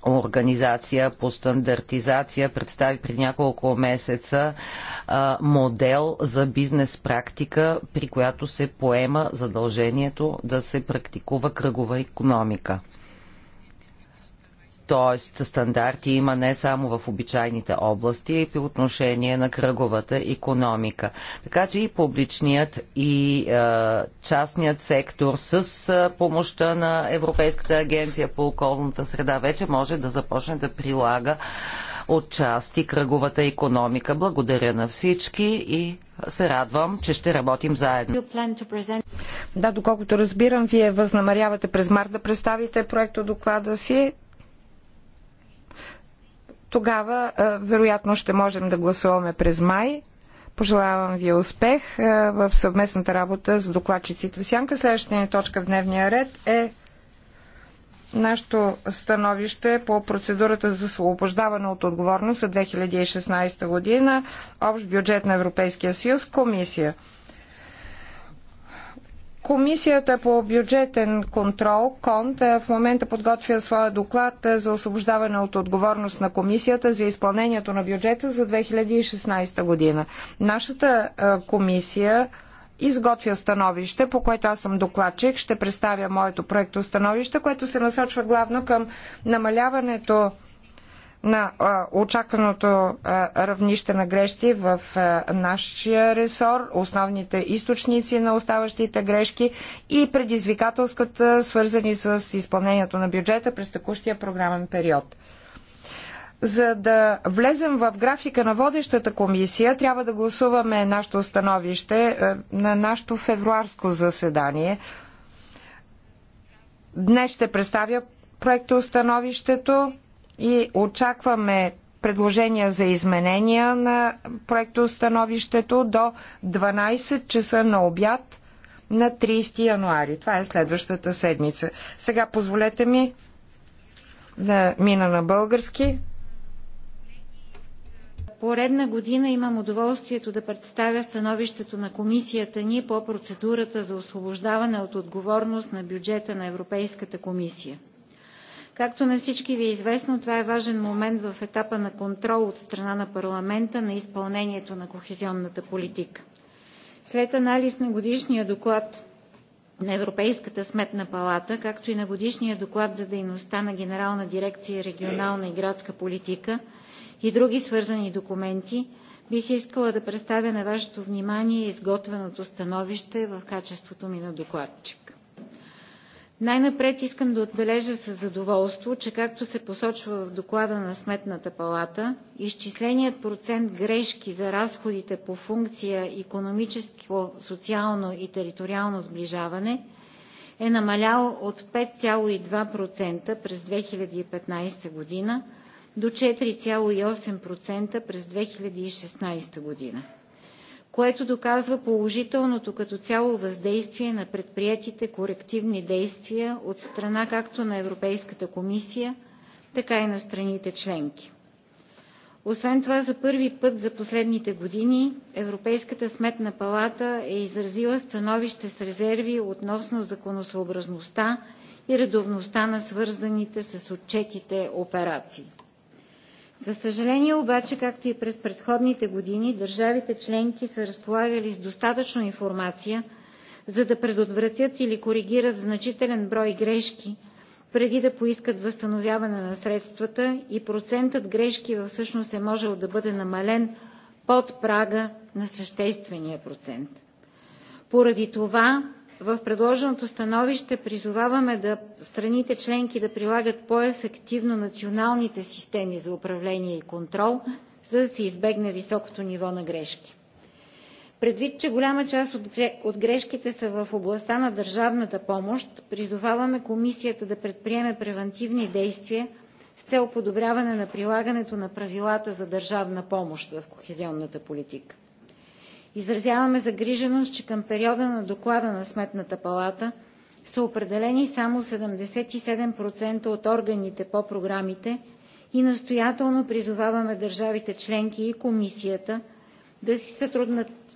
организация по стандартизация представи пред няколко месеца а, модел за бизнес практика, при която се поема задължението да се практикува кръгова економика т.е. стандарти има не само в обичайните области, а и по отношение на кръговата економика. Така че и публичният, и е, частният сектор с е, помощта на Европейската агенция по околната среда вече може да започне да прилага отчасти кръговата економика. Благодаря на всички и се радвам, че ще работим заедно. Да, доколкото разбирам, вие възнамерявате през март да представите проекто доклада си тогава вероятно ще можем да гласуваме през май. Пожелавам ви успех в съвместната работа с докладчиците в Сянка. Следващата ни точка в дневния ред е нашето становище по процедурата за освобождаване от отговорност за 2016 година, общ бюджет на Европейския съюз, комисия. Комисията по бюджетен контрол, КОНТ, е, в момента подготвя своя доклад е, за освобождаване от отговорност на Комисията за изпълнението на бюджета за 2016 година. Нашата е, комисия изготвя становище, по което аз съм докладчик, ще представя моето проекто становище, което се насочва главно към намаляването на очакваното равнище на грешки в нашия ресор, основните източници на оставащите грешки и предизвикателствата, свързани с изпълнението на бюджета през текущия програмен период. За да влезем в графика на водещата комисия, трябва да гласуваме нашето становище на нашето февруарско заседание. Днес ще представя установището и очакваме предложения за изменения на проектостановището до 12 часа на обяд на 30 януари. Това е следващата седмица. Сега позволете ми да мина на български. Поредна година имам удоволствието да представя становището на комисията ни по процедурата за освобождаване от отговорност на бюджета на Европейската комисия. Както на всички ви е известно, това е важен момент в етапа на контрол от страна на парламента на изпълнението на кохезионната политика. След анализ на годишния доклад на Европейската сметна палата, както и на годишния доклад за дейността на Генерална дирекция регионална и градска политика и други свързани документи, бих искала да представя на Вашето внимание изготвеното становище в качеството ми на докладчик. Най-напред искам да отбележа с задоволство, че както се посочва в доклада на Сметната палата, изчисленият процент грешки за разходите по функция економическо, социално и териториално сближаване е намалял от 5,2% през 2015 година до 4,8% през 2016 година което доказва положителното като цяло въздействие на предприятите корективни действия от страна както на Европейската комисия, така и на страните членки. Освен това, за първи път за последните години Европейската сметна палата е изразила становище с резерви относно законосъобразността и редовността на свързаните с отчетите операции. За съжаление обаче, както и през предходните години, държавите членки са разполагали с достатъчно информация, за да предотвратят или коригират значителен брой грешки, преди да поискат възстановяване на средствата и процентът грешки всъщност е можел да бъде намален под прага на съществения процент. Поради това в предложеното становище призоваваме страните членки да прилагат по-ефективно националните системи за управление и контрол, за да се избегне високото ниво на грешки. Предвид, че голяма част от грешките са в областта на държавната помощ, призоваваме Комисията да предприеме превантивни действия с цел подобряване на прилагането на правилата за държавна помощ в кохезионната политика. Изразяваме загриженост, че към периода на доклада на Сметната палата са определени само 77% от органите по програмите и настоятелно призоваваме държавите членки и Комисията да си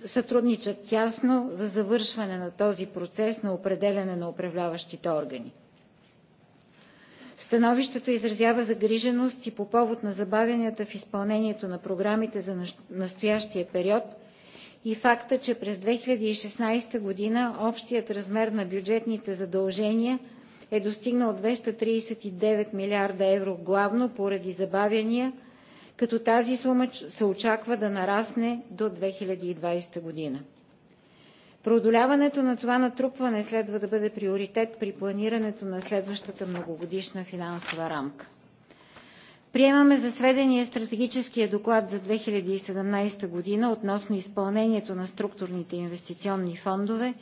сътрудничат тясно за завършване на този процес на определяне на управляващите органи. Становището изразява загриженост и по повод на забавянията в изпълнението на програмите за настоящия период – и факта, че през 2016 година общият размер на бюджетните задължения е достигнал 239 милиарда евро главно поради забавяния, като тази сума се очаква да нарасне до 2020 година. Преодоляването на това натрупване следва да бъде приоритет при планирането на следващата многогодишна финансова рамка. Приемаме за сведение стратегическия доклад за 2017 година относно изпълнението на структурните инвестиционни фондове,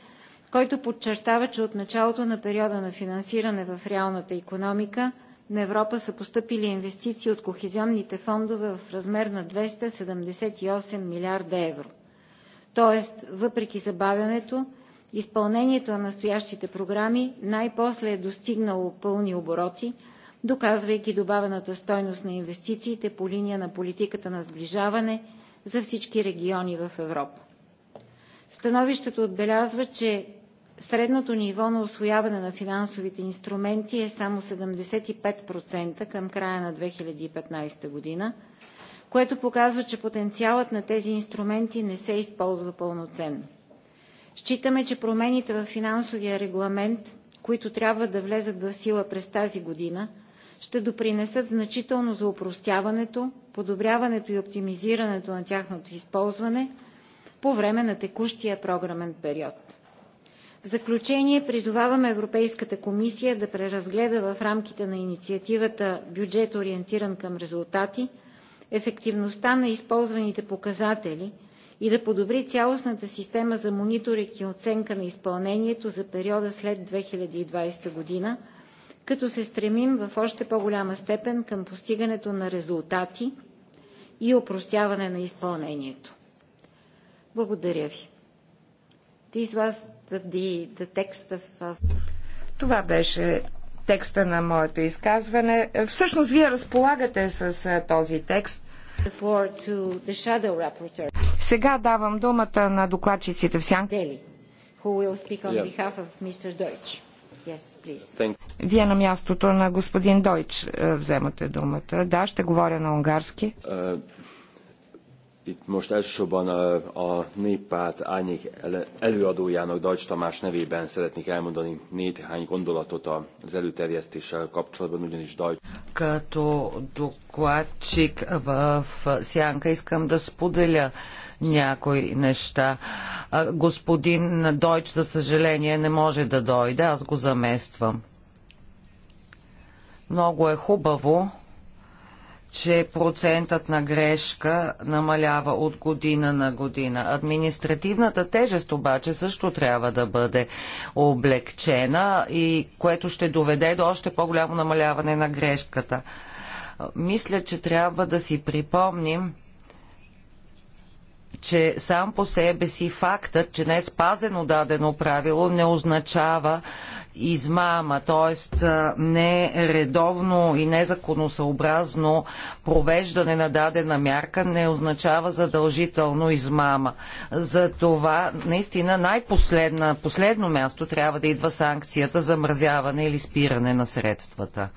който подчертава, че от началото на периода на финансиране в реалната икономика на Европа са постъпили инвестиции от кохезионните фондове в размер на 278 милиарда евро. Тоест, въпреки забавянето, изпълнението на настоящите програми най-после е достигнало пълни обороти – доказвайки добавената стойност на инвестициите по линия на политиката на сближаване за всички региони в Европа. Становището отбелязва, че средното ниво на освояване на финансовите инструменти е само 75% към края на 2015 година, което показва, че потенциалът на тези инструменти не се използва пълноценно. Считаме, че промените в финансовия регламент, които трябва да влезат в сила през тази година, ще допринесат значително за опростяването, подобряването и оптимизирането на тяхното използване по време на текущия програмен период. В заключение призоваваме Европейската комисия да преразгледа в рамките на инициативата Бюджет ориентиран към резултати ефективността на използваните показатели и да подобри цялостната система за мониторинг и оценка на изпълнението за периода след 2020 година, като се стремим в още по-голяма степен към постигането на резултати и опростяване на изпълнението. Благодаря ви. Това беше текста на моето изказване. Всъщност, вие разполагате с този текст. Сега давам думата на докладчиците в сянка. Вие на мястото на господин Дойч е, вземате думата. Да, ще говоря на унгарски. Е, Itt most elsősorban a, a néppárt árnyék előadójának Dajcs Tamás nevében szeretnék elmondani néhány gondolatot az előterjesztéssel kapcsolatban, ugyanis Dajcs... Като докладчик в Сянка искам да споделя някои неща. Господин Дойч, за съжаление, не може да дойде, аз го замествам. Много е хубаво, че процентът на грешка намалява от година на година. Административната тежест обаче също трябва да бъде облегчена и което ще доведе до още по-голямо намаляване на грешката. Мисля, че трябва да си припомним, че сам по себе си фактът, че не е спазено дадено правило, не означава, измама, т.е. нередовно и незаконосъобразно провеждане на дадена мярка не означава задължително измама. За това наистина най-последна, последно място трябва да идва санкцията за мразяване или спиране на средствата.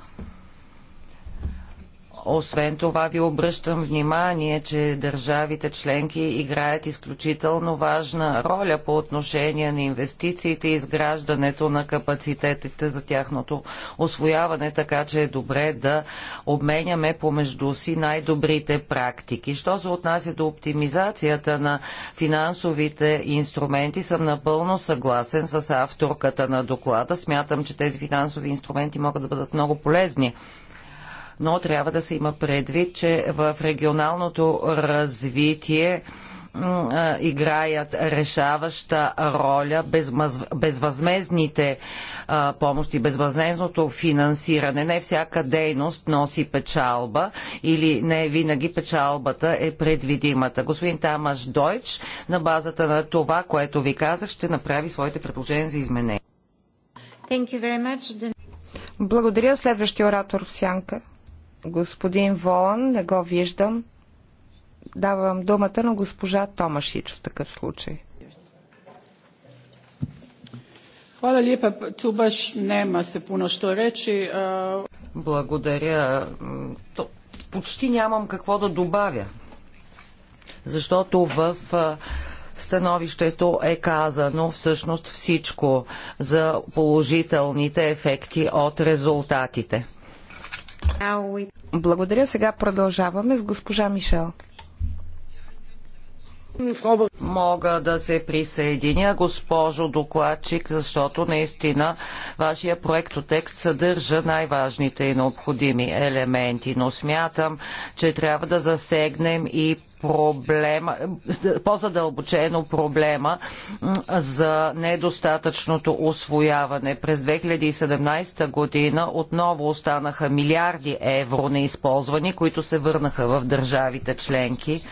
Освен това ви обръщам внимание, че държавите членки играят изключително важна роля по отношение на инвестициите и изграждането на капацитетите за тяхното освояване, така че е добре да обменяме помежду си най-добрите практики. Що се отнася до оптимизацията на финансовите инструменти, съм напълно съгласен с авторката на доклада. Смятам, че тези финансови инструменти могат да бъдат много полезни но трябва да се има предвид, че в регионалното развитие играят решаваща роля безвъзмезните помощи, безвъзмезното финансиране. Не всяка дейност носи печалба или не винаги печалбата е предвидимата. Господин Тамаш Дойч на базата на това, което ви казах, ще направи своите предложения за изменение. Благодаря. Следващия оратор в сянка господин Волан, не го виждам. Давам думата на госпожа Томашич в такъв случай. Благодаря. То, почти нямам какво да добавя. Защото в становището е казано всъщност всичко за положителните ефекти от резултатите. Благодаря. Сега продължаваме с госпожа Мишел. Мога да се присъединя, госпожо докладчик, защото наистина вашия проектотекст съдържа най-важните и необходими елементи, но смятам, че трябва да засегнем и проблема, по-задълбочено проблема за недостатъчното освояване. През 2017 година отново останаха милиарди евро неизползвани, които се върнаха в държавите членки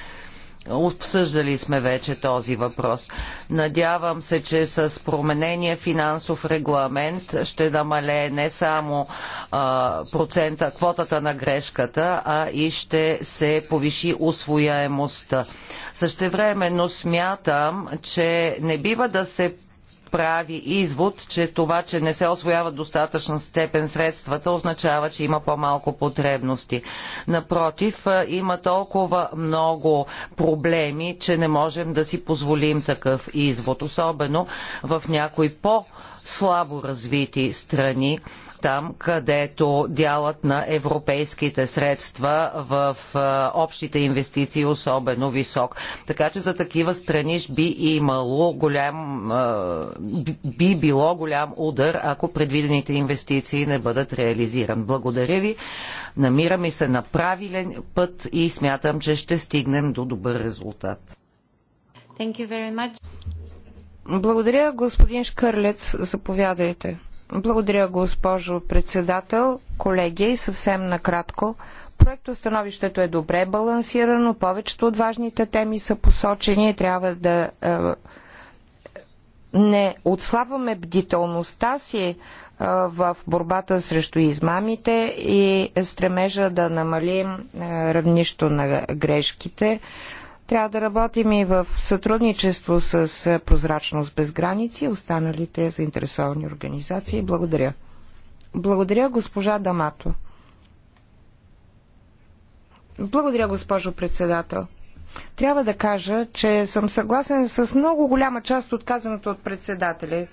Обсъждали сме вече този въпрос. Надявам се, че с променения финансов регламент ще намалее не само а, процента, квотата на грешката, а и ще се повиши усвояемостта. Същевременно смятам, че не бива да се прави извод, че това, че не се освояват достатъчна степен средствата, означава, че има по-малко потребности. Напротив, има толкова много проблеми, че не можем да си позволим такъв извод, особено в някои по-слабо развити страни там, където дялът на европейските средства в общите инвестиции е особено висок. Така че за такива страни би имало голям, би било голям удар, ако предвидените инвестиции не бъдат реализирани. Благодаря ви. Намираме се на правилен път и смятам, че ще стигнем до добър резултат. Благодаря, господин Шкърлец. Заповядайте. Благодаря, госпожо председател. Колеги, съвсем накратко. становището е добре балансирано, повечето от важните теми са посочени и трябва да е, не отслабваме бдителността си е, в борбата срещу измамите и стремежа да намалим е, равнището на грешките. Е, трябва да работим и в сътрудничество с е, Прозрачност без граници и останалите заинтересовани организации. Благодаря. Благодаря, госпожа Дамато. Благодаря, госпожо председател. Трябва да кажа, че съм съгласен с много голяма част от казаното от председателя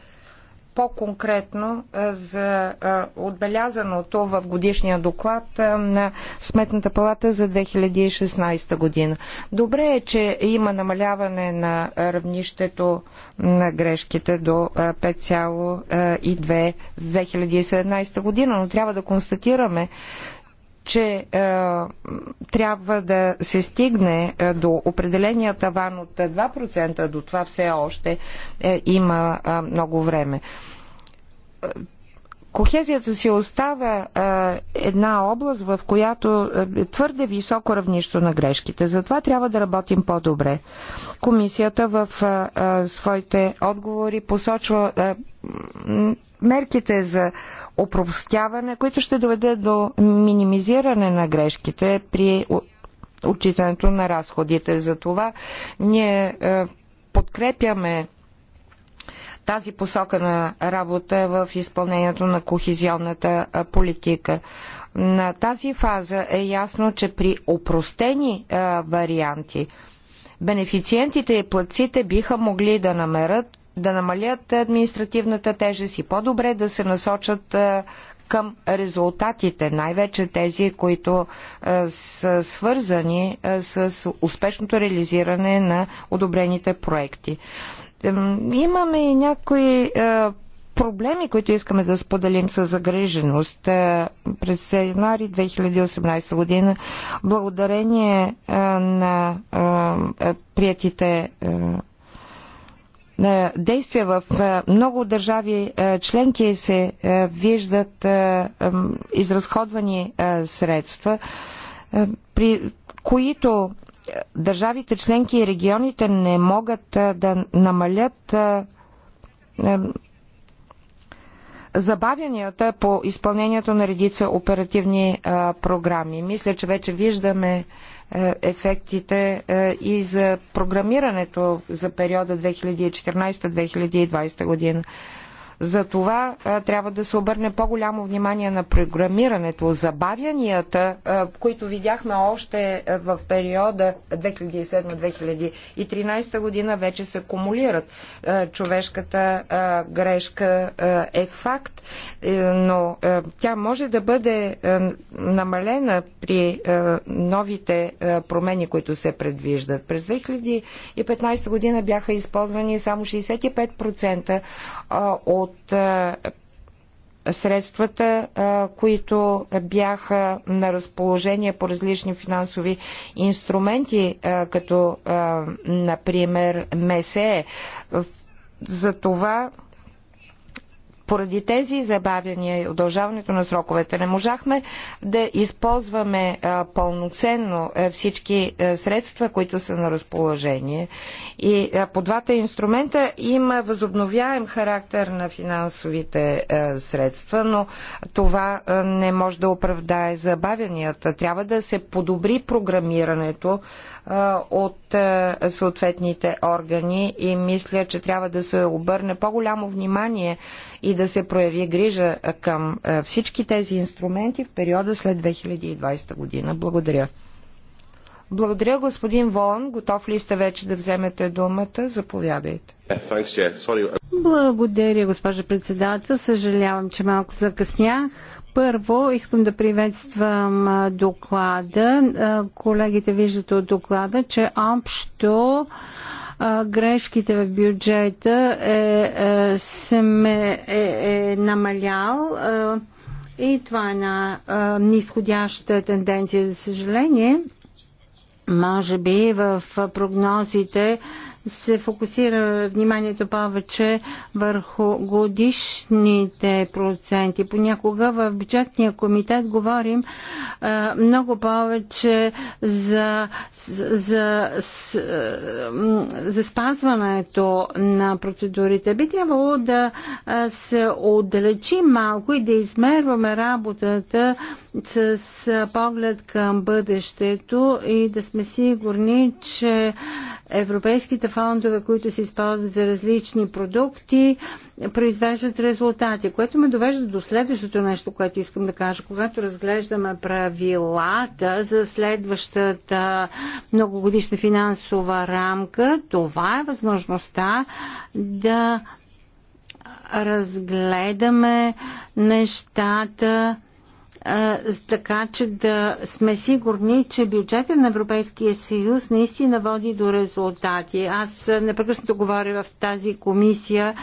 по-конкретно за отбелязаното в годишния доклад на Сметната палата за 2016 година. Добре е, че има намаляване на равнището на грешките до 5,2 за 2017 година, но трябва да констатираме, че е, трябва да се стигне е, до определения таван от 2%, до това все още е, има е, много време. Е, кохезията си остава е, една област, в която е твърде високо равнищо на грешките. Затова трябва да работим по-добре. Комисията в е, е, своите отговори посочва е, мерките за опростяване, които ще доведат до минимизиране на грешките при отчитането на разходите. За това ние е, подкрепяме тази посока на работа в изпълнението на кохизионната е, политика. На тази фаза е ясно, че при опростени е, варианти бенефициентите и платците биха могли да намерят да намалят административната тежест и по-добре да се насочат към резултатите, най-вече тези, които са свързани с успешното реализиране на одобрените проекти. Имаме и някои проблеми, които искаме да споделим с загриженост. Е, през януари 2018 година, благодарение е, на е, приятите действия в много държави членки се виждат изразходвани средства, при които държавите членки и регионите не могат да намалят забавянията по изпълнението на редица оперативни програми. Мисля, че вече виждаме е, ефектите е, и за програмирането за периода 2014-2020 година. За това трябва да се обърне по-голямо внимание на програмирането. Забавянията, които видяхме още в периода 2007-2013 година, вече се кумулират. човешката грешка е факт, е, но тя може да бъде намалена при новите промени, които се предвиждат. През 2015 година бяха използвани само 65% от от средствата, които бяха на разположение по различни финансови инструменти, като например МСЕ. За това поради тези забавяния и удължаването на сроковете не можахме да използваме пълноценно всички средства, които са на разположение. И по двата инструмента има възобновяем характер на финансовите средства, но това не може да оправдае забавянията. Трябва да се подобри програмирането от съответните органи и мисля, че трябва да се обърне по-голямо внимание и да се прояви грижа към е, всички тези инструменти в периода след 2020 година. Благодаря. Благодаря, господин Волн. Готов ли сте вече да вземете думата? Заповядайте. Благодаря, госпожа председател. Съжалявам, че малко закъснях. Първо, искам да приветствам доклада. Колегите виждат от доклада, че общо грешките в бюджета е, е, е, е намалял. Е, и това е на е, нисходяща тенденция, за съжаление. Може би в прогнозите се фокусира вниманието повече върху годишните проценти. Понякога в бюджетния комитет говорим а, много повече за, за, за, за спазването на процедурите. Би трябвало да се отдалечим малко и да измерваме работата с поглед към бъдещето и да сме сигурни, че Европейските фондове, които се използват за различни продукти, произвеждат резултати, което ме довежда до следващото нещо, което искам да кажа. Когато разглеждаме правилата за следващата многогодишна финансова рамка, това е възможността да разгледаме нещата така че да сме сигурни, че бюджета на Европейския съюз наистина води до резултати. Аз непрекъснато говоря в тази комисия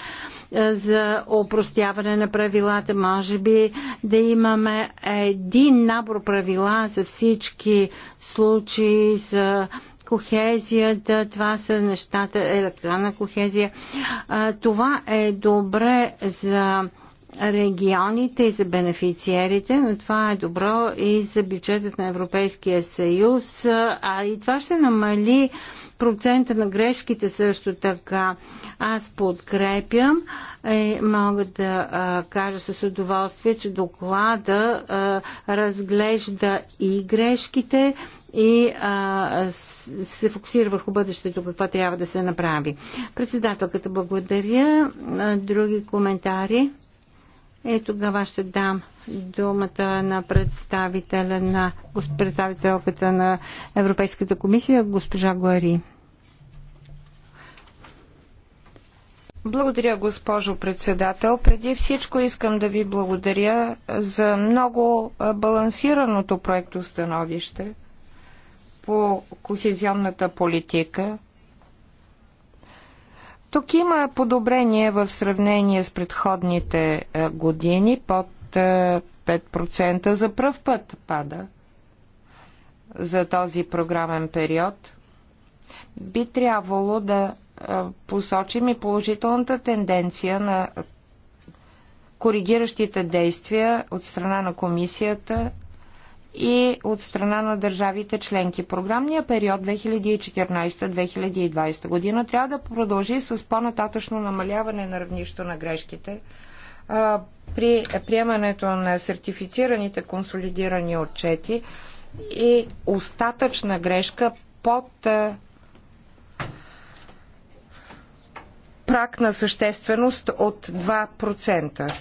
за опростяване на правилата. Може би да имаме един набор правила за всички случаи, за кохезията, това са нещата, електронна кохезия. Това е добре за регионите и за бенефициерите, но това е добро и за бюджетът на Европейския съюз, а и това ще намали процента на грешките също така. Аз подкрепям и е, мога да а, кажа с удоволствие, че доклада а, разглежда и грешките, и а, се фокусира върху бъдещето, какво трябва да се направи. Председателката благодаря. Други коментари? И тогава ще дам думата на представителя на представителката на Европейската комисия, госпожа Гуари. Благодаря, госпожо председател. Преди всичко искам да ви благодаря за много балансираното проекто становище по кохезионната политика – тук има подобрение в сравнение с предходните е, години. Под 5% е, за пръв път пада за този програмен период. Би трябвало да е, посочим и положителната тенденция на коригиращите действия от страна на комисията и от страна на държавите членки. Програмния период 2014-2020 година трябва да продължи с по-нататъчно намаляване на равнището на грешките а, при приемането на сертифицираните консолидирани отчети и остатъчна грешка под а, прак на същественост от 2%.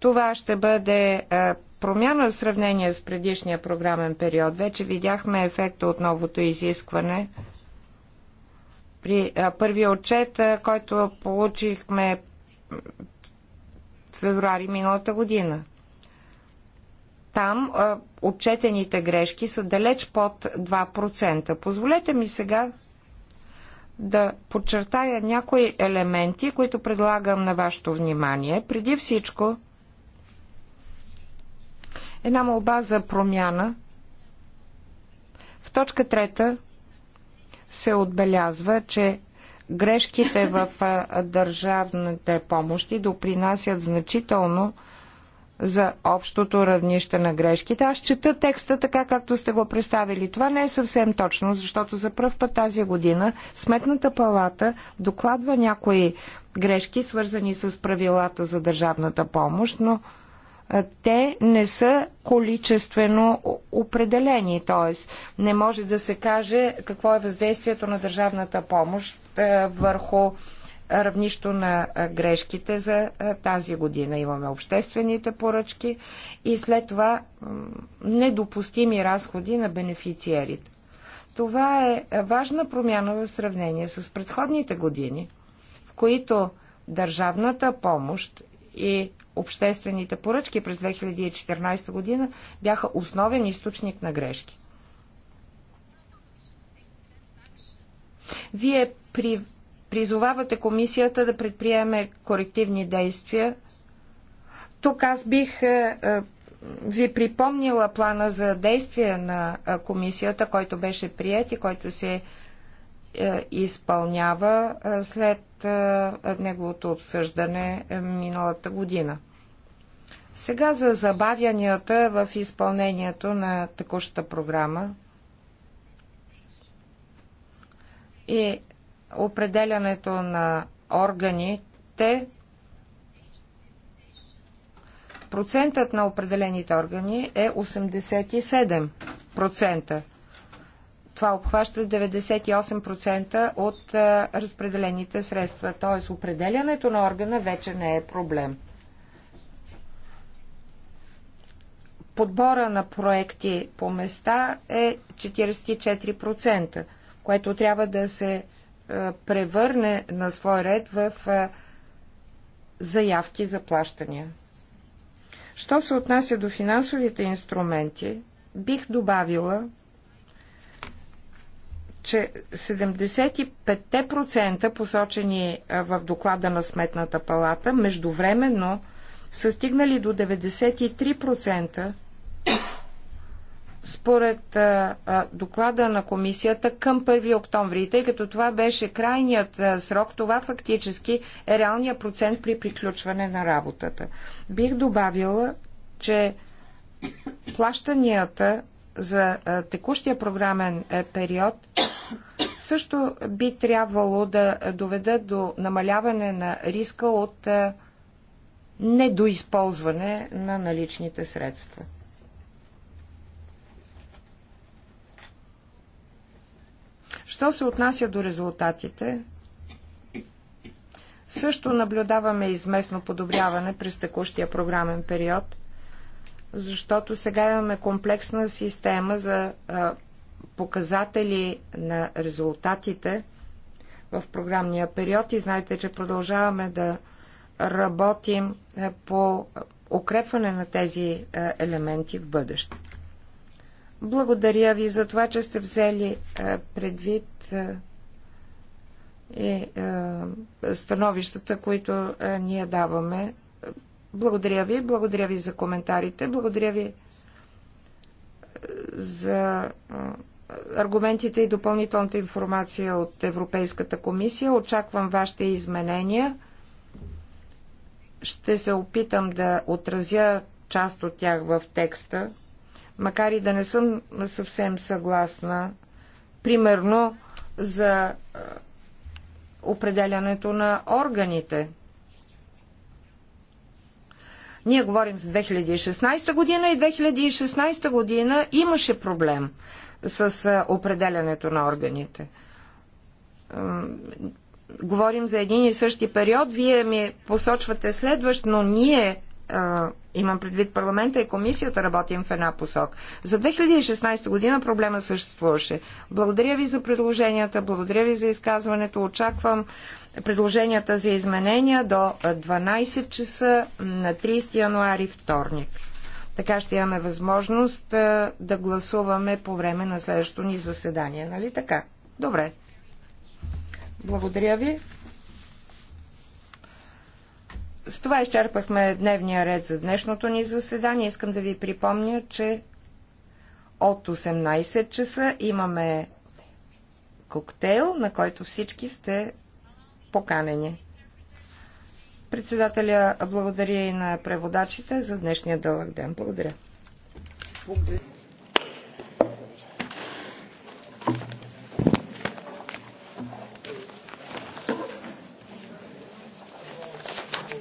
Това ще бъде а, промяна в сравнение с предишния програмен период. Вече видяхме ефекта от новото изискване. При първия отчет, който получихме в февруари миналата година. Там отчетените грешки са далеч под 2%. Позволете ми сега да подчертая някои елементи, които предлагам на вашето внимание. Преди всичко, Една молба за промяна. В точка трета се отбелязва, че грешките в държавните помощи допринасят значително за общото равнище на грешките. Аз чета текста така, както сте го представили. Това не е съвсем точно, защото за първ път тази година Сметната палата докладва някои грешки, свързани с правилата за държавната помощ, но те не са количествено определени, т.е. не може да се каже какво е въздействието на държавната помощ върху равнището на грешките за тази година. Имаме обществените поръчки и след това недопустими разходи на бенефициерите. Това е важна промяна в сравнение с предходните години, в които държавната помощ и обществените поръчки през 2014 година бяха основен източник на грешки. Вие при, призовавате комисията да предприеме корективни действия. Тук аз бих е, е, ви припомнила плана за действие на е, комисията, който беше прият и който се изпълнява след неговото обсъждане миналата година. Сега за забавянията в изпълнението на текущата програма и определянето на органите, процентът на определените органи е 87%. Това обхваща 98% от разпределените средства, т.е. определянето на органа вече не е проблем. подбора на проекти по места е 44%, което трябва да се е, превърне на свой ред в е, заявки за плащания. Що се отнася до финансовите инструменти, бих добавила, че 75% посочени е, в доклада на Сметната палата междувременно са стигнали до 93% според а, доклада на комисията към 1 октомври. И тъй като това беше крайният а, срок, това фактически е реалния процент при приключване на работата. Бих добавила, че плащанията за а, текущия програмен е, период също би трябвало да доведат до намаляване на риска от недоизползване на наличните средства. Що се отнася до резултатите, също наблюдаваме изместно подобряване през текущия програмен период, защото сега имаме комплексна система за а, показатели на резултатите в програмния период и знаете, че продължаваме да работим по укрепване на тези елементи в бъдеще. Благодаря ви за това, че сте взели е, предвид и е, е, становищата, които ние даваме. Благодаря ви, благодаря ви за коментарите, благодаря ви за аргументите и допълнителната информация от Европейската комисия. Очаквам вашите изменения. Ще се опитам да отразя част от тях в текста макар и да не съм съвсем съгласна, примерно за определянето на органите. Ние говорим за 2016 година и 2016 година имаше проблем с определянето на органите. Говорим за един и същи период. Вие ми посочвате следващ, но ние имам предвид парламента и комисията, работим в една посок. За 2016 година проблема съществуваше. Благодаря ви за предложенията, благодаря ви за изказването. Очаквам предложенията за изменения до 12 часа на 30 януари вторник. Така ще имаме възможност да гласуваме по време на следващото ни заседание. Нали така? Добре. Благодаря ви. С това изчерпахме дневния ред за днешното ни заседание. Искам да ви припомня, че от 18 часа имаме коктейл, на който всички сте поканени. Председателя благодаря и на преводачите за днешния дълъг ден. Благодаря. Благодаря.